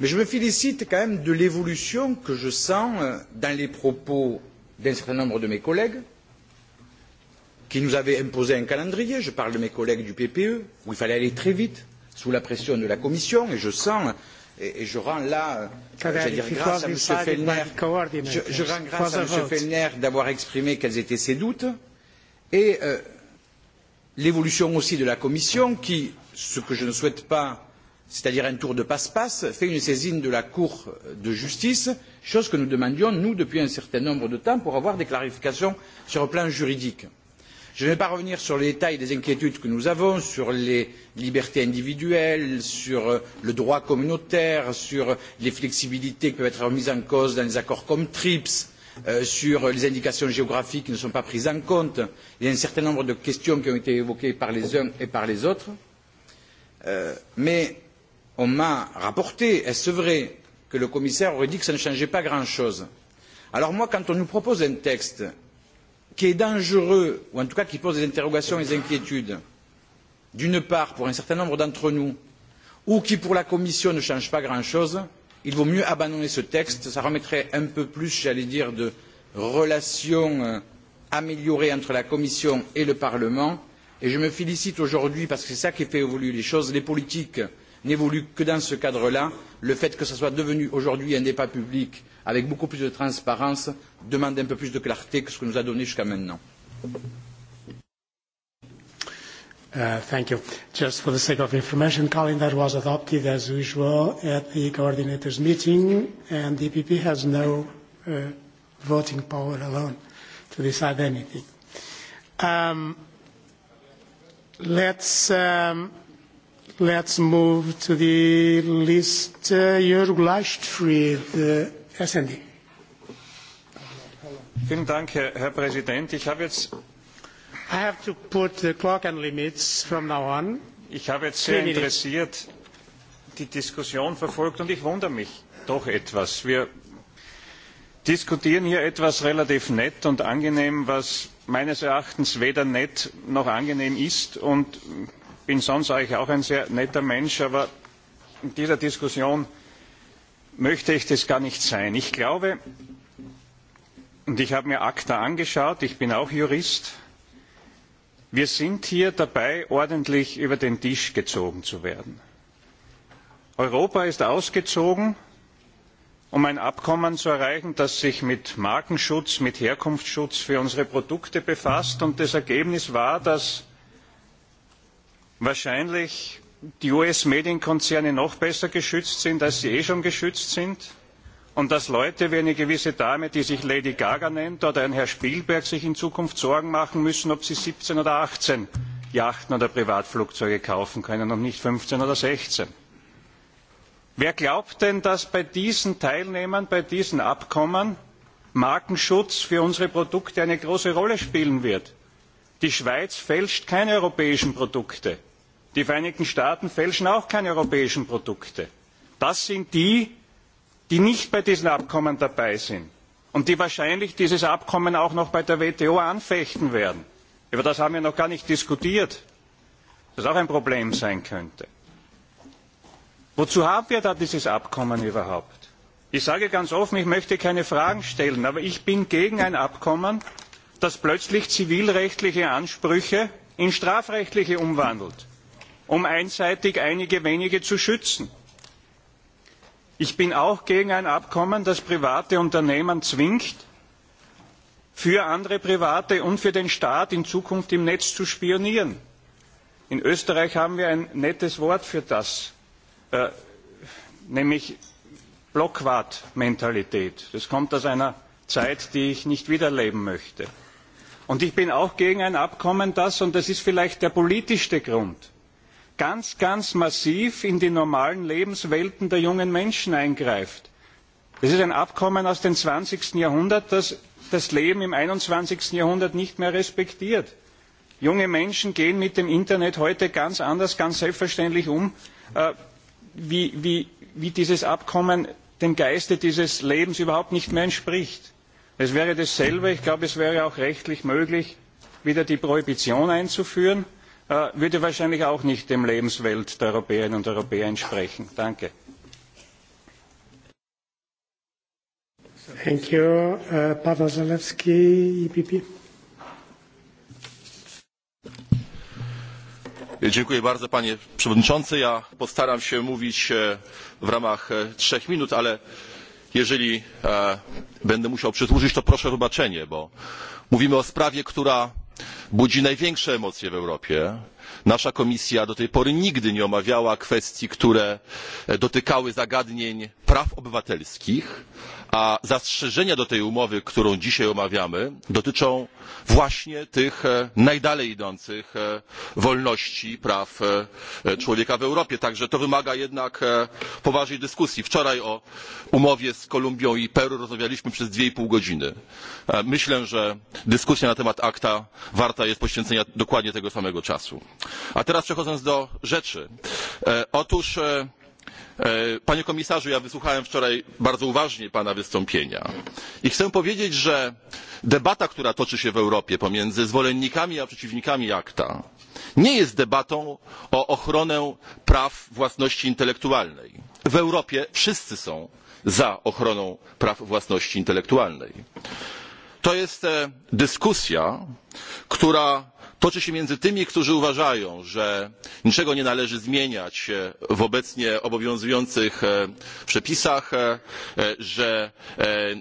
mais je me félicite quand même de l'évolution que je sens euh, dans les propos d'un certain nombre de mes collègues qui nous avaient imposé un calendrier. Je parle de mes collègues du PPE, où il fallait aller très vite, sous la pression de la Commission, et je sens et, et je rends là, euh, je dire grâce à M. Fellner, je, je rends grâce à M. Fellner d'avoir exprimé quels étaient ses doutes et euh, l'évolution aussi de la Commission qui, ce que je ne souhaite pas, c'est-à-dire un tour de passe-passe, fait une saisine de la Cour de justice, chose que nous demandions, nous, depuis un certain nombre de temps, pour avoir des clarifications sur le plan juridique je ne vais pas revenir sur les détails des inquiétudes que nous avons sur les libertés individuelles sur euh, le droit communautaire sur les flexibilités qui peuvent être remises en cause dans les accords comme trips euh, sur les indications géographiques qui ne sont pas prises en compte il y a un certain nombre de questions qui ont été évoquées par les uns et par les autres euh, mais on m'a rapporté est ce vrai que le commissaire aurait dit que ça ne changeait pas grand chose? alors moi quand on nous propose un texte qui est dangereux, ou en tout cas qui pose des interrogations et des inquiétudes, d'une part pour un certain nombre d'entre nous, ou qui pour la Commission ne change pas grand-chose, il vaut mieux abandonner ce texte. Ça remettrait un peu plus, j'allais dire, de relations euh, améliorées entre la Commission et le Parlement. Et je me félicite aujourd'hui, parce que c'est ça qui fait évoluer les choses, les politiques n'évoluent que dans ce cadre-là. Le fait que ce soit devenu aujourd'hui un débat public avec beaucoup plus de transparence, demande un peu plus de clarté que ce que nous a donné jusqu'à maintenant. Uh, thank you. Just for the sake of information, Colin, that was adopted as usual at the coordinators' meeting, and the EPP has no uh, voting power alone to decide anything. Um, let's, um, let's move to the list. Uh, Jörg Leichtfried uh, Herr, Präsident. Ich habe jetzt sehr interessiert die Diskussion verfolgt und ich wundere mich doch etwas. Wir diskutieren hier etwas relativ nett und angenehm, was meines Erachtens weder nett noch angenehm ist und bin sonst eigentlich auch ein sehr netter Mensch, aber in dieser Diskussion möchte ich das gar nicht sein. Ich glaube, und ich habe mir ACTA angeschaut, ich bin auch Jurist, wir sind hier dabei, ordentlich über den Tisch gezogen zu werden. Europa ist ausgezogen, um ein Abkommen zu erreichen, das sich mit Markenschutz, mit Herkunftsschutz für unsere Produkte befasst. Und das Ergebnis war, dass wahrscheinlich die US-Medienkonzerne noch besser geschützt sind, als sie eh schon geschützt sind und dass Leute wie eine gewisse Dame, die sich Lady Gaga nennt, oder ein Herr Spielberg sich in Zukunft Sorgen machen müssen, ob sie siebzehn oder achtzehn Yachten oder Privatflugzeuge kaufen können und nicht fünfzehn oder sechzehn Wer glaubt denn, dass bei diesen Teilnehmern, bei diesen Abkommen Markenschutz für unsere Produkte eine große Rolle spielen wird? Die Schweiz fälscht keine europäischen Produkte die vereinigten staaten fälschen auch keine europäischen produkte. das sind die die nicht bei diesen abkommen dabei sind und die wahrscheinlich dieses abkommen auch noch bei der wto anfechten werden. über das haben wir noch gar nicht diskutiert was auch ein problem sein könnte. wozu haben wir da dieses abkommen überhaupt? ich sage ganz offen ich möchte keine fragen stellen aber ich bin gegen ein abkommen das plötzlich zivilrechtliche ansprüche in strafrechtliche umwandelt um einseitig einige wenige zu schützen. Ich bin auch gegen ein Abkommen, das private Unternehmen zwingt, für andere Private und für den Staat in Zukunft im Netz zu spionieren. In Österreich haben wir ein nettes Wort für das, äh, nämlich Blockwart-Mentalität. Das kommt aus einer Zeit, die ich nicht wiederleben möchte. Und ich bin auch gegen ein Abkommen, das, und das ist vielleicht der politischste Grund, ganz, ganz massiv in die normalen Lebenswelten der jungen Menschen eingreift. Das ist ein Abkommen aus dem 20. Jahrhundert, das das Leben im 21. Jahrhundert nicht mehr respektiert. Junge Menschen gehen mit dem Internet heute ganz anders, ganz selbstverständlich um, äh, wie, wie, wie dieses Abkommen dem Geiste dieses Lebens überhaupt nicht mehr entspricht. Es wäre dasselbe, ich glaube, es wäre auch rechtlich möglich, wieder die Prohibition einzuführen Äh, würde wahrscheinlich auch nicht der lebenswelt der europäerinnen und europäer entsprechen. danke. Äh, e panie przewodniczący. Ja postaram się mówić e, w ramach e, trzech minut, ale jeżeli będę musiał przedłużyć, to proszę o wybaczenie, bo mówimy o sprawie, która budzi największe emocje w europie. nasza komisja do tej pory nigdy nie omawiała kwestii które dotykały zagadnień praw obywatelskich a a zastrzeżenia do tej umowy którą dzisiaj omawiamy dotyczą właśnie tych e, najdalej idących e, wolności i praw e, człowieka w europie tak że to wymaga jednak poważnej dyskusji. wczoraj o umowie z kolumbią i peru rozmawialiśmy przez dwie i pół godziny. myślę że dyskusja na temat acta warta jest poświęcenia dokładnie tego samego czasu. a teraz przechodząc do rzeczy otóż E, panie komisarzu ja wysłuchałem wczoraj bardzo uważnie pana wystąpienia i chcę powiedzieć że debata która toczy się w europie pomiędzy zwolennikami a przeciwnikami acta nie jest debatą o ochronę praw własności intelektualnej. w europie wszyscy są za ochroną praw własności intelektualnej. to jest e, dyskusja która toczy się między tymi którzy uważają że niczego nie należy zmieniać e, w obecnie obowiązujących e, przepisach e, że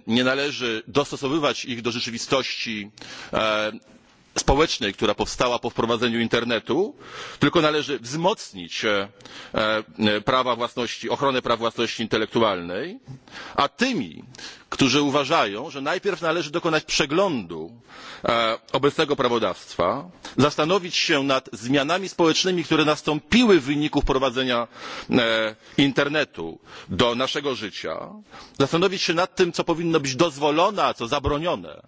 nie należy dostosowywać ich do rzeczywistości społecznej która powstała po wprowadzeniu internetu tylko należy wzmocnić prawa własności ochronę praw własności intelektualnej a tymi którzy uważają że najpierw należy dokonać przeglądu e, obecnego prawodawstwa zastanowić się nad zmianami społecznymi które nastąpiły w wyniku wprowadzenia e, internetu do naszego życia zastanowić się nad tym co powinno być dozwolone a co zabronione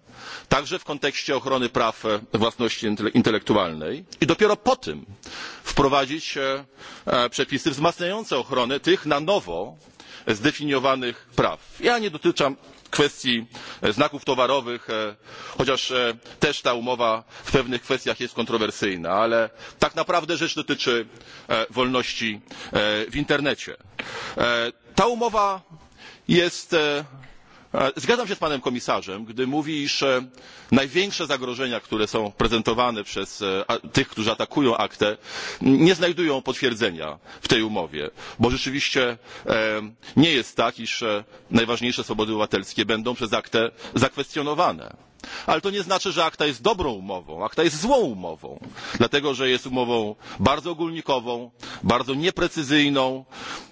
także w kontekście ochrony praw e, własności intelektualnej i dopiero po tym wprowadzić przepisy wzmacniające ochronę tych na nowo zdefiniowanych praw. ja nie dotykam kwestii e, znaków towarowych e, chociaż e, też ta umowa w pewnych kwestiach jest kontrowersyjna ale tak naprawdę rzecz dotyczy wolności w internecie. ta umowa jest E, zgadzam się z panem komisarzem gdy mówi iż największe zagrożenia które są prezentowane przez e, tych którzy atakują acta nie znajdują potwierdzenia w tej umowie bo rzeczywiście e, nie jest tak iż najważniejsze swobody obywatelskie będą przez acta zakwestionowane ale to nie znaczy że acta jest dobrą umową acta jest złą umową dlatego że jest umową bardzo ogólnikową bardzo nieprecyzyjną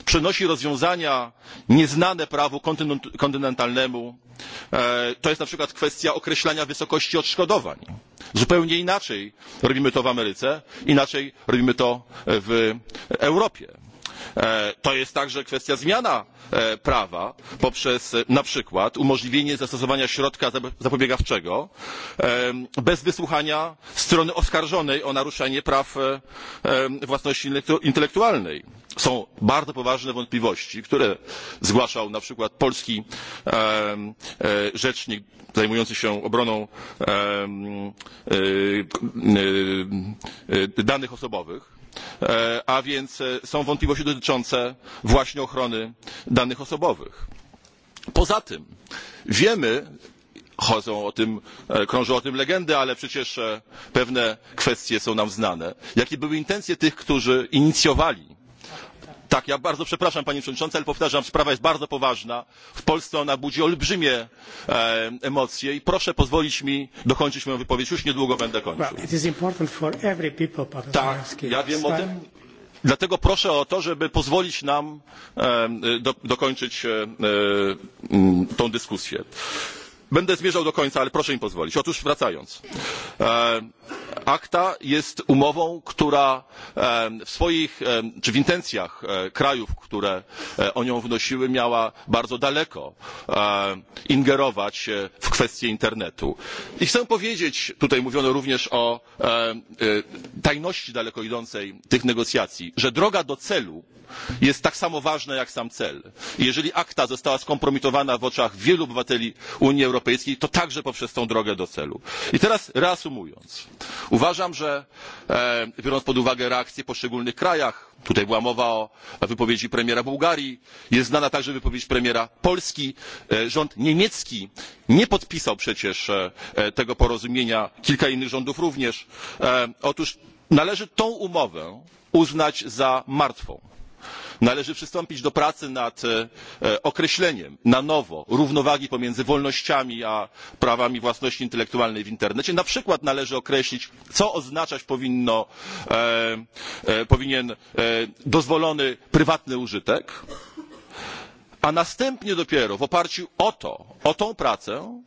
przenosi rozwiązania nieznane prawu kontynentalnemu e, to jest na przykład kwestia określania wysokości odszkodowań zupełnie inaczej robimy to w ameryce inaczej robimy to w europie. E, to jest także kwestia zmiana e, prawa poprzez e, na przykład umożliwienie zastosowania środka zapobiegawczego bez wysłuchania strony oskarżonej o naruszenie praw własności intelektualnej. są bardzo poważne wątpliwości które zgłaszał na przykład polski rzecznik zajmujący się obroną danych osobowych E, a więc e, są wątpliwości dotyczące właśnie ochrony danych osobowych. poza tym wiemy chodzą o tym, e, krążą o tym legendy, ale przecież pewne kwestie są nam znane. Jakie były intencje tych, którzy inicjowali tak ja bardzo przepraszam panie przewodniczący ale powtarzam sprawa jest bardzo poważna w polsce ona budzi olbrzymie e, emocje i proszę pozwolić mi dokończyć moją wypowiedź już niedługo będę kończył. tak ja wiem o tym dlatego proszę o to żeby pozwolić nam e, dokończyć e, tę dyskusję będę zmierzał do końca ale proszę mi pozwolić. otóż wracając e, acta jest umową która e, w swoich e, czy w intencjach krajów które o nią wnosiły miała bardzo daleko ingerować w kwestie internetu. i chcę powiedzieć tutaj mówiono również o tajności daleko idącej tych negocjacji że droga do celu jest tak samo ważna jak sam cel. jeżeli acta została skompromitowana w oczach wielu obywateli unii Europejskiej. Europejskiej, to także poprzez tą drogę do celu. I teraz reasumując, uważam, że e, biorąc pod uwagę reakcje w poszczególnych krajach, tutaj była mowa o wypowiedzi premiera Bułgarii, jest znana także wypowiedź premiera Polski, e, rząd niemiecki nie podpisał przecież e, tego porozumienia, kilka innych rządów również. Otóż należy tą umowę uznać za martwą należy przystąpić do pracy nad e, e, określeniem na nowo równowagi pomiędzy wolnościami a prawami własności intelektualnej w internecie na przykład należy określić co oznaczać powinno, e, powinien dozwolony prywatny użytek a następnie dopiero w oparciu o to o tę pracę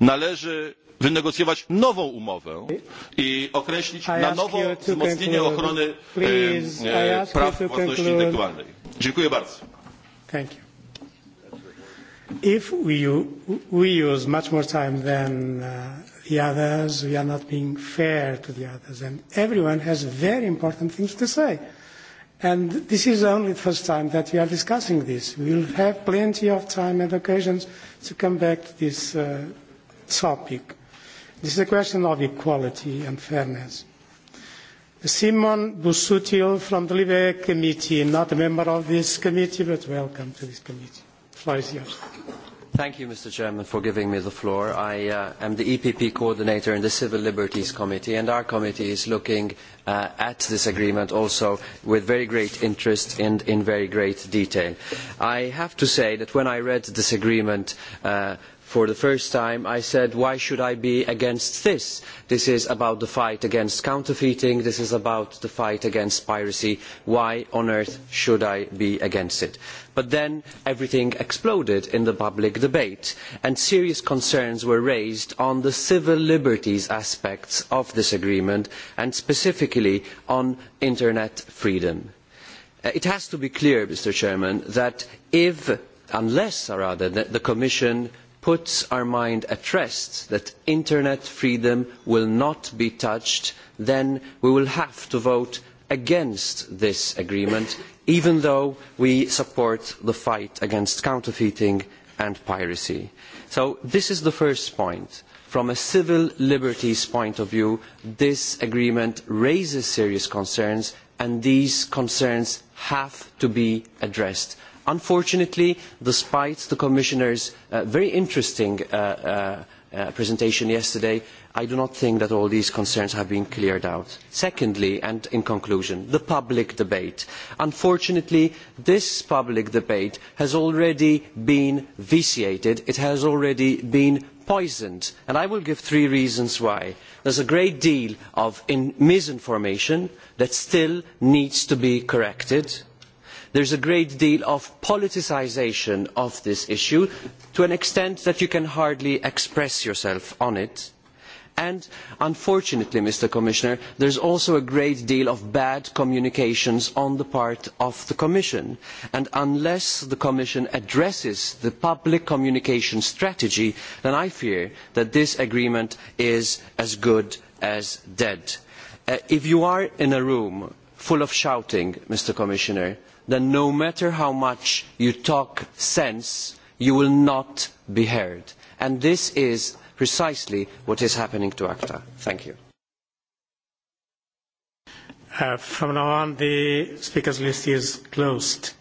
należy wynegocjować nową umowę i określić na nowo wzmocnienie ochrony e, e, praw własności intelektualnej. Dziękuję bardzo. Thank you. If we, we use much more time than uh, the others, we are not being fair to the others. And everyone has very important things to say. And this is only the first time that we are discussing this. We will have plenty of time and occasions to come back to this uh, topic This is a question of equality and fairness. Simon Busuttil from the Libe Committee, not a member of this committee, but welcome to this committee. The floor is yours. Thank you, Mr. Chairman, for giving me the floor. I uh, am the EPP coordinator in the Civil Liberties Committee, and our committee is looking uh, at this agreement also with very great interest and in very great detail. I have to say that when I read this agreement, uh, for the first time i said why should i be against this? this is about the fight against counterfeiting this is about the fight against piracy why on earth should i be against it? but then everything exploded in the public debate and serious concerns were raised on the civil liberties aspects of this agreement and specifically on internet freedom. Uh, it has to be clear Mr. Chairman, that if unless rather the commission puts our mind at rest that internet freedom will not be touched, then we will have to vote against this agreement, even though we support the fight against counterfeiting and piracy. So this is the first point. From a civil liberties point of view, this agreement raises serious concerns, and these concerns have to be addressed. Unfortunately, despite the Commissioner's uh, very interesting uh, uh, uh, presentation yesterday, I do not think that all these concerns have been cleared out. Secondly, and in conclusion, the public debate. Unfortunately, this public debate has already been vitiated. It has already been poisoned. And I will give three reasons why. There's a great deal of misinformation that still needs to be corrected there is a great deal of politicisation of this issue to an extent that you can hardly express yourself on it and unfortunately Mr. commissioner there is also a great deal of bad communication on the part of the commission and unless the commission addresses the public communication strategy then i fear that this agreement is as good as dead. Uh, if you are in a room full of shouting mr commissioner then no matter how much you talk sense, you will not be heard. And this is precisely what is happening to ACTA. Thank you. Uh, from now on, the speakers list is closed.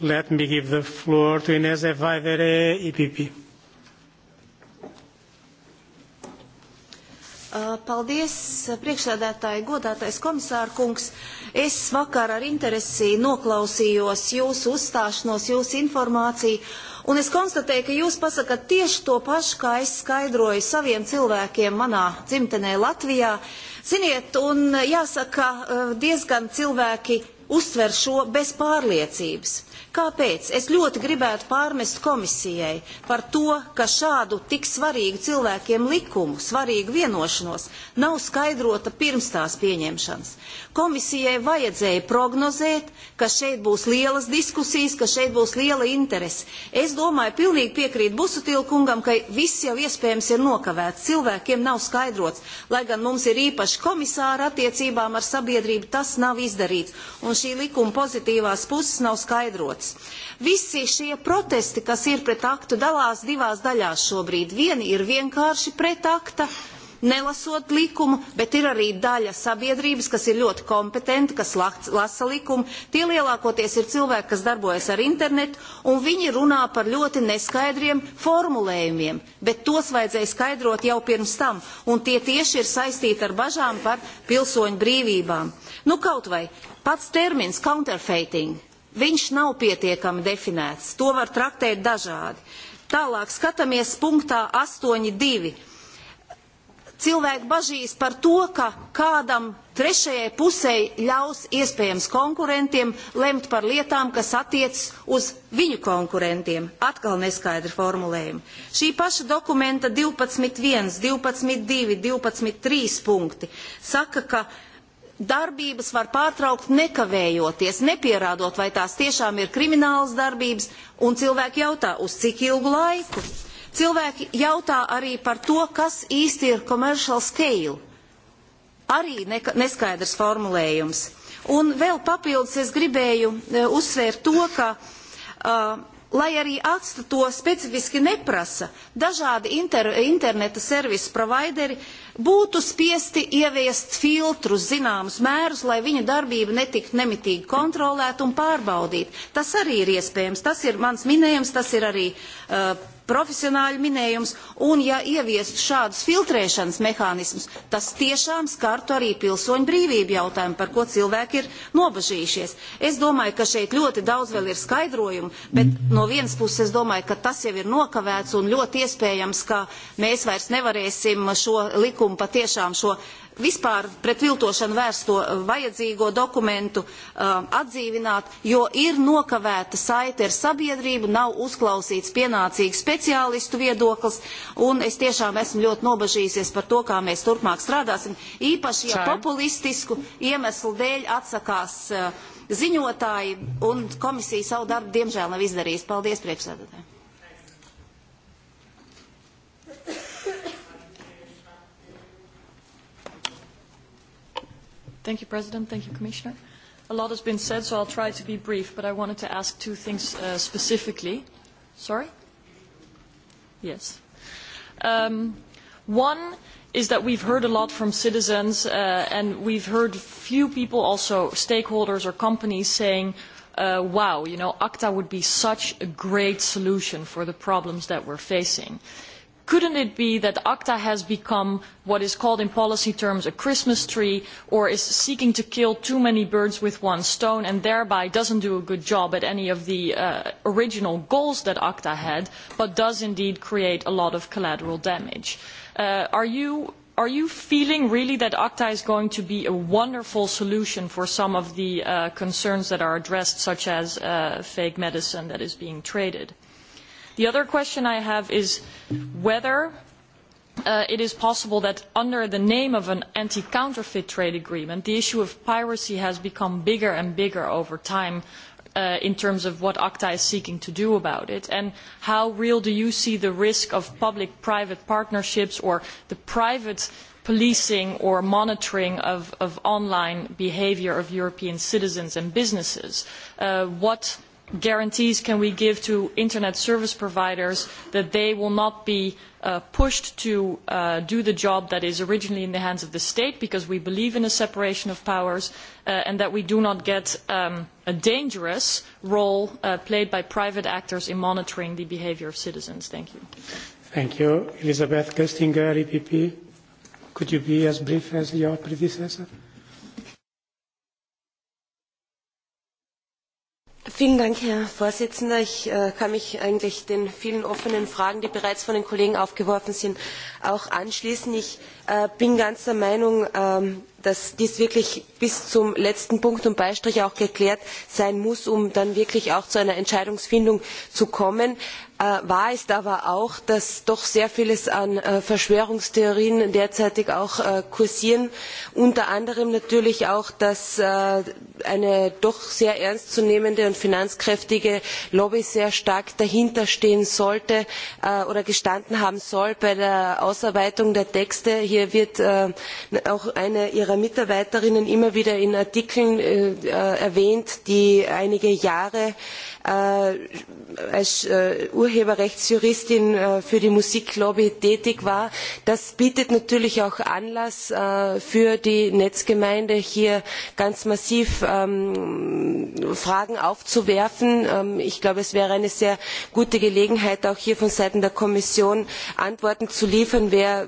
Let me give the floor to Ines Evaivere, EPP. Uh, paldies, priekšsēdētāji, godātais komisāra kungs. Es vakar ar interesi noklausījos jūsu uzstāšanos, jūsu informāciju, un es konstatēju, ka jūs pasakat tieši to pašu, kā es skaidroju saviem cilvēkiem manā dzimtenē Latvijā. Ziniet, un jāsaka, uh, diezgan cilvēki uztver šo bez pārliecības. Kāpēc? Es ļoti gribētu pārmest komisijai par to, ka šādu tik svarīgu cilvēkiem likumu, svarīgu vienošanos nav skaidrota pirms tās pieņemšanas. Komisijai vajadzēja prognozēt, ka šeit būs lielas diskusijas, ka šeit būs liela interese. Es domāju, pilnīgi piekrīt Busutilkungam, ka viss jau iespējams ir nokavēts, cilvēkiem nav skaidrots, lai gan mums ir īpaši komisāra attiecībām ar sabiedrību, tas nav izdarīts, un šī likuma pozitīvās puses nav skaidrots veids. Visi šie protesti, kas ir pret aktu, dalās divās daļās šobrīd. Vieni ir vienkārši pret akta, nelasot likumu, bet ir arī daļa sabiedrības, kas ir ļoti kompetenti, kas lasa likumu. Tie lielākoties ir cilvēki, kas darbojas ar internetu, un viņi runā par ļoti neskaidriem formulējumiem, bet tos vajadzēja skaidrot jau pirms tam, un tie tieši ir saistīti ar bažām par pilsoņu brīvībām. Nu, kaut vai pats termins counterfeiting viņš nav pietiekami definēts. To var traktēt dažādi. Tālāk skatāmies punktā 8.2. Cilvēki bažīs par to, ka kādam trešajai pusē ļaus iespējams konkurentiem lemt par lietām, kas attiecas uz viņu konkurentiem. Atkal neskaidri formulējumi. Šī paša dokumenta 12.1, 12.2, 12.3 punkti saka, ka darbības var pārtraukt nekavējoties, nepierādot, vai tās tiešām ir kriminālas darbības, un cilvēki jautā, uz cik ilgu laiku. Cilvēki jautā arī par to, kas īsti ir commercial scale. Arī ne, neskaidrs formulējums. Un vēl papildus es gribēju e, uzsvērt to, ka lai arī atsta to specifiski neprasa, dažādi inter, interneta servisu provideri būtu spiesti ieviest filtrus, zināmus mērus, lai viņa darbība netiktu nemitīgi kontrolēta un pārbaudīta. Tas arī ir iespējams. Tas ir mans minējums, tas ir arī uh, profesionāļu minējums, un ja ieviest šādus filtrēšanas mehānismus, tas tiešām skartu arī pilsoņu brīvību jautājumu, par ko cilvēki ir nobažījušies. Es domāju, ka šeit ļoti daudz vēl ir skaidrojumu, bet no vienas puses es domāju, ka tas jau ir nokavēts un ļoti iespējams, ka mēs vairs nevarēsim šo likumu patiešām šo uh, vispār pret viltošanu vērsto eh, vajadzīgo dokumentu eh, atdzīvināt, jo ir nokavēta saite ar sabiedrību, nav uzklausīts pienācīgs speciālistu viedoklis, un es tiešām esmu ļoti nobažījusies par to, kā mēs turpmāk strādāsim, īpaši, ja populistisku iemeslu dēļ atsakās eh, ziņotāji, un komisija savu darbu diemžēl nav izdarījusi. Paldies, priekšsēdētāji! Thank you, President. Thank you, Commissioner. A lot has been said, so I'll try to be brief, but I wanted to ask two things uh, specifically. Sorry? Yes. Um, one is that we've heard a lot from citizens, uh, and we've heard few people also, stakeholders or companies, saying, uh, wow, you know, ACTA would be such a great solution for the problems that we're facing. Couldn't it be that ACTA has become what is called in policy terms a Christmas tree or is seeking to kill too many birds with one stone and thereby doesn't do a good job at any of the uh, original goals that ACTA had but does indeed create a lot of collateral damage? Uh, are you are you feeling really that ACTA is going to be a wonderful solution for some of the uh, concerns that are addressed, such as uh, fake medicine that is being traded? The other question I have is whether uh, it is possible that under the name of an anti-counterfeit trade agreement, the issue of piracy has become bigger and bigger over time uh, in terms of what ACTA is seeking to do about it? And how real do you see the risk of public-private partnerships or the private policing or monitoring of, of online behaviour of European citizens and businesses? Uh, what guarantees can we give to internet service providers that they will not be uh, pushed to uh, do the job that is originally in the hands of the state because we believe in a separation of powers uh, and that we do not get um, a dangerous role uh, played by private actors in monitoring the behaviour of citizens. Thank you. Thank you. Elizabeth Köstinger, EPP. Could you be as brief as your predecessor? Vielen Dank, Herr Vorsitzender. Ich äh, kann mich eigentlich den vielen offenen Fragen, die bereits von den Kollegen aufgeworfen sind, auch anschließen. Ich äh, bin ganz der Meinung, ähm, dass dies wirklich bis zum letzten Punkt und Beistrich auch geklärt sein muss, um dann wirklich auch zu einer Entscheidungsfindung zu kommen wahr ist aber auch dass doch sehr vieles an äh, verschwörungstheorien derzeit auch äh, kursiert unter anderem natürlich auch dass äh, eine doch sehr ernst zu nehmende und finanzkräftige lobby sehr stark dahinterstehen sollte oder gestanden haben soll bei der ausarbeitung der texte. hier wird auch eine ihrer mitarbeiterinnen immer wieder in artikeln erwähnt die einige jahre Äh, als äh, Urheberrechtsjuristin äh, für die Musiklobby tätig war. Das bietet natürlich auch Anlass für die Netzgemeinde, hier ganz massiv ähm, Fragen aufzuwerfen. Ähm, ich glaube, es wäre eine sehr gute Gelegenheit, auch hier von Seiten der Kommission Antworten zu liefern, wer,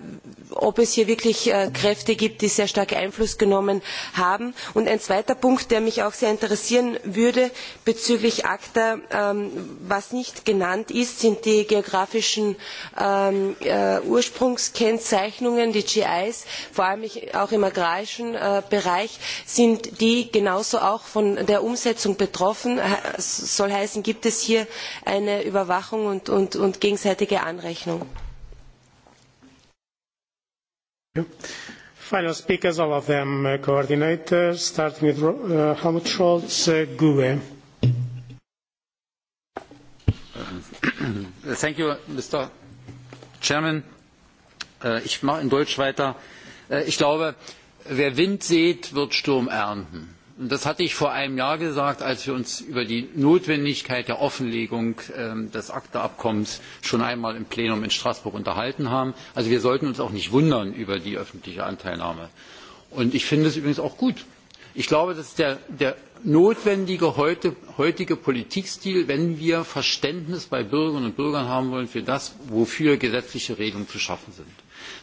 ob es hier wirklich Kräfte gibt, die sehr stark Einfluss genommen haben. Und ein zweiter Punkt, der mich auch sehr interessieren würde bezüglich ACTA, Ähm, was nicht genannt ist sind die geografischen ähm, äh, ursprungskennzeichnungen die gis vor allem auch im agrarischen äh, bereich sind die genauso auch von der umsetzung betroffen? das soll heißen gibt es hier eine überwachung und, und, und gegenseitige anrechnung? Final speakers, all of them uh, coordinators, starting with uh, Helmut Scholz, uh, GUE. (clears throat) Mr. Chairman. Äh, ich mache in Deutsch weiter. Äh, ich glaube, wer Wind sät, wird Sturm ernten. das hatte ich vor einem Jahr gesagt, als wir uns über die Notwendigkeit der Offenlegung ähm, des ACTA-Abkommens schon einmal im Plenum in Straßburg unterhalten haben. Also wir sollten uns auch nicht wundern über die öffentliche Anteilnahme. ich finde es übrigens auch gut. Ich glaube, dass der notwendige heutige politikstil wenn wir verständnis bei bürgerinnen und bürgern haben wollen für das wofür gesetzliche regelungen zu schaffen sind.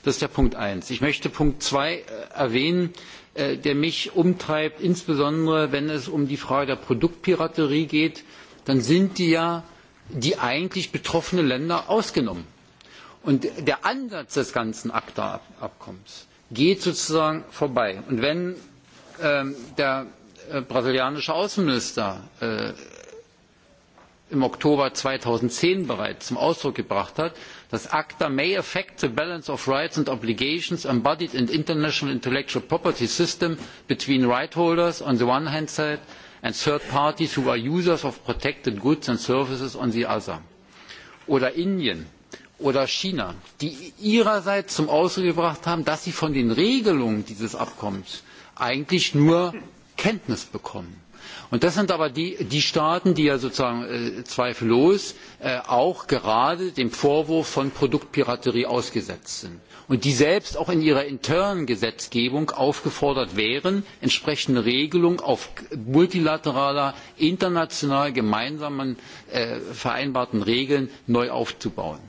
das ist punkt eins. ich möchte punkt zwei äh, erwähnen äh, der mich umtreibt insbesondere wenn es um die frage der produktpiraterie geht dann sind ja die eigentlich betroffenen länder ausgenommen. und der ansatz des ganzen acta abkommens geht sozusagen vorbei. und wenn ähm, der Äh, brasilianische Außenminister äh, im Oktober 2010 bereits zum Ausdruck gebracht hat, dass ACTA may affect the balance of rights and obligations embodied in international intellectual property system between right holders on the one hand side and third parties who are users of protected goods and services on the other. Oder Indien oder China, die ihrerseits zum Ausdruck gebracht haben, dass sie von den Regelungen dieses Abkommens eigentlich nur Kenntnis bekommen. Und das sind aber die, die Staaten, die ja sozusagen äh, zweifellos äh, auch gerade dem Vorwurf von Produktpiraterie ausgesetzt sind und die selbst auch in ihrer internen Gesetzgebung aufgefordert wären, entsprechende Regelungen auf multilateraler, international gemeinsamen äh, vereinbarten Regeln neu aufzubauen.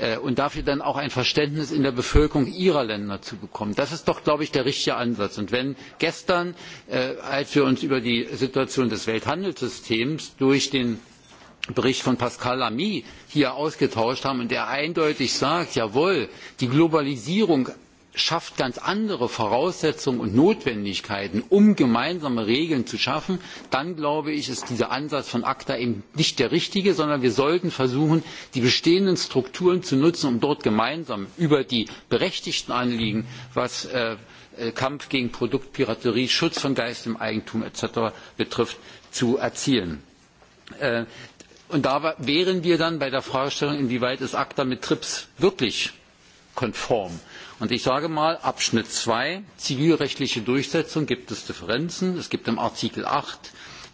Äh, und dafür dann auch ein Verständnis in der Bevölkerung ihrer Länder zu bekommen. Das ist doch, der richtige Ansatz. Und wenn gestern, äh, als wir uns über die Situation des Welthandelssystems durch den Bericht von Pascal Lamy hier ausgetauscht haben und er eindeutig sagt, jawohl, die Globalisierung schafft ganz andere voraussetzungen und notwendigkeiten um gemeinsame regeln zu schaffen dann glaube ich ist dieser ansatz von acta eben nicht der richtige sondern wir sollten versuchen die bestehenden strukturen zu nutzen um dort gemeinsam über die berechtigten anliegen was äh, äh, kampf gegen produktpiraterie schutz von geistigem eigentum etc. betrifft zu erzielen. Äh, und da wären wir dann bei der fragestellung inwieweit ist acta mit trips wirklich konform? Und ich sage mal, Abschnitt 2, zivilrechtliche Durchsetzung, gibt es Differenzen. Es gibt im Artikel 8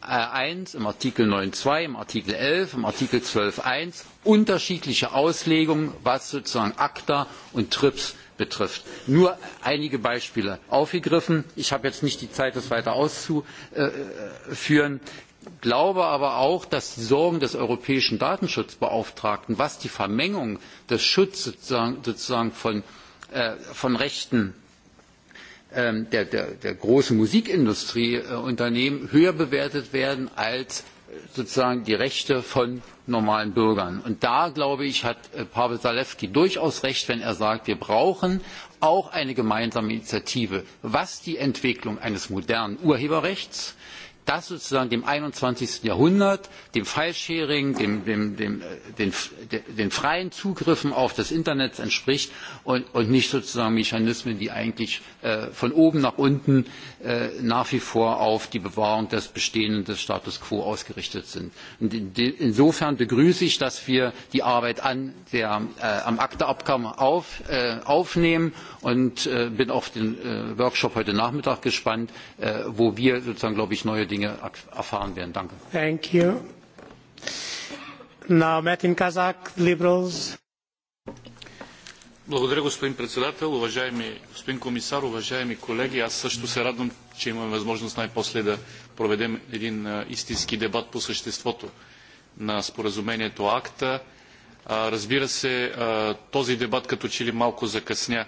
1, äh, im Artikel 9.2, im Artikel 11, im Artikel 12.1 unterschiedliche Auslegungen, was sozusagen ACTA und TRIPS betrifft. Nur einige Beispiele aufgegriffen. Ich habe jetzt nicht die Zeit, das weiter auszuführen. Glaube aber auch, dass die Sorgen des europäischen Datenschutzbeauftragten, was die Vermengung des Schutzes sozusagen, sozusagen von Äh, von Rechten ähm, der, der, der großen Musikindustrieunternehmen äh, höher bewertet werden als äh, sozusagen die Rechte von normalen Bürgern. Und da, glaube ich, hat Pavel Zalewski durchaus recht, wenn er sagt, wir brauchen auch eine gemeinsame Initiative, was die Entwicklung eines modernen Urheberrechts das sozusagen dem. einundzwanzig jahrhundert dem file sharing dem, dem, dem, äh, den, den freien zugriffen auf das internet entspricht und, und nicht sozusagen mechanismen die eigentlich äh, von oben nach unten äh, nach wie vor auf die bewahrung des bestehenden des status quo ausgerichtet sind. In, insofern begrüße ich dass wir die arbeit an der, äh, am acta abkommen auf, äh, aufnehmen und äh, bin auf den workshop heute nachmittag gespannt wo wir sozusagen glaube ich neue Dinge erfahren werden. Danke. Thank you. Now, Metin Kazak, Liberals. Благодаря, господин председател. Уважаеми господин комисар, уважаеми колеги, аз също се радвам, че имаме възможност най-после да проведем един истински дебат по съществото на споразумението АКТА. разбира се, този дебат като че ли малко закъсня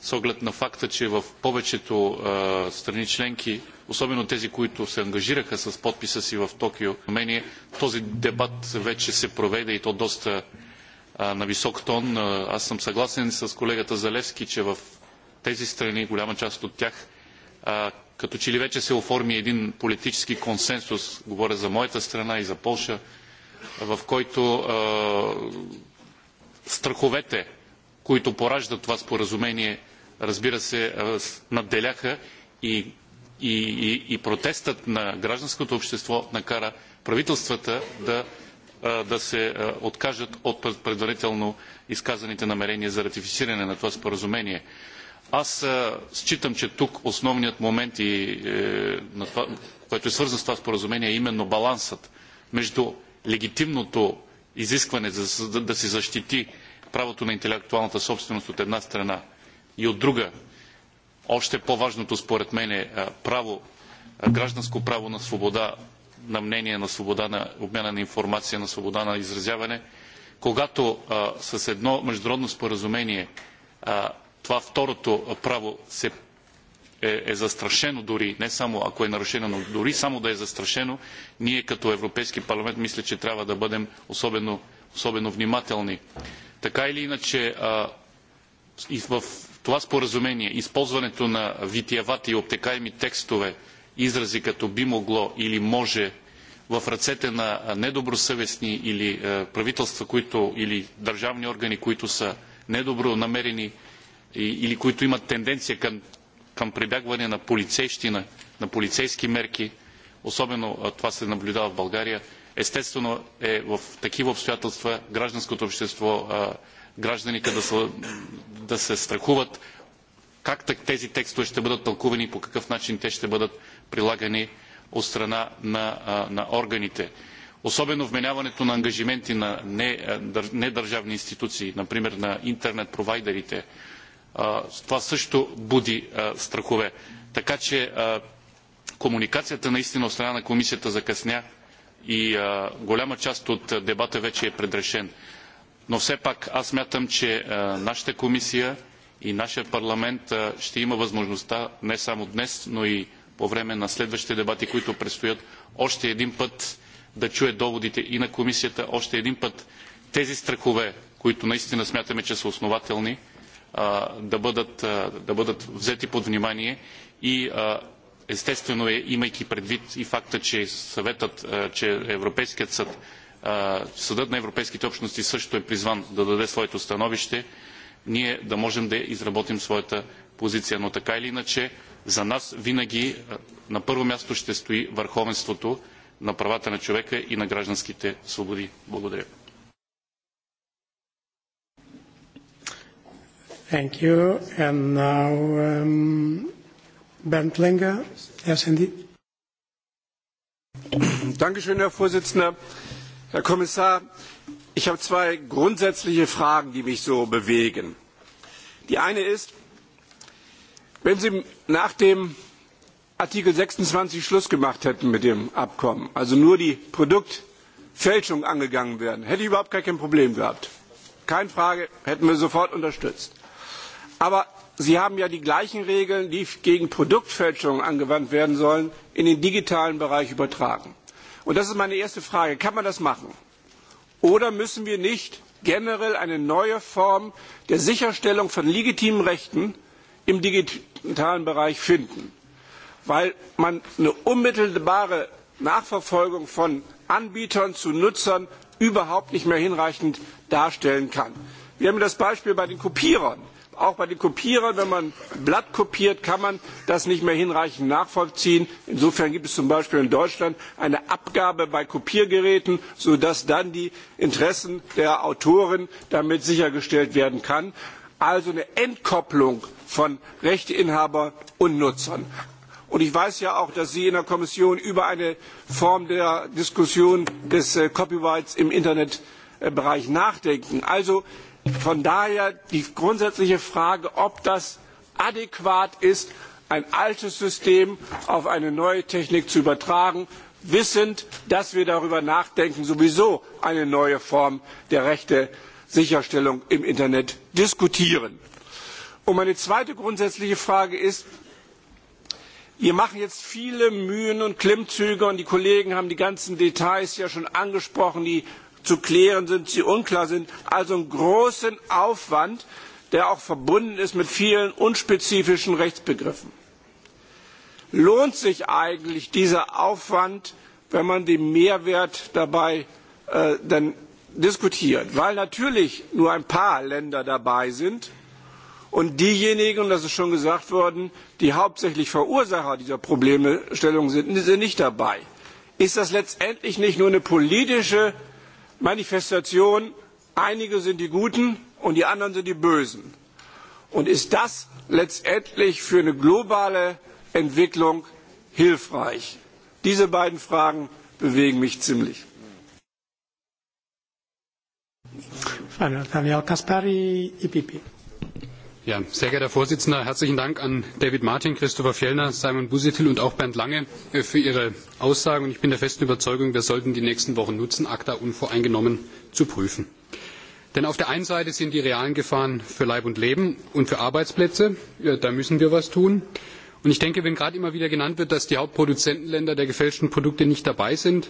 с оглед на факта, че в повечето страни членки особено тези, които се ангажираха с подписа си в Токио. Мене този дебат вече се проведе и то доста а, на висок тон. Аз съм съгласен с колегата Залевски, че в тези страни, голяма част от тях, а, като че ли вече се оформи един политически консенсус, говоря за моята страна и за Полша, в който а, страховете, които поражда това споразумение, разбира се, надделяха и и, и, и протестът на гражданското общество накара правителствата да, да се откажат от предварително изказаните намерения за ратифициране на това споразумение. Аз считам, че тук основният момент, и, е, това, което е свързан с това споразумение, е именно балансът между легитимното изискване за, да се защити правото на интелектуалната собственост от една страна и от друга още по-важното според мен е право, гражданско право на свобода на мнение, на свобода на обмяна на информация, на свобода на изразяване, когато а, с едно международно споразумение а, това второто право се е, е застрашено дори, не само ако е нарушено, но дори само да е застрашено, ние като Европейски парламент мисля, че трябва да бъдем особено, особено внимателни. Така или иначе, а, и в Това споразумение, използването на витиевати и обтекаеми текстове, изрази като би могло или може в ръцете на недобросъвестни или правителства, които, или държавни органи, които са недобронамерени или които имат тенденция към, към прибягване на полицейщина, на полицейски мерки, особено това се наблюдава в България, естествено е в такива обстоятелства гражданското общество гражданите да, са, да се страхуват как тези текстове ще бъдат тълкувани и по какъв начин те ще бъдат прилагани от страна на, на органите. Особено вменяването на ангажименти на недържавни институции, например на интернет провайдерите, това също буди страхове. Така че комуникацията наистина от страна на комисията закъсня и голяма част от дебата вече е предрешен но все пак аз смятам, че нашата комисия и нашия парламент ще има възможността не само днес, но и по време на следващите дебати, които предстоят, още един път да чуе доводите и на комисията, още един път тези страхове, които наистина смятаме, че са основателни, да бъдат, да бъдат взети под внимание и естествено е, имайки предвид и факта, че съветът, че Европейският съд Съдът на европейските общности също е призван да даде своето становище, ние да можем да изработим своята позиция. Но така или иначе, за нас винаги на първо място ще стои върховенството на правата на човека и на гражданските свободи. Благодаря. Thank you. And now, um, Bernd Lenger, SND. Dankeschön, Herr Vorsitzender. Herr Kommissar, ich habe zwei grundsätzliche Fragen, die mich so bewegen. Die eine ist, wenn Sie nach dem Artikel 26 Schluss gemacht hätten mit dem Abkommen, also nur die Produktfälschung angegangen wären, hätte ich überhaupt gar kein Problem gehabt. Keine Frage, hätten wir sofort unterstützt. Aber Sie haben ja die gleichen Regeln, die gegen Produktfälschungen angewandt werden sollen, in den digitalen Bereich übertragen. Und das ist meine erste Frage. Kann man das machen? Oder müssen wir nicht generell eine neue Form der Sicherstellung von legitimen Rechten im digitalen Bereich finden? Weil man eine unmittelbare Nachverfolgung von Anbietern zu Nutzern überhaupt nicht mehr hinreichend darstellen kann. Wir haben das Beispiel bei den Kopierern auch bei den Kopierern, wenn man ein Blatt kopiert, kann man das nicht mehr hinreichend nachvollziehen. Insofern gibt es zum Beispiel in Deutschland eine Abgabe bei Kopiergeräten, sodass dann die Interessen der Autoren damit sichergestellt werden kann. Also eine Entkopplung von Rechteinhaber und Nutzern. Und ich weiß ja auch, dass Sie in der Kommission über eine Form der Diskussion des äh, Copyrights im Internetbereich nachdenken. Also Von daher die grundsätzliche Frage, ob das adäquat ist, ein altes System auf eine neue Technik zu übertragen, wissend, dass wir darüber nachdenken, sowieso eine neue Form der Rechte-Sicherstellung im Internet diskutieren. Und meine zweite grundsätzliche Frage ist, wir machen jetzt viele Mühen und Klimmzüge und die Kollegen haben die ganzen Details ja schon angesprochen, die zu klären sind, die unklar sind. Also einen großen Aufwand, der auch verbunden ist mit vielen unspezifischen Rechtsbegriffen. Lohnt sich eigentlich dieser Aufwand, wenn man den Mehrwert dabei äh, dann diskutiert? Weil natürlich nur ein paar Länder dabei sind und diejenigen, und das ist schon gesagt worden, die hauptsächlich Verursacher dieser Problemstellung sind, sind nicht dabei. Ist das letztendlich nicht nur eine politische Manifestation, einige sind die Guten und die anderen sind die Bösen. Und ist das letztendlich für eine globale Entwicklung hilfreich? Diese beiden Fragen bewegen mich ziemlich. Daniel Kaspari, IPP. Ja, sehr geehrter Herr Vorsitzender, herzlichen Dank an David Martin, Christopher Fjellner, Simon Busuttil und auch Bernd Lange äh, für Ihre Aussagen. Und ich bin der festen Überzeugung, wir sollten die nächsten Wochen nutzen, ACTA unvoreingenommen zu prüfen. Denn auf der einen Seite sind die realen Gefahren für Leib und Leben und für Arbeitsplätze. Ja, da müssen wir was tun. Und ich denke, wenn gerade immer wieder genannt wird, dass die Hauptproduzentenländer der gefälschten Produkte nicht dabei sind,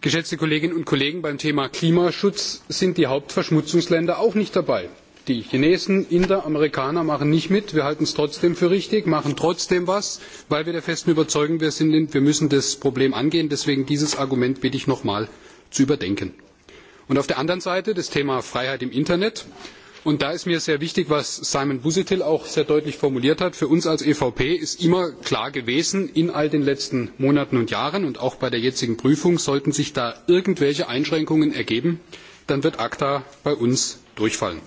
geschätzte Kolleginnen und Kollegen, beim Thema Klimaschutz sind die Hauptverschmutzungsländer auch nicht dabei. Die Chinesen, Inder, Amerikaner machen nicht mit. Wir halten es trotzdem für richtig, machen trotzdem was, weil wir der festen Überzeugung wir sind, wir müssen das Problem angehen. Deswegen dieses Argument bitte ich nochmal zu überdenken. Und auf der anderen Seite das Thema Freiheit im Internet. Und da ist mir sehr wichtig, was Simon Busuttil auch sehr deutlich formuliert hat. Für uns als EVP ist immer klar gewesen, in all den letzten Monaten und Jahren und auch bei der jetzigen Prüfung, sollten sich da irgendwelche Einschränkungen ergeben, dann wird ACTA bei uns durchfallen.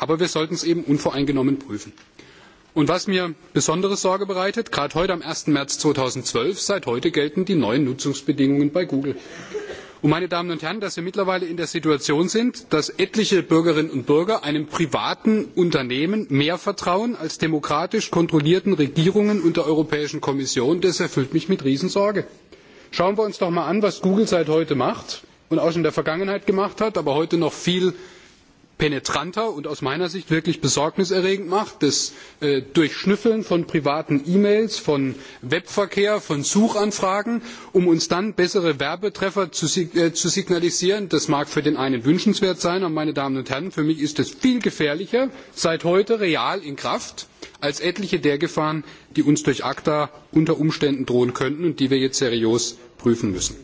Aber wir sollten es eben unvoreingenommen prüfen. Und was mir besondere Sorge bereitet, gerade heute am 1. März 2012, seit heute gelten die neuen Nutzungsbedingungen bei Google. Und meine Damen und Herren, dass wir mittlerweile in der Situation sind, dass etliche Bürgerinnen und Bürger einem privaten Unternehmen mehr vertrauen als demokratisch kontrollierten Regierungen und der Europäischen Kommission, das erfüllt mich mit Riesensorge. Schauen wir uns doch mal an, was Google seit heute macht und auch schon in der Vergangenheit gemacht hat, aber heute noch viel penetranter und aus meiner Sicht wirklich besorgniserregend macht. Das äh, Durchschnüffeln von privaten E-Mails, von Webverkehr, von Suchanfragen, um uns dann bessere Werbetreffer zu, äh, zu signalisieren, das mag für den einen wünschenswert sein, aber meine Damen und Herren, für mich ist das viel gefährlicher, seit heute real in Kraft, als etliche der Gefahren, die uns durch ACTA unter Umständen drohen könnten und die wir jetzt seriös prüfen müssen.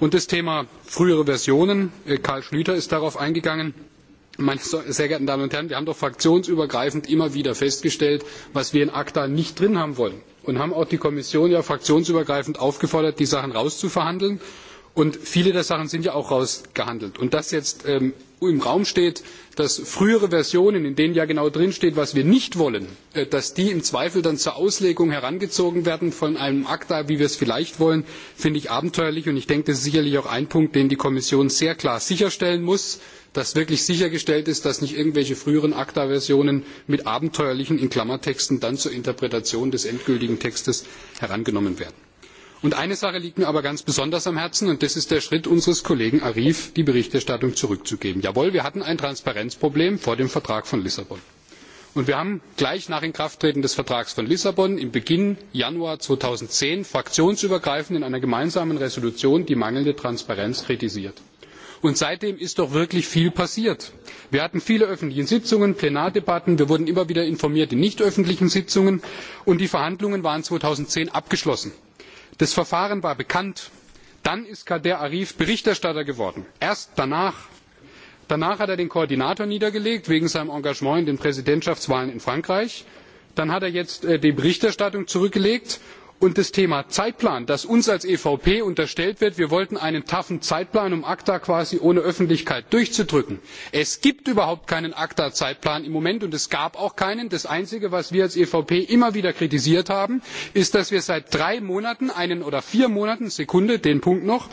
Und das Thema frühere Versionen, äh, Karl Schlüter ist darauf eingegangen, Meine sehr geehrten Damen und Herren, wir haben doch fraktionsübergreifend immer wieder festgestellt, was wir in ACTA nicht drin haben wollen und haben auch die Kommission ja fraktionsübergreifend aufgefordert, die Sachen rauszuverhandeln. Und viele der Sachen sind ja auch rausgehandelt. Und dass jetzt ähm, im Raum steht, dass frühere Versionen, in denen ja genau drinsteht, was wir nicht wollen, äh, dass die im Zweifel dann zur Auslegung herangezogen werden von einem ACTA, wie wir es vielleicht wollen, finde ich abenteuerlich. Und ich denke, das ist sicherlich auch ein Punkt, den die Kommission sehr klar sicherstellen muss dass wirklich sichergestellt ist, dass nicht irgendwelche früheren ACTA-Versionen mit abenteuerlichen in Klammertexten dann zur Interpretation des endgültigen Textes herangenommen werden. Und eine Sache liegt mir aber ganz besonders am Herzen, und das ist der Schritt unseres Kollegen Arif, die Berichterstattung zurückzugeben. Jawohl, wir hatten ein Transparenzproblem vor dem Vertrag von Lissabon. Und wir haben gleich nach Inkrafttreten des Vertrags von Lissabon im Beginn Januar 2010 fraktionsübergreifend in einer gemeinsamen Resolution die mangelnde Transparenz kritisiert und seitdem ist doch wirklich viel passiert. wir hatten viele öffentliche sitzungen plenardebatten wir wurden immer wieder informiert in nicht öffentlichen sitzungen und die verhandlungen waren zweitausendzehn abgeschlossen. das verfahren war bekannt. dann ist kader arif berichterstatter geworden erst danach. danach hat er den koordinator niedergelegt wegen seinem engagement in den präsidentschaftswahlen in frankreich dann hat er jetzt äh, die berichterstattung zurückgelegt und das thema zeitplan das uns als evp unterstellt wird wir wollten einen taffen zeitplan um acta quasi ohne öffentlichkeit durchzudrücken es gibt überhaupt keinen acta zeitplan im moment und es gab auch keinen. das einzige was wir als evp immer wieder kritisiert haben ist dass wir seit drei monaten oder vier monaten sekunde den punkt noch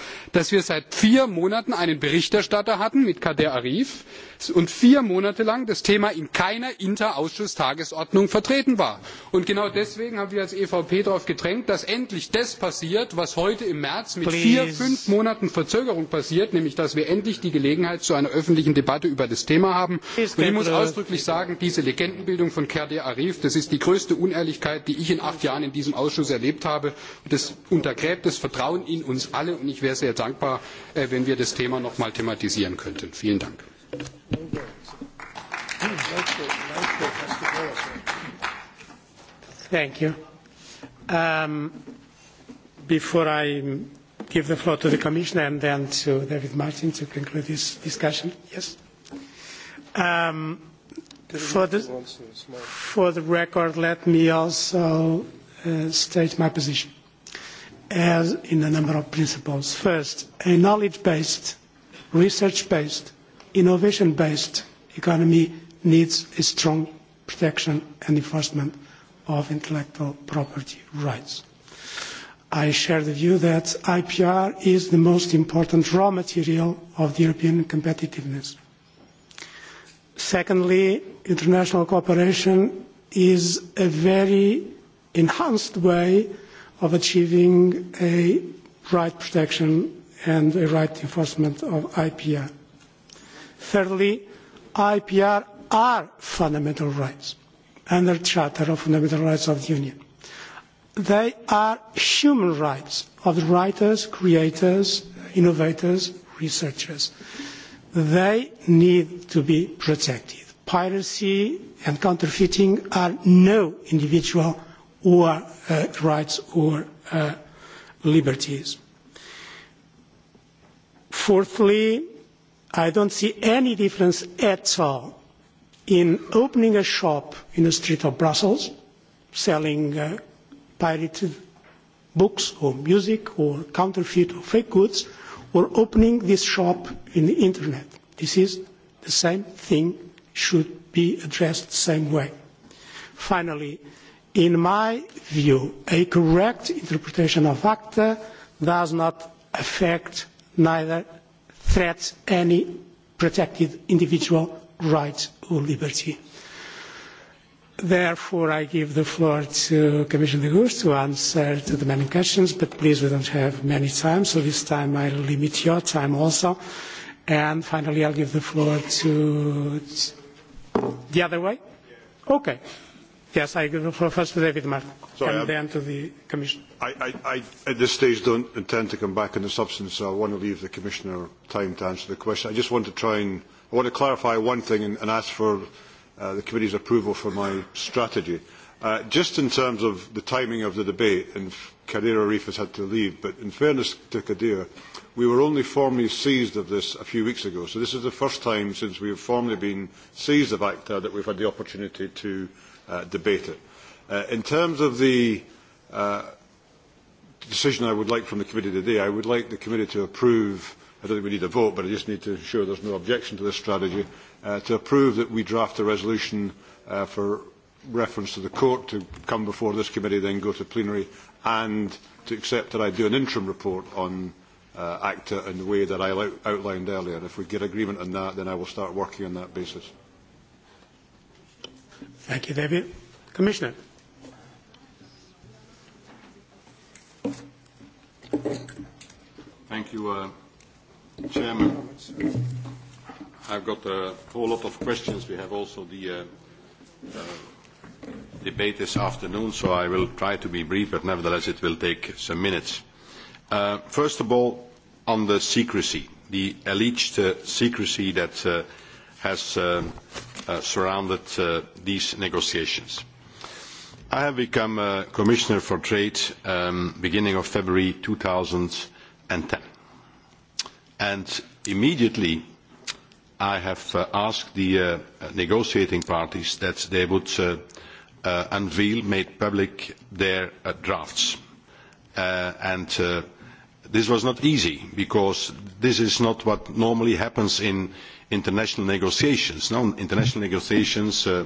einen berichterstatter hatten mit kader arif und vier monate lang das thema in keiner Interausschuss-Tagesordnung vertreten war. Und genau deswegen haben wir als evp darauf gedrängt dass endlich das passiert was heute im märz mit Please. vier fünf monaten verzögerung passiert nämlich dass wir endlich die gelegenheit zu einer öffentlichen debatte über das thema haben. und ich muss ausdrücklich sagen diese legendenbildung von kerdi arif das ist die größte unehrlichkeit die ich in acht jahren in diesem ausschuss erlebt habe. das untergräbt das vertrauen in uns alle und ich wäre sehr dankbar äh, wenn wir das thema noch einmal thematisieren könnten. vielen dank! Thank you. Um, before I give the floor to the Commissioner and then to David Martin to conclude this discussion, yes. Um, for, the, for the record, let me also uh, state my position as in a number of principles. First, a knowledge-based, research-based innovation-based economy needs a strong protection and enforcement of intellectual property rights. I share the view that IPR is the most important raw material of the European competitiveness. Secondly, international cooperation is a very enhanced way of achieving a right protection and a right enforcement of IPR. Thirdly, IPR are fundamental rights under the Charter of Fundamental Rights of the Union. They are human rights of the writers, creators, innovators, researchers. They need to be protected. Piracy and counterfeiting are no individual or uh, rights or uh, liberties. Fourthly, I don't see any difference at all in opening a shop in the street of Brussels, selling uh, pirated books or music or counterfeit or fake goods, or opening this shop in the internet. This is the same thing, should be addressed the same way. Finally, in my view, a correct interpretation of ACTA does not affect neither threats any protected individual right or liberty. Therefore, I give the floor to Commissioner de Gucht to answer to the many questions, but please, we don't have many time, so this time I limit your time also. And finally, I'll give the floor to the other way. Okay. Yes, I give the floor first to David Martin, and um, then to the Commission. I, I, I, at this stage, don't intend to come back on the substance, so I want to leave the Commissioner time to answer the question. I just want to try and I want to clarify one thing and, and ask for uh, the Committee's approval for my strategy. Uh, just in terms of the timing of the debate, and Kadir Arif has had to leave, but in fairness to Kadir, we were only formally seized of this a few weeks ago. So this is the first time since we have formally been seized of ACTA that we've had the opportunity to uh, uh, debated. Uh, in terms of the uh, decision I would like from the committee today, I would like the committee to approve I don't think we need a vote, but I just need to ensure there's no objection to this strategy, uh, to approve that we draft a resolution uh, for reference to the court to come before this committee, then go to plenary, and to accept that I do an interim report on uh, ACTA in the way that I outlined earlier. If we get agreement on that, then I will start working on that basis. Thank you, David. Commissioner. Thank you, uh, Chairman. I've got uh, a whole lot of questions. We have also the uh, uh, debate this afternoon, so I will try to be brief, but nevertheless it will take some minutes. Uh, first of all, on the secrecy, the alleged uh, secrecy that uh, has uh, Uh, surrounded uh, these negotiations. I have become Commissioner for Trade um, beginning of February 2010. And immediately I have uh, asked the negotiating parties that they would unveil, made public their drafts. and this was not easy because this is not what normally happens in, international negotiations. Now, international negotiations, uh,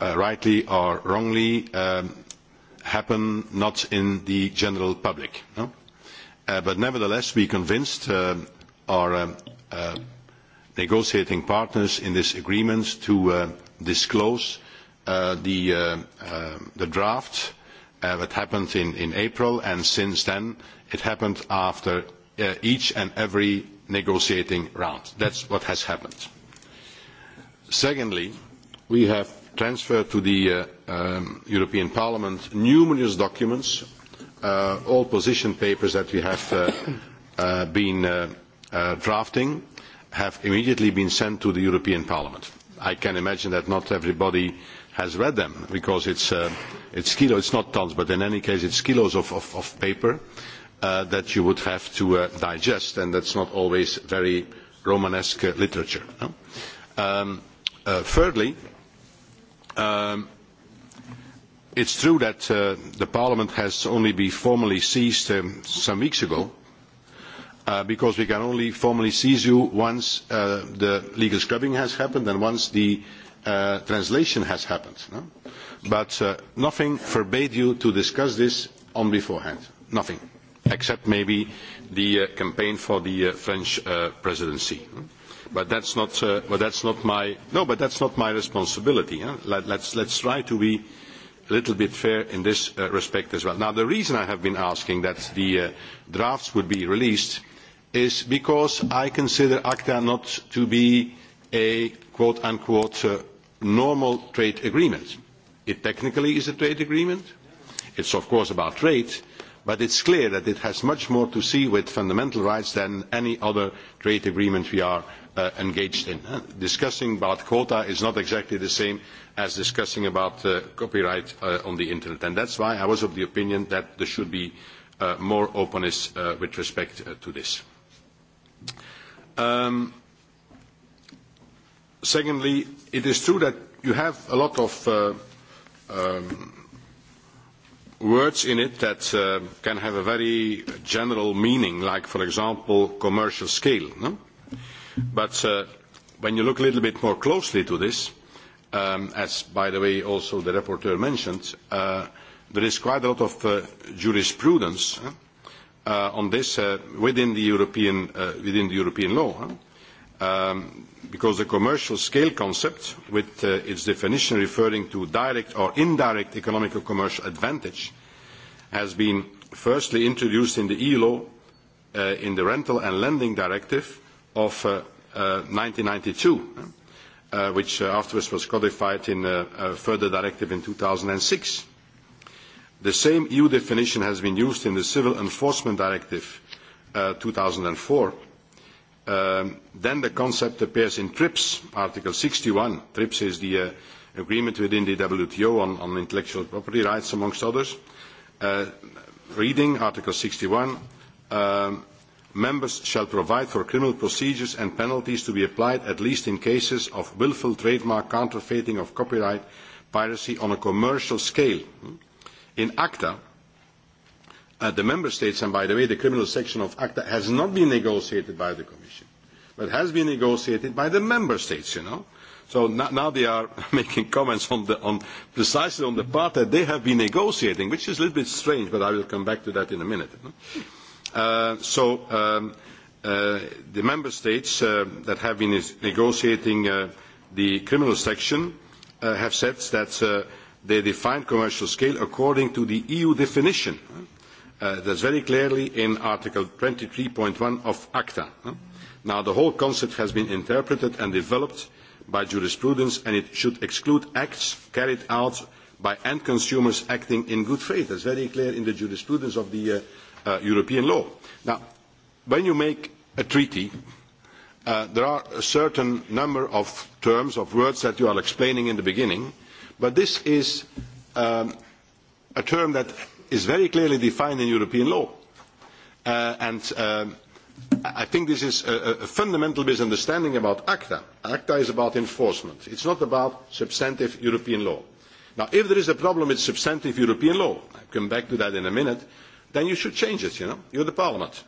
uh, rightly or wrongly, um, happen not in the general public. No? Uh, but nevertheless, we convinced uh, our um, uh, negotiating partners in this agreement to uh, disclose the, the draft that happened in, in April, and since then, it happened after each and every negotiating round. That's what has happened. Secondly, we have transferred to the uh, um, European Parliament numerous documents, uh, all position papers that we have uh, been drafting have immediately been sent to the European Parliament. I can imagine that not everybody has read them because it's, uh, it's kilos, it's not tons, but in any case it's kilos of paper Uh, that you would have to uh, digest, and that's not always very Romanesque uh, literature. No? Um, uh, thirdly, um, it's true that the Parliament has only been formally seized um, some weeks ago, Uh, because we can only formally seize you once uh, the legal scrubbing has happened and once the uh, translation has happened. No? But nothing forbade you to discuss this on beforehand. Nothing except maybe the uh, campaign for the uh, French uh, presidency. But that's not, but that's not my... No, but that's not my responsibility. Huh? Let, let's, let's try to be a little bit fair in this respect as well. Now, the reason I have been asking that the drafts would be released is because I consider ACTA not to be a quote unquote uh, normal trade agreement. It technically is a trade agreement. It's of course about trade, but it is clear that it has much more to do with fundamental rights than any other trade agreement we are uh, engaged in. Uh, discussing about quota is not exactly the same as discussing about uh, copyright on the internet, and that is why I was of the opinion that there should be more openness with respect to this. Um, secondly, it is true that you have a lot of uh, um, words in it that uh, can have a very general meaning, like, for example, commercial scale. No? But uh, when you look a little bit more closely to this, um, as, by the way, also the rapporteur mentioned, uh, there is quite a lot of uh, jurisprudence uh, on this uh, within, the European, uh, within the European law. Huh? Um, because the commercial scale concept, with uh, its definition referring to direct or indirect economic or commercial advantage, has been firstly introduced in the ELO uh, in the Rental and Lending Directive of uh, uh, 1992, uh, which uh, afterwards was codified in uh, a further directive in 2006. The same EU definition has been used in the Civil Enforcement Directive uh, 2004 Um, then the concept appears in TRIPS, Article sixty one TRIPS is the uh, agreement within the WTO on, on intellectual property rights, amongst others. Uh, reading Article 61, um, members shall provide for criminal procedures and penalties to be applied at least in cases of willful trademark counterfeiting of copyright piracy on a commercial scale. Hmm? In ACTA, at the member states, and by the way, the criminal section of ACTA has not been negotiated by the Commission, but has been negotiated by the member states, you know. So now, now they are (laughs) making comments on, the, on precisely on the part that they have been negotiating, which is a little bit strange, but I will come back to that in a minute. No? Uh, so um, uh, the member states uh, that have been negotiating uh, the criminal section uh, have said that uh, they define commercial scale according to the EU definition. Uh, Uh, that is very clearly in Article twenty three point one of ACTA. Now, the whole concept has been interpreted and developed by jurisprudence, and it should exclude acts carried out by end consumers acting in good faith. is very clear in the jurisprudence of the uh, uh, European law. Now, when you make a treaty, uh, there are a certain number of terms, of words that you are explaining in the beginning, but this is um, a term that is very clearly defined in European law. Uh, and um, I think this is a, a fundamental misunderstanding about ACTA. ACTA is about enforcement. It's not about substantive European law. Now, if there is a problem with substantive European law, I'll come back to that in a minute, then you should change it, you know. You're the parliament.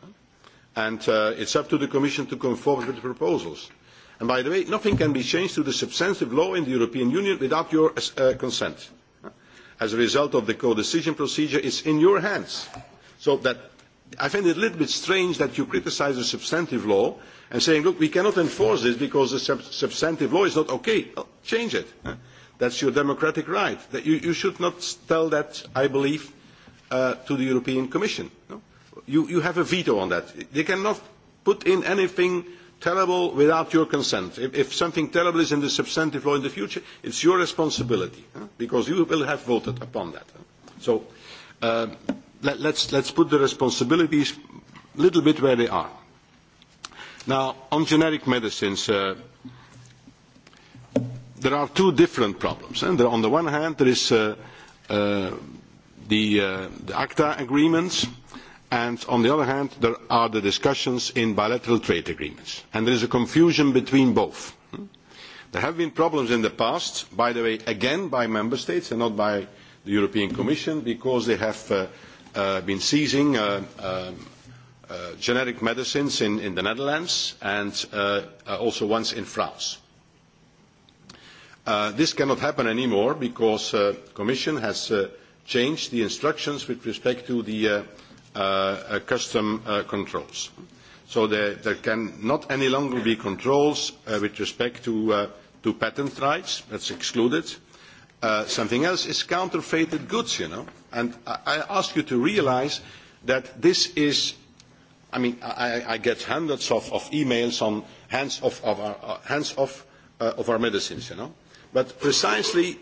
And uh, it's up to the Commission to come forward with proposals. And by the way, nothing can be changed to the substantive law in the European Union without your uh, consent as a result of the codecision procedure is in your hands. So that I find it a little bit strange that you criticise the substantive law and saying, look, we cannot enforce this because the sub substantive law is not okay. Well, change it. That's your democratic right. That you, you should not tell that, I believe, uh, to the European Commission. No? You, you have a veto on that. They cannot put in anything terrible without your consent. If, if something terrible is in the substantive law in the future, it's your responsibility, huh? because you will have voted upon that. Huh? So uh, let, let's, let's put the responsibilities a little bit where they are. Now, on generic medicines, uh, there are two different problems. And there, on the one hand, there is uh, uh, the, uh, the ACTA agreements, and on the other hand there are the discussions in bilateral trade agreements and there is a confusion between both. there have been problems in the past by the way again by member states and not by the european commission because they have uh, uh, been seizing uh, uh, uh generic medicines in, in the netherlands and uh, also once in france. this cannot happen anymore because the commission has changed the instructions with respect to the customs uh, uh, custom uh, controls. So there, there can not any longer be controls with respect to, to patent rights. That's excluded. something else is counterfeited goods, you know. And I, ask you to realize that this is, I mean, I, get hundreds of, emails on hands off, of our, hands off of our medicines, you know. But precisely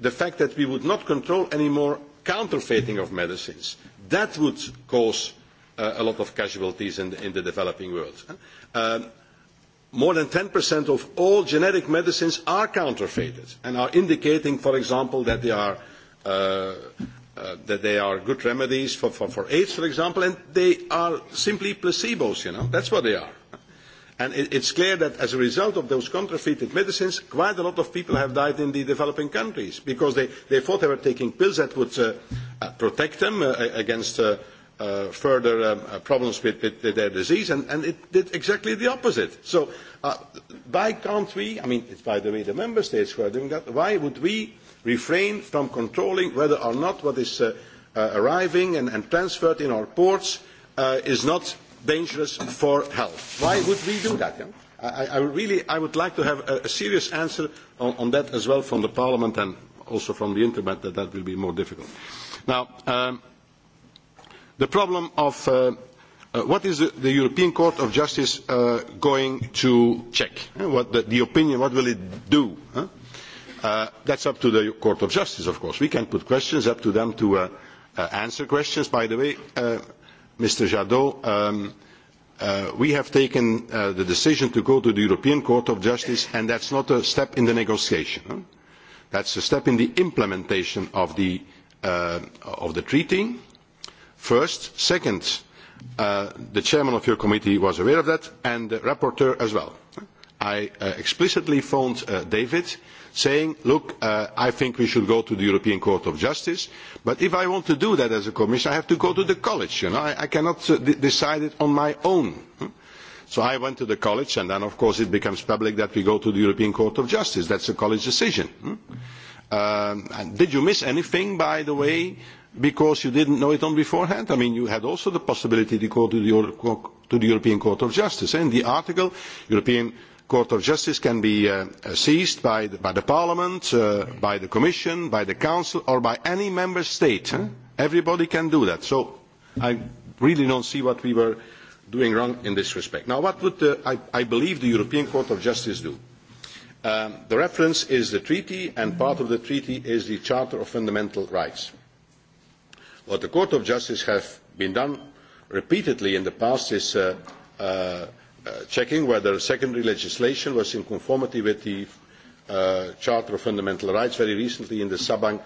the fact that we would not control any more counterfeiting of medicines, That would cause uh, a lot of casualties in the, in the developing world. Uh, um, more than 10% of all generic medicines are counterfeited and are indicating, for example, that they are, uh, uh, that they are good remedies for, for, for AIDS, for example, and they are simply placebos, you know. That's what they are. And it, it's clear that as a result of those counterfeited medicines, quite a lot of people have died in the developing countries because they, they thought they were taking pills that would uh, uh, protect them uh, against uh, uh, further um, uh, problems with, with, with their disease, and, and it did exactly the opposite. So uh, why can't we, I mean, it's by the way the member states who are doing that, why would we refrain from controlling whether or not what is uh, uh, arriving and, and transferred in our ports uh, is not dangerous for health. Why would we do that? Yeah? I, I, really, I would like to have a, a serious answer on, on, that as well from the Parliament and also from the Internet, that that will be more difficult. Now, um, the problem of uh, uh, what is the, the, European Court of Justice uh, going to check? Eh, what the, the, opinion, what will it do? Huh? Uh, that's up to the Court of Justice, of course. We can put questions up to them to uh, uh, answer questions. By the way, uh, Mr. Jadot, um, uh, we have taken uh, the decision to go to the European Court of Justice, and that is not a step in the negotiation. that is a step in the implementation of the, uh, treaty, first. Second, the chairman of your committee was aware of that, and the rapporteur as well. I explicitly phoned uh, David saying, look, uh, I think we should go to the European Court of Justice, but if I want to do that as a commissioner, I have to go to the college, you know, I, cannot uh, decide it on my own. Hmm? So I went to the college, and then of course it becomes public that we go to the European Court of Justice. That's a college decision. Hmm? Um, did you miss anything, by the way, because you didn't know it on beforehand? I mean, you had also the possibility to go to the, European Court of Justice. And the article, European Court of Justice can be uh, seized by Parliament, uh, by the Commission, by the Council, or by any member state. Everybody can do that. So I really do not see what we were doing wrong in this respect. Now, what would the, I, I believe the European Court of Justice do? Um, the reference is the treaty, and part of the treaty is the Charter of Fundamental Rights. What the Court of Justice have been done repeatedly in the past is uh, uh, Uh, checking whether secondary legislation was in conformity with the uh, Charter of Fundamental Rights very recently in the Sabang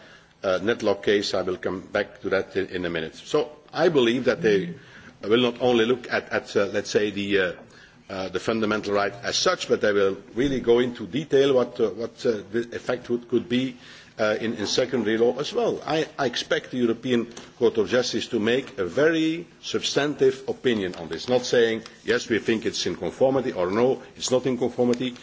uh, Netlock case. I will come back to that in, in a minute. So I believe that they will not only look at, at uh, let's say, the uh, Uh, the fundamental right as such, but I will really go into detail what, uh, what uh, the effect would, could be uh, in, in, secondary law as well. I, I, expect the European Court of Justice to make a very substantive opinion on this, not saying, yes, we think it's in conformity, or no, it's not in conformity.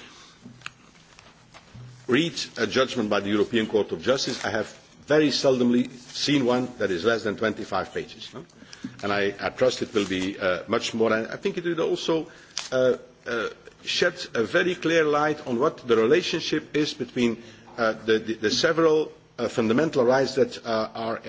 Read a judgment by the European Court of Justice. I have very seldomly seen one that is less than 25 pages. No? And I, I, trust it will be uh, much more. And I think it will also Uh, uh, sheds a very clear light on what the relationship is between uh, the, several fundamental rights that are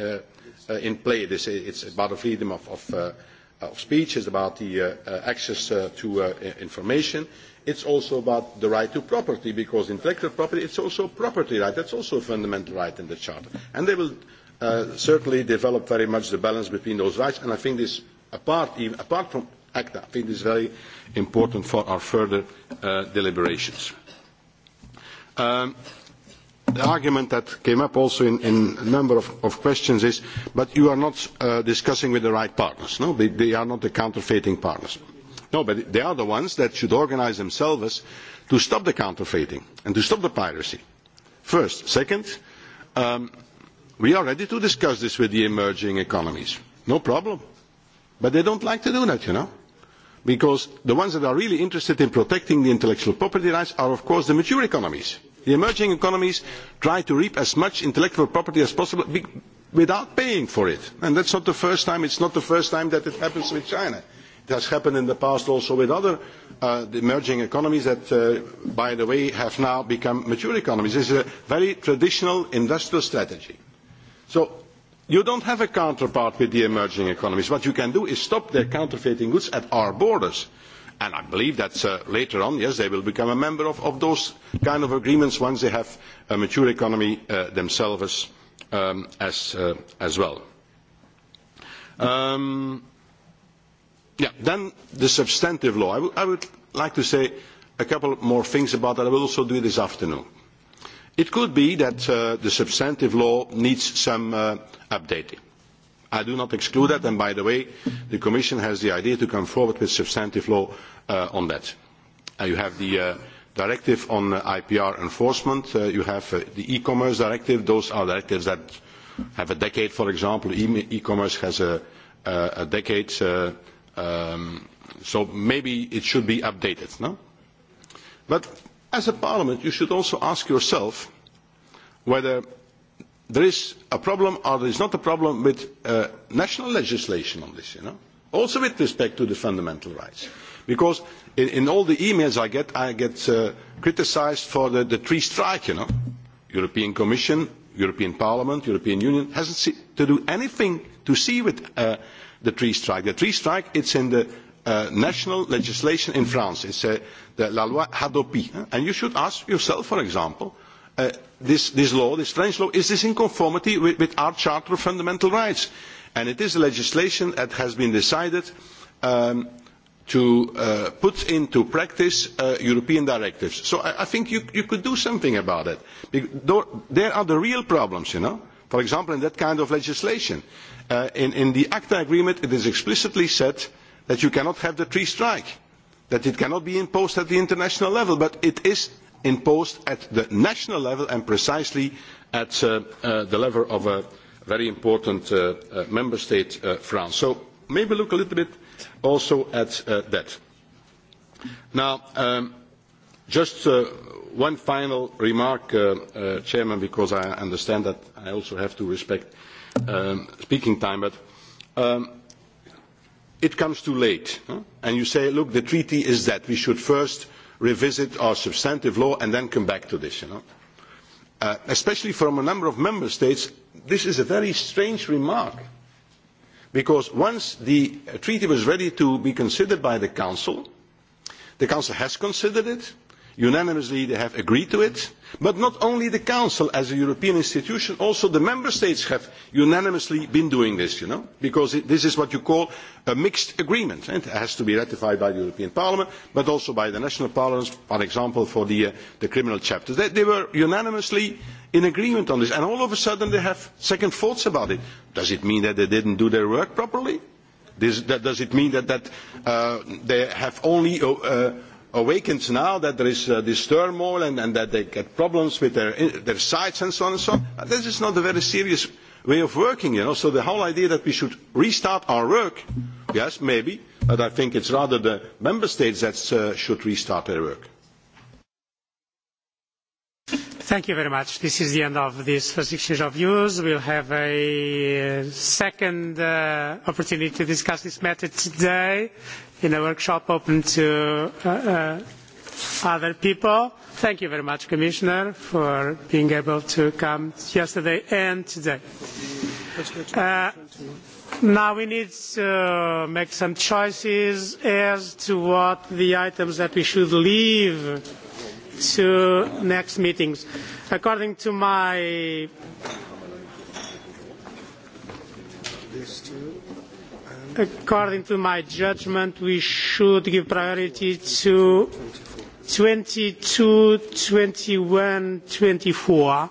in play. It it's about the freedom of, speech. It is speech, it's about the access to uh, information, it's also about the right to property, because intellectual property, it's also a property right, that's also a fundamental right in the Charter. And they will certainly develop very much the balance between those rights, and I think this, apart, even, apart from ACTA. I think this is very important for our further uh, deliberations. Um, the argument that came up also in, in a number of, of questions is, but you are not uh, discussing with the right partners. No, they, they are not the counterfeiting partners. No, but they are the ones that should organize themselves to stop the counterfeiting and to stop the piracy. First. Second, um, we are ready to discuss this with the emerging economies. No problem. But they don't like to do that, you know because the ones that are really interested in protecting the intellectual property rights are of course the mature economies. The emerging economies try to reap as much intellectual property as possible without paying for it. And that's not the first time, it's not the first time that it happens with China. It has happened in the past also with other uh, emerging economies that, uh, by the way, have now become mature economies. This is a very traditional industrial strategy. So You don't have a counterpart with the emerging economies. What you can do is stop their counterfeiting goods at our borders. And I believe that uh, later on, yes, they will become a member of, of those kind of agreements once they have a mature economy uh, themselves um, as, uh, as well. Um, yeah, then the substantive law. I, I would like to say a couple more things about that. I will also do it this afternoon It could be that uh, the substantive law needs some uh, updating. I do not exclude that, and by the way, the Commission has the idea to come forward with substantive law uh, on that. you have the directive on IPR enforcement, you have the e-commerce directive, those are directives that have a decade, for example, e-, e-commerce has a, a, decade, um, so maybe it should be updated, no? But As a parliament, you should also ask yourself whether there is a problem or there is not a problem with uh, national legislation on this, you know, also with respect to the fundamental rights. Because in, in all the emails I get, I get uh, criticized for the, the three strike, you know. European Commission, European Parliament, European Union hasn't see, to do anything to see with uh, the three strike. The three strike, it's in the Uh, national legislation in France. It's uh, the La Loi Hadopi. And you should ask yourself, for example, uh, this, this law, this French law, is this in conformity with, with our Charter of Fundamental Rights? And it is a legislation that has been decided um, to uh, put into practice uh, European directives. So I, I think you, you, could do something about it. there are the real problems, you know. For example, in that kind of legislation. Uh, in, in, the ACTA agreement, it is explicitly said uh, that you cannot have the three strikes that it cannot be imposed at the international level, but it is imposed at the national level and precisely at uh, uh, the level of a very important uh, member state, France. So maybe look a little bit also at that. Now, um, just one final remark, Chairman, because I understand that I also have to respect um, speaking time, but um, it comes too late. And you say, look, the treaty is that. We should first revisit our substantive law and then come back to this. You know? uh, especially from a number of member states, this is a very strange remark. Because once the treaty was ready to be considered by the Council, the Council has considered it, unanimously they have agreed to it but not only the council as a european institution also the member states have unanimously been doing this you know because this is what you call a mixed agreement and it has to be ratified by the european parliament but also by the national parliaments for example for the, uh, criminal chapter, they, were unanimously in agreement on this and all of a sudden they have second thoughts about it does it mean that they didn't do their work properly does it mean that, uh, they have only uh, Awakens now that there is uh, this turmoil and, and that they get problems with their, their sites and so on and so on. this is not a very serious way of working, you know. So the whole idea that we should restart our work, yes, maybe, but I think it's rather the member states that uh, should restart their work. Thank you very much. This is the end of this first exchange of views. We'll have a second uh, opportunity to discuss this matter today in a workshop open to uh, uh, other people. Thank you very much, Commissioner, for being able to come yesterday and today. Uh, now we need to make some choices as to what the items that we should leave to next meetings. According to my according to my judgment, we should give priority to 22, 21, 24.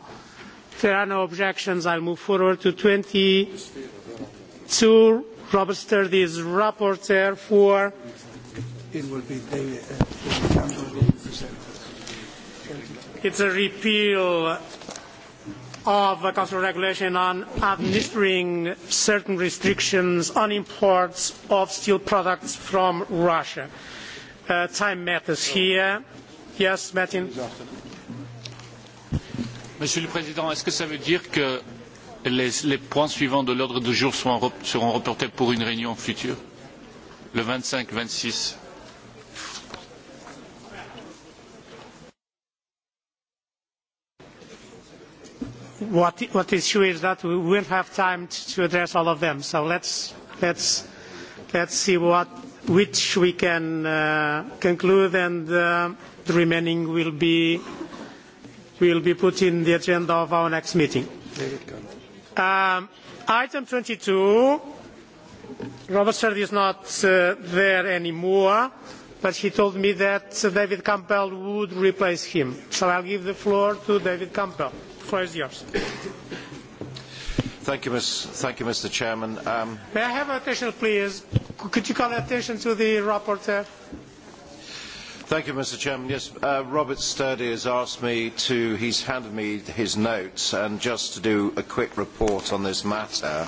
If there are no objections, I'll move forward to 22. Robert Sturdy is rapporteur for. It will be David, uh, It's a repeal of a council regulation on administering certain restrictions on imports of steel products from Russia. Uh, time matters here. Yes, Martin. Monsieur le Président, est-ce que ça veut dire que les, les points suivants de l'ordre du jour seront, seront reportés pour une réunion future, le 25-26 what, what the issue is that we will have time to address all of them. So let's, let's, let's see what, which we can uh, conclude and uh, the remaining will be, will be put in the agenda of our next meeting. Um, item 22, Robert Sturdy is not uh, there anymore, but he told me that David Campbell would replace him. So I'll give the floor to David Campbell floor is yours. Thank you, Ms. Thank you, Mr. Chairman. Um, May I have attention, please? Could you call attention to the rapporteur? Thank you, Mr. Chairman. Yes, uh, Robert Sturdy has asked me to. He's handed me his notes and just to do a quick report on this matter.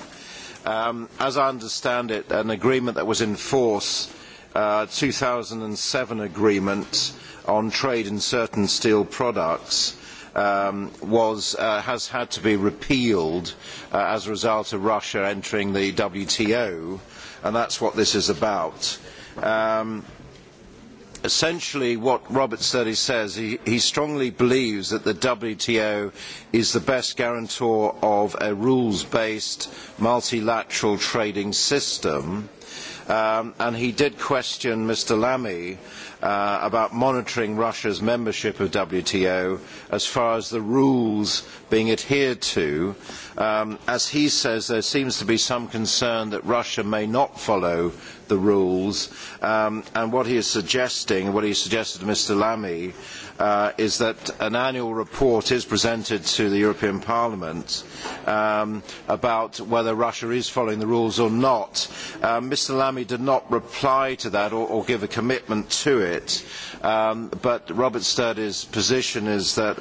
Um, as I understand it, an agreement that was in force, uh, 2007 agreement on trade in certain steel products um, was, uh, has had to be repealed uh, as a result of Russia entering the WTO, and that's what this is about. Um, essentially what Robert Sturdy says, he, he strongly believes that the WTO is the best guarantor of a rules-based multilateral trading system. Um, and he did question Mr Lamy uh, about monitoring Russia's membership of WTO as far as the rules being adhered to. Um, as he says, there seems to be some concern that Russia may not follow the rules. Um, and what he is suggesting, what he suggested to Mr. Lamy, uh, is that an annual report is presented to the European Parliament um, about whether Russia is following the rules or not. Uh, um, Mr Lamy did not reply to that or, or give a commitment to it, um, but Robert Sturdy's position is that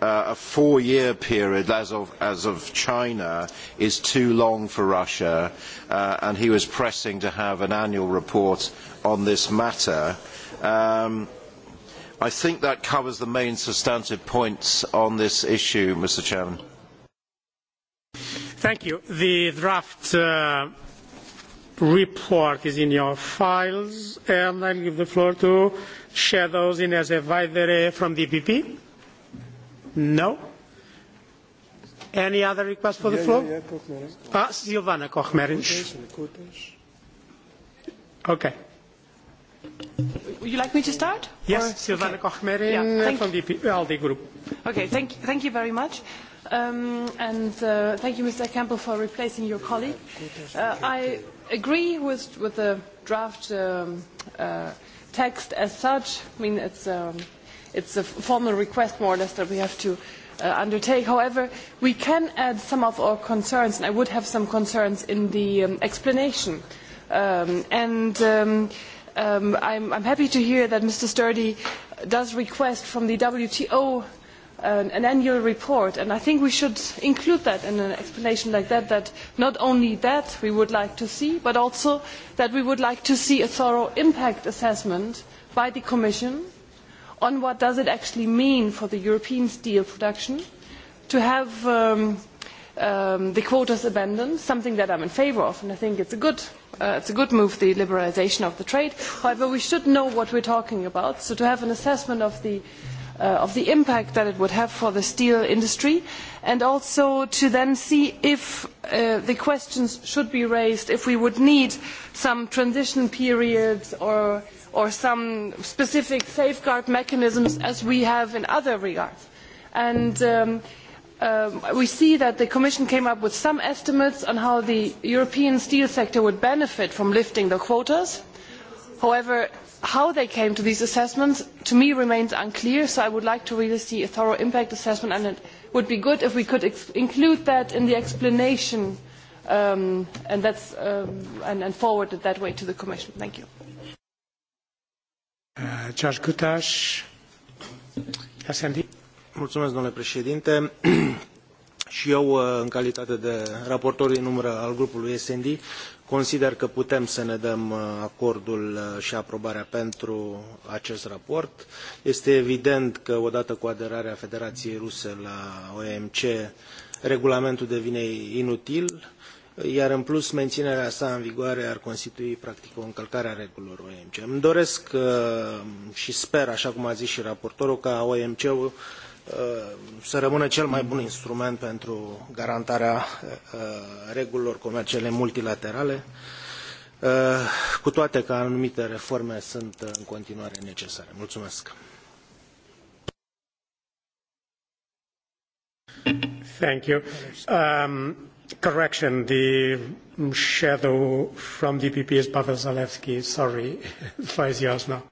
Uh, a four year period as of, as of, China is too long for Russia, uh, and he was pressing to have an annual report on this matter. Um, I think that covers the main substantive points on this issue, Mr. Chairman. Thank you. The draft uh, report is in your files, and I'll give the floor to Shadows in Vaidere from the EPP. No. Any other request for the yeah, floor? Yeah, yeah, ah, Silvana Koch-Merin. Okay. Would you like me to start? Yes, or? Silvana okay. Kochmerin yeah, uh, from the uh, ALDE Group. Okay, thank, thank you very much. Um, and uh, thank you, Mr. Campbell, for replacing your colleague. Uh, I agree with, with the draft um, uh, text as such. I mean, it's, um, it's a formal request, more or less, that we have to uh, undertake. However, we can add some of our concerns, and I would have some concerns in the um, explanation. Um, and... Um, I am um, I'm happy to hear that Mr. Sturdy does request from the WTO an, uh, an annual report, and I think we should include that in an explanation like that, that not only that we would like to see, but also that we would like to see a thorough impact assessment by the Commission on what does it actually mean for the European steel production to have um, Um, the quotas abandoned, something that I'm in favour of, and I think it's a good, uh, it's a good move, the liberalisation of the trade. However, we should know what we're talking about, so to have an assessment of the Uh, of the impact that it would have for the steel industry and also to then see if uh, the questions should be raised if we would need some transition periods or, or some specific safeguard mechanisms as we have in other regards. And um, Um, we see that the commission came up with some estimates on how the european steel sector would benefit from lifting the quotas. however how they came to these assessments to me remains unclear so i would like to really see a thorough impact assessment and it would be good if we could include that in the explanation um, um, and, forward it that way to the commission. thank you. Uh, (clears throat) Și eu, uh, în calitate de raportor din umbră al grupului SND, consider că putem să ne dăm uh, acordul uh, și aprobarea pentru acest raport. Este evident că odată cu aderarea Federației Ruse la OMC, regulamentul devine inutil, iar în plus menținerea sa în vigoare ar constitui practic o încălcare a regulilor OMC. Îmi doresc și sper, așa cum a zis și raportorul, ca OMC-ul Ehm, să rămână cel mai bun instrument pentru garantarea ehm, regulilor comerciale multilaterale, ehm, cu toate că anumite reforme sunt în continuare necesare. Mulțumesc! Thank you. Um, correction, the shadow from DPP is Pavel Zalewski. Sorry, the (laughs) now.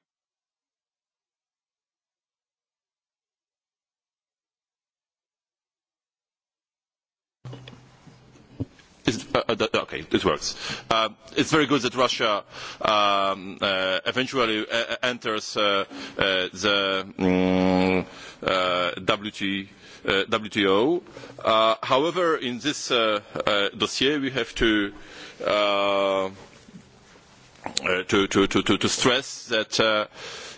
Uh, uh, okay, it works. Uh, it's very good that Russia um, uh, eventually uh, uh enters uh, uh, the um, uh, WT, uh, WTO. Uh, however, in this uh, uh, dossier, we have to, uh, uh, to, to, to, to, to stress that. Uh,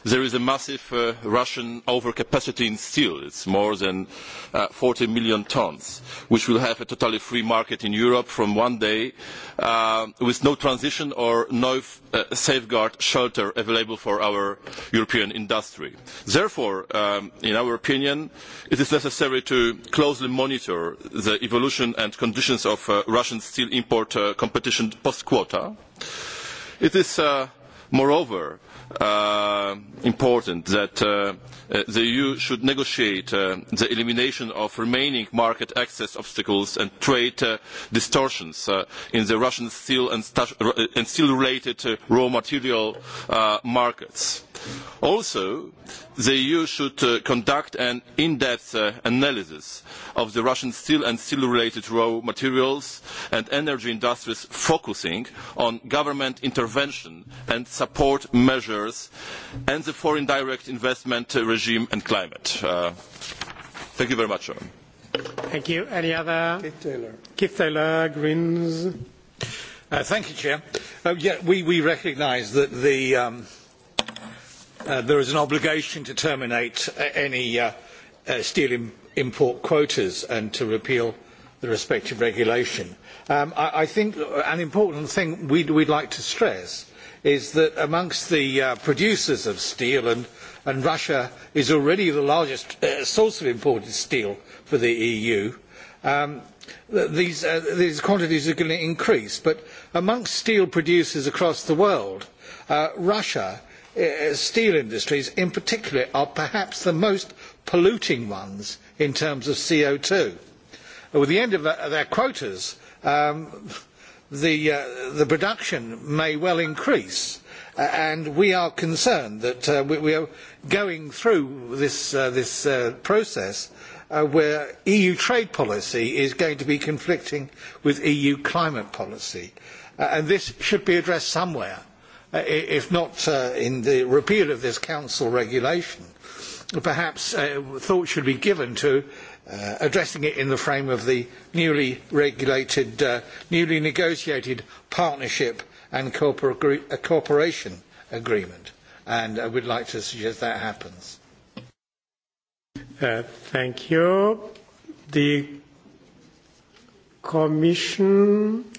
there is a massive uh, Russian overcapacity in steel. It's more than uh, 40 million tons, which will have a totally free market in Europe from one day uh, with no transition or no uh, safeguard shelter available for our European industry. Therefore, um, in our opinion, it is necessary to closely monitor the evolution and conditions of uh, Russian steel import uh, competition post-quota. It is, uh, moreover, uh, important that uh, uh the EU should negotiate uh, the elimination of remaining market access obstacles and trade uh, distortions uh, in the Russian steel and, and steel-related raw material markets. Also, the eu should uh, conduct an in depth uh, analysis of the russian steel and steel related raw materials and energy industries focusing on government intervention and support measures and the foreign direct investment uh, regime and climate. Uh, thank you very much. Sharon. thank you. any other? keith taylor. keith taylor, greens. thank you, chair. yeah, we, we recognise that the um, Uh, there is an obligation to terminate uh, any uh, uh, steel import quotas and to repeal the respective regulation. Um, I, I, think uh, an important thing we'd, we'd like to stress is that amongst the uh, producers of steel, and, and, Russia is already the largest uh, source of imported steel for the EU, um, these, uh, these, quantities are going to increase. But amongst steel producers across the world, Russia Uh, steel industries in particular are perhaps the most polluting ones in terms of co two. With the end of uh, their quotas, um, uh, the, production may well increase, and we are concerned that we, are going through this, this process where EU trade policy is going to be conflicting with EU climate policy. and this should be addressed somewhere Uh, if not uh, in the repeal of this council regulation, perhaps uh, thought should be given to addressing it in the frame of the newly regulated, newly negotiated partnership and cooperation agreement. And I would like to suggest that happens. Uh, thank you. The Commission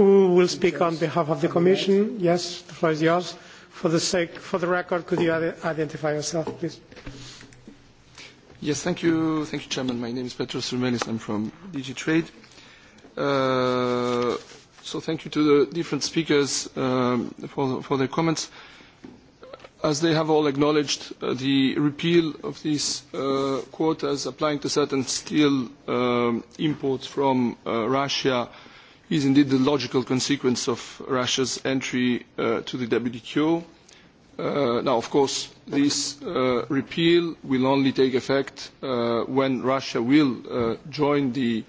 Who will speak on behalf of the Commission? Yes, the floor is yours. For the sake, for the record, could you identify yourself, please? Yes, thank you, thank you, Chairman. My name is Petros Roumelis. I'm from DG Trade. Uh, so thank you to the different speakers um, for, for their comments. As they have all acknowledged, uh, the repeal of these uh, quotas applying to certain steel um, imports from uh, Russia uh, is indeed the logical consequence of Russia's entry uh, to the WTO. Uh, now, of course, this uh, repeal will only take effect uh, when Russia will uh, join the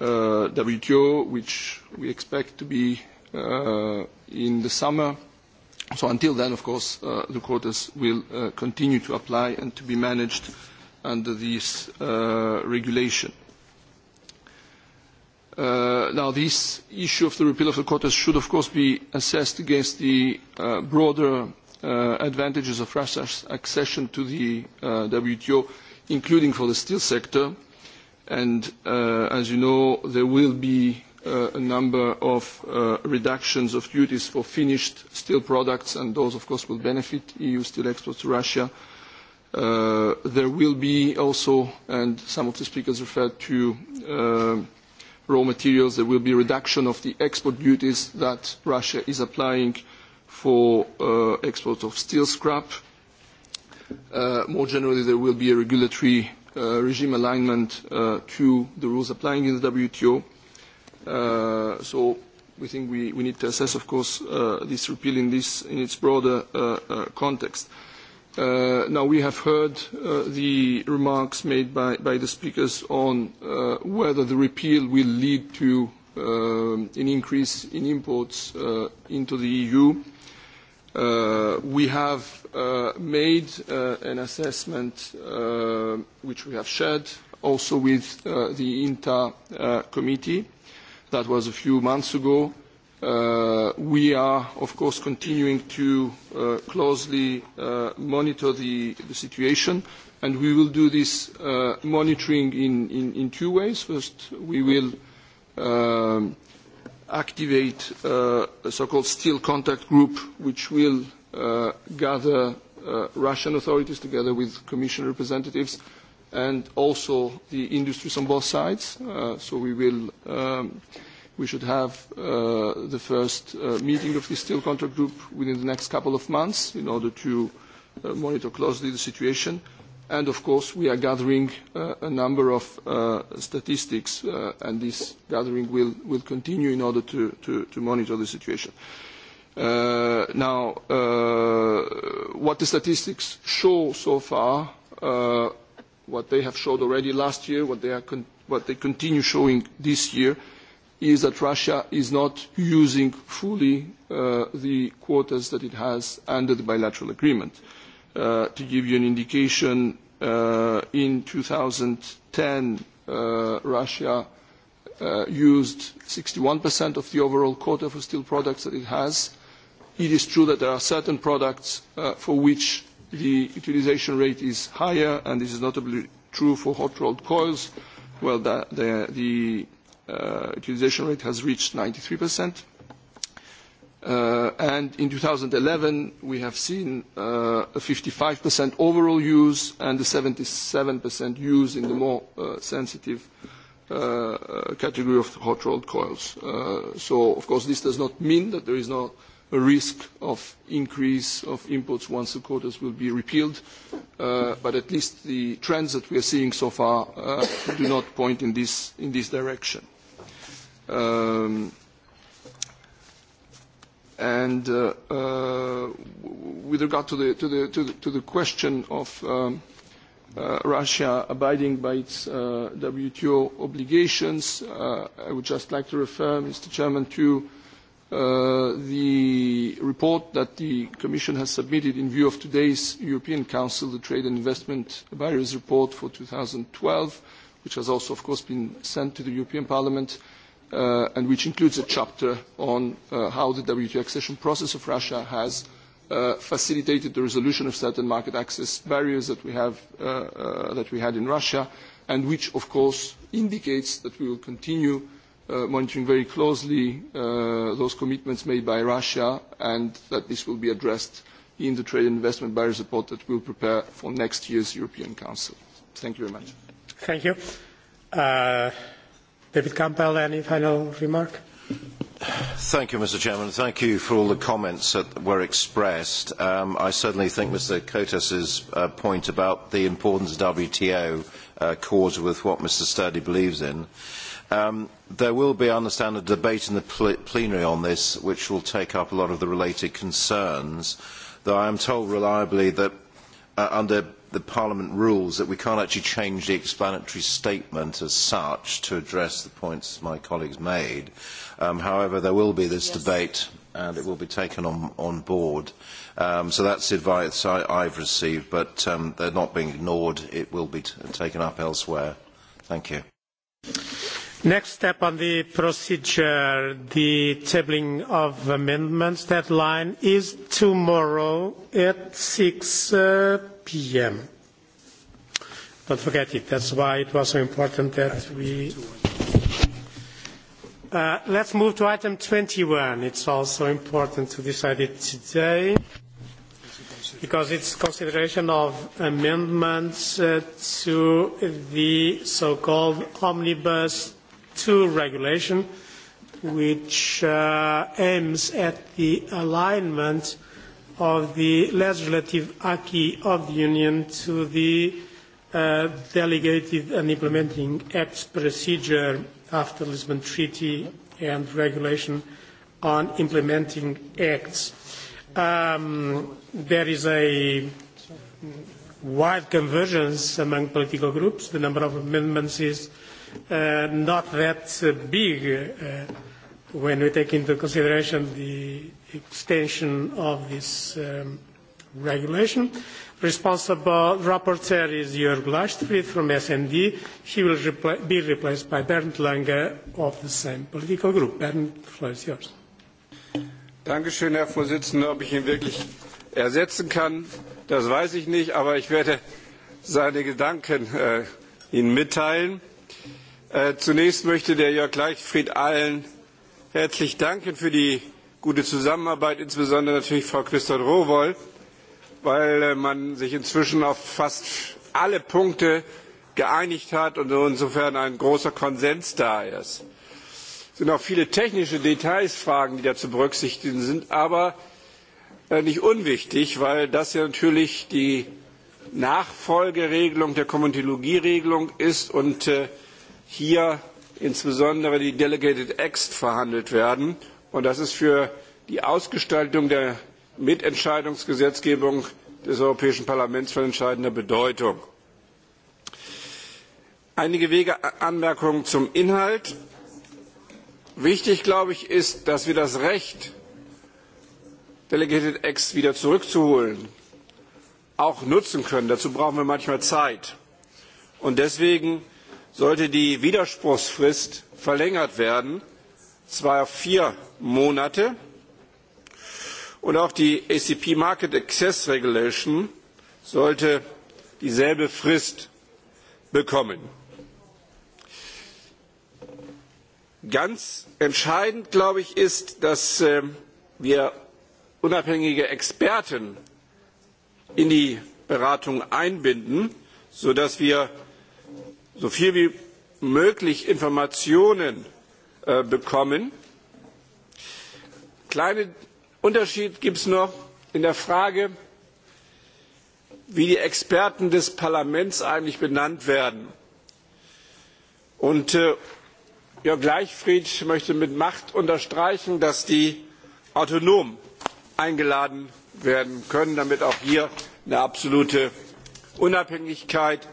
uh, WTO, which we expect to be uh, in the summer. So until then, of course, uh, the quotas will uh, continue to apply and to be managed under this uh, regulation. Uh, now, this issue of the repeal of the quotas should, of course, be assessed against the uh, broader uh, advantages of Russia's accession to the uh, WTO, including for the steel sector. And uh, as you know, there will be uh, a number of reductions of duties for finished steel products, and those, of course, will benefit EU steel exports to Russia. there will be also, and some of the speakers referred to, raw materials. There will be a reduction of the export duties that Russia is applying for uh, export of steel scrap. Uh, more generally, there will be a regulatory uh, regime alignment to the rules applying in the WTO. so we think we, we, need to assess, of course, this repeal in, this, in its broader context. Uh, now, we have heard uh, the remarks made by, by the speakers on uh, whether the repeal will lead to um, an increase in imports uh, into the EU. Uh, we have made an assessment, which we have shared also with the INTA committee. That was a few months ago Uh, we are, of course, continuing to uh, closely uh, monitor the, situation, and we will do this monitoring in, two ways. First, we will um, activate a so-called Steel Contact Group, which will gather Russian authorities together with Commission representatives and also the industries on both sides. So we will um, We should have uh, the first uh, meeting of the steel contract group within the next couple of months in order to uh, monitor closely the situation. And of course, we are gathering uh, a number of uh, statistics, uh, and this gathering will, will continue in order to, to, to monitor the situation. now, what the statistics show so far, what they have showed already last year, what they, are what they continue showing this year, uh, is that Russia is not using fully uh, the quotas that it has under the bilateral agreement. Uh, to give you an indication, uh, in 2010, uh, Russia uh, used 61% of the overall quota for steel products that it has. It is true that there are certain products uh, for which the utilization rate is higher, and this is notably true for hot-rolled coils. Well, the, the, the uh, utilization rate has reached 93%. Uh, and in 2011, we have seen uh, a 55% overall use and a 77% use in the more uh, sensitive uh, uh, category of hot-rolled coils. Uh, so of course, this does not mean that there is not a risk of increase of imports once the quotas will be repealed. But at least the trends that we are seeing so far do not point in this, in this direction. Um, and uh, uh, with regard to the, to the, to the, to the question of um, uh, Russia abiding by its uh, WTO obligations, uh, I would just like to refer, Mr. Chairman, to uh, the report that the Commission has submitted in view of today's European Council, the Trade and Investment Barriers Report for 2012, which has also, of course, been sent to the European Parliament, uh, and which includes a chapter on uh, how the WTO accession process of Russia has uh, facilitated the resolution of certain market access barriers that we, have, uh, uh, that we had in Russia, and which, of course, indicates that we will continue uh, monitoring very closely those commitments made by Russia, and that this will be addressed in the trade and investment barriers report that we will prepare for next year's European Council. Thank you very much. Thank you. David Campbell, any final remark? Thank you, Mr. Chairman. Thank you for all the comments that were expressed. Um, I certainly think Mr. Kotas's uh, point about the importance of WTO uh, cause with what Mr. Sturdy believes in. Um, there will be, I understand, a debate in the pl plenary on this, which will take up a lot of the related concerns. Though I am told reliably that uh, under the Parliament rules that we can't actually change the explanatory statement as such to address the points my colleagues made. Um, however, there will be this yes. debate and it will be taken on, on board. Um, so that's advice I, I've received, but um, they're not being ignored. It will be t- taken up elsewhere. Thank you. Next step on the procedure, the tabling of amendments deadline is tomorrow at 6 uh, p.m. Don't forget it. That's why it was so important that we. Uh, let's move to item 21. It's also important to decide it today because it's consideration of amendments uh, to the so-called Omnibus 2 regulation, which uh, aims at the alignment of the legislative acquis of the Union to the uh, delegated and implementing acts procedure after the Lisbon Treaty and regulation on implementing acts. Um, there is a wide convergence among political groups. The number of amendments is uh, not that big uh, when we take into consideration the extension of this um, regulation. Responsible rapporteur is Jörg Lastfried from SND. He will repla be replaced by Bernd Lange of the same political group. Bernd, the floor is yours. Dankeschön, Herr Vorsitzender. Ob ich ihn wirklich ersetzen kann, das weiß ich nicht, aber ich werde seine Gedanken äh, Ihnen mitteilen. Äh, zunächst möchte der Jörg Leichtfried allen herzlich danken für die gute Zusammenarbeit, insbesondere natürlich Frau Christoph Rowohl, weil äh, man sich inzwischen auf fast alle Punkte geeinigt hat und insofern ein großer Konsens da ist. Es sind auch viele technische Details, die da zu berücksichtigen sind, aber äh, nicht unwichtig, weil das ja natürlich die Nachfolgeregelung der Komitologieregelung ist und äh, hier insbesondere die Delegated Acts verhandelt werden Und das ist für die Ausgestaltung der Mitentscheidungsgesetzgebung des Europäischen Parlaments von entscheidender Bedeutung. Einige Wege Anmerkungen zum Inhalt. Wichtig, glaube ich, ist, dass wir das Recht, Delegated Acts wieder zurückzuholen, auch nutzen können. Dazu brauchen wir manchmal Zeit. Und deswegen sollte die Widerspruchsfrist verlängert werden, zwar vier Monate. Und auch die ACP e Market Access Regulation sollte dieselbe Frist bekommen. Ganz entscheidend, glaube ich, ist, dass ähm, wir unabhängige Experten in die Beratung einbinden, sodass wir so viel wie möglich Informationen äh, bekommen. Kleinen Unterschied gibt es noch in der Frage, wie die Experten des Parlaments eigentlich benannt werden. Und äh, Jörg Leichfried möchte mit Macht unterstreichen, dass die autonom eingeladen werden können, damit auch hier eine absolute Unabhängigkeit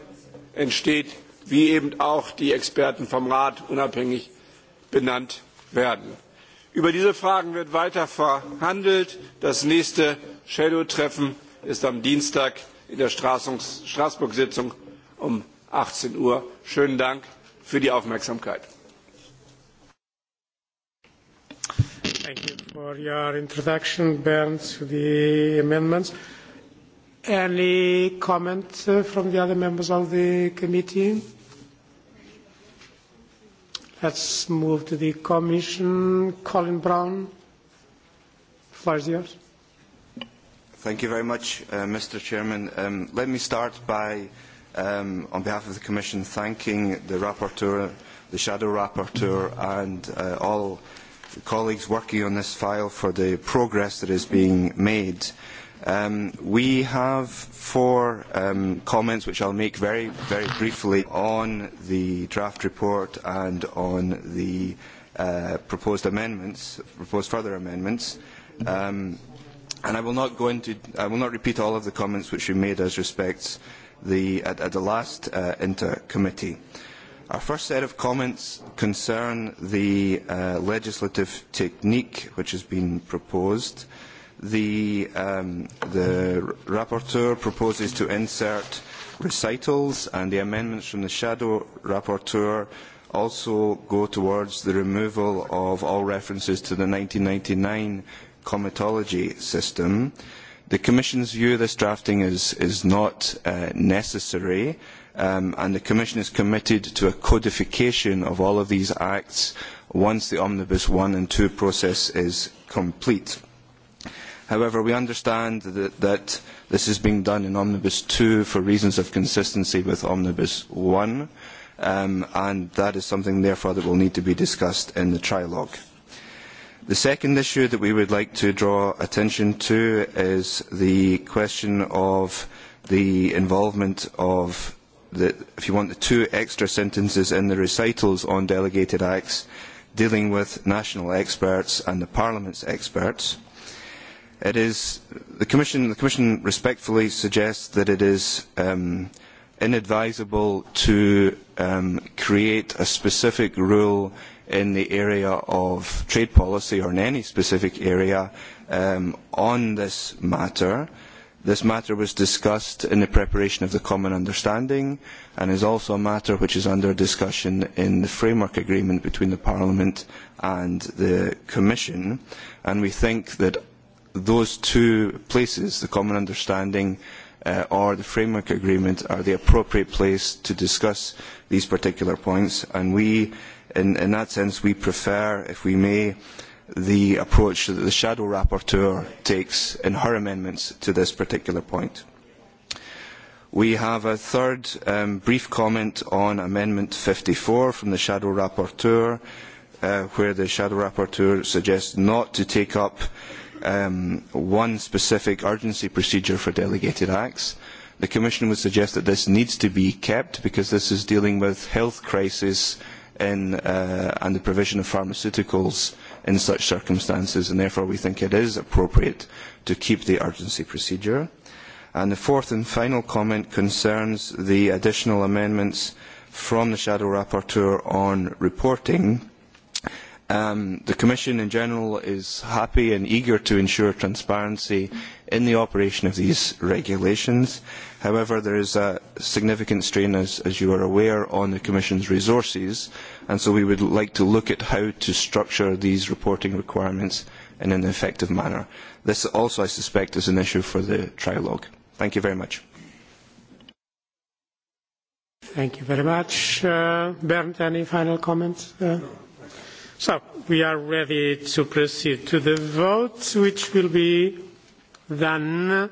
entsteht, wie eben auch die Experten vom Rat unabhängig benannt werden. Über diese Fragen wird weiter verhandelt. Das nächste Shadow-Treffen ist am Dienstag in der Straßburg-Sitzung um 18 Uhr. Schönen Dank für die Aufmerksamkeit. Thank you for your introduction, Bernd, to the amendments. Any uh, from the other members of the committee? Let's move to the Commission. Colin Brown, the floor is yours. Thank you very much, uh, Mr. Chairman. Um, let me start by, um, on behalf of the Commission, thanking the rapporteur, the shadow rapporteur, and uh, all the colleagues working on this file for the progress that is being made. Um, we have four um, comments which I'll make very, very briefly on the draft report and on the uh, proposed amendments, proposed further amendments. Um, and I will not go into, I will not repeat all of the comments which you made as respects the, at, at the last uh, inter-committee. Our first set of comments concern the uh, legislative technique which has been proposed. Uh, the, um, the rapporteur proposes to insert recitals and the amendments from the shadow rapporteur also go towards the removal of all references to the 1999 comitology system. The Commission's view of this drafting is, is not uh, necessary um, and the Commission is committed to a codification of all of these acts once the Omnibus 1 and 2 process is complete. However, we understand that, that this is being done in Omnibus 2 for reasons of consistency with Omnibus 1, um, and that is something, therefore, that will need to be discussed in the trilogue. The second issue that we would like to draw attention to is the question of the involvement of, the, if you want, the two extra sentences in the recitals on delegated acts dealing with national experts and the Parliament's experts. It is the Commission. The Commission respectfully suggests that it is um, inadvisable to um, create a specific rule in the area of trade policy or in any specific area um, on this matter. This matter was discussed in the preparation of the common understanding and is also a matter which is under discussion in the framework agreement between the Parliament and the Commission. And we think that those two places, the common understanding uh, or the framework agreement, are the appropriate place to discuss these particular points. And we, in, in that sense, we prefer, if we may, the approach that the shadow rapporteur takes in her amendments to this particular point. We have a third um, brief comment on Amendment 54 from the Shadow Rapporteur, uh, where the Shadow Rapporteur suggests not to take up um, one specific urgency procedure for delegated acts. The Commission would suggest that this needs to be kept because this is dealing with health crisis in, uh, and the provision of pharmaceuticals in such circumstances, and therefore we think it is appropriate to keep the urgency procedure. And the fourth and final comment concerns the additional amendments from the Shadow Rapporteur on reporting Um, the Commission in general is happy and eager to ensure transparency in the operation of these regulations. However, there is a significant strain, as, as you are aware, on the Commission's resources, and so we would like to look at how to structure these reporting requirements in an effective manner. This also, I suspect, is an issue for the trilogue. Thank you very much. Thank you very much. Uh, Bernd, any final comments? Uh? No. So we are ready to proceed to the vote, which will be done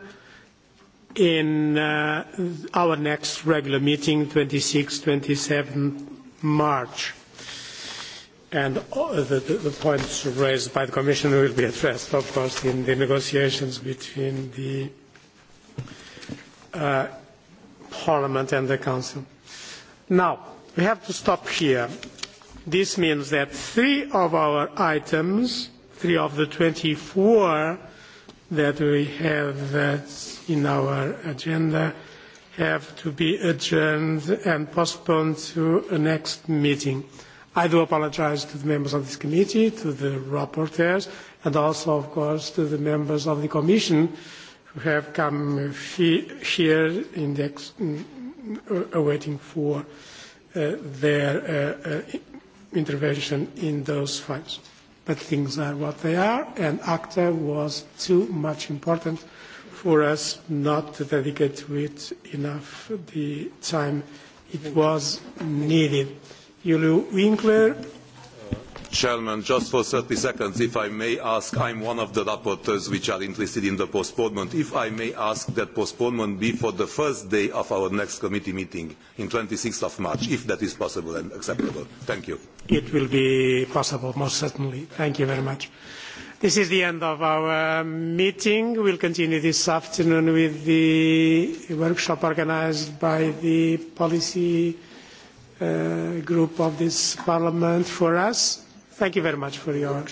in uh, our next regular meeting, 26, 27 March. And uh, the, points raised by the Commission will be addressed, of course, in the negotiations between the uh, Parliament and the Council. Now, we have to stop here. This means that three of our items, three of the 24 that we have uh, in our agenda, have to be adjourned and postponed to a next meeting. I do apologise to the members of this committee, to the rapporteurs, and also, of course, to the members of the Commission who have come here mm, mm, awaiting for uh, their uh, intervention in those files, But things are what they are, and ACTA was too much important for us not to dedicate to it enough the time it was needed. Julio Winkler Chairman, just for thirty seconds, if I may ask, i am one of the rapporteurs which are interested in the postponement. If I may ask that postponement be for the first day of our next committee meeting, on twenty six March, if that is possible and acceptable. Thank you. It will be possible, most certainly. Thank you very much. This is the end of our um, meeting. We'll continue this afternoon with the workshop organized by the policy uh, group of this parliament for us Thank you very much for your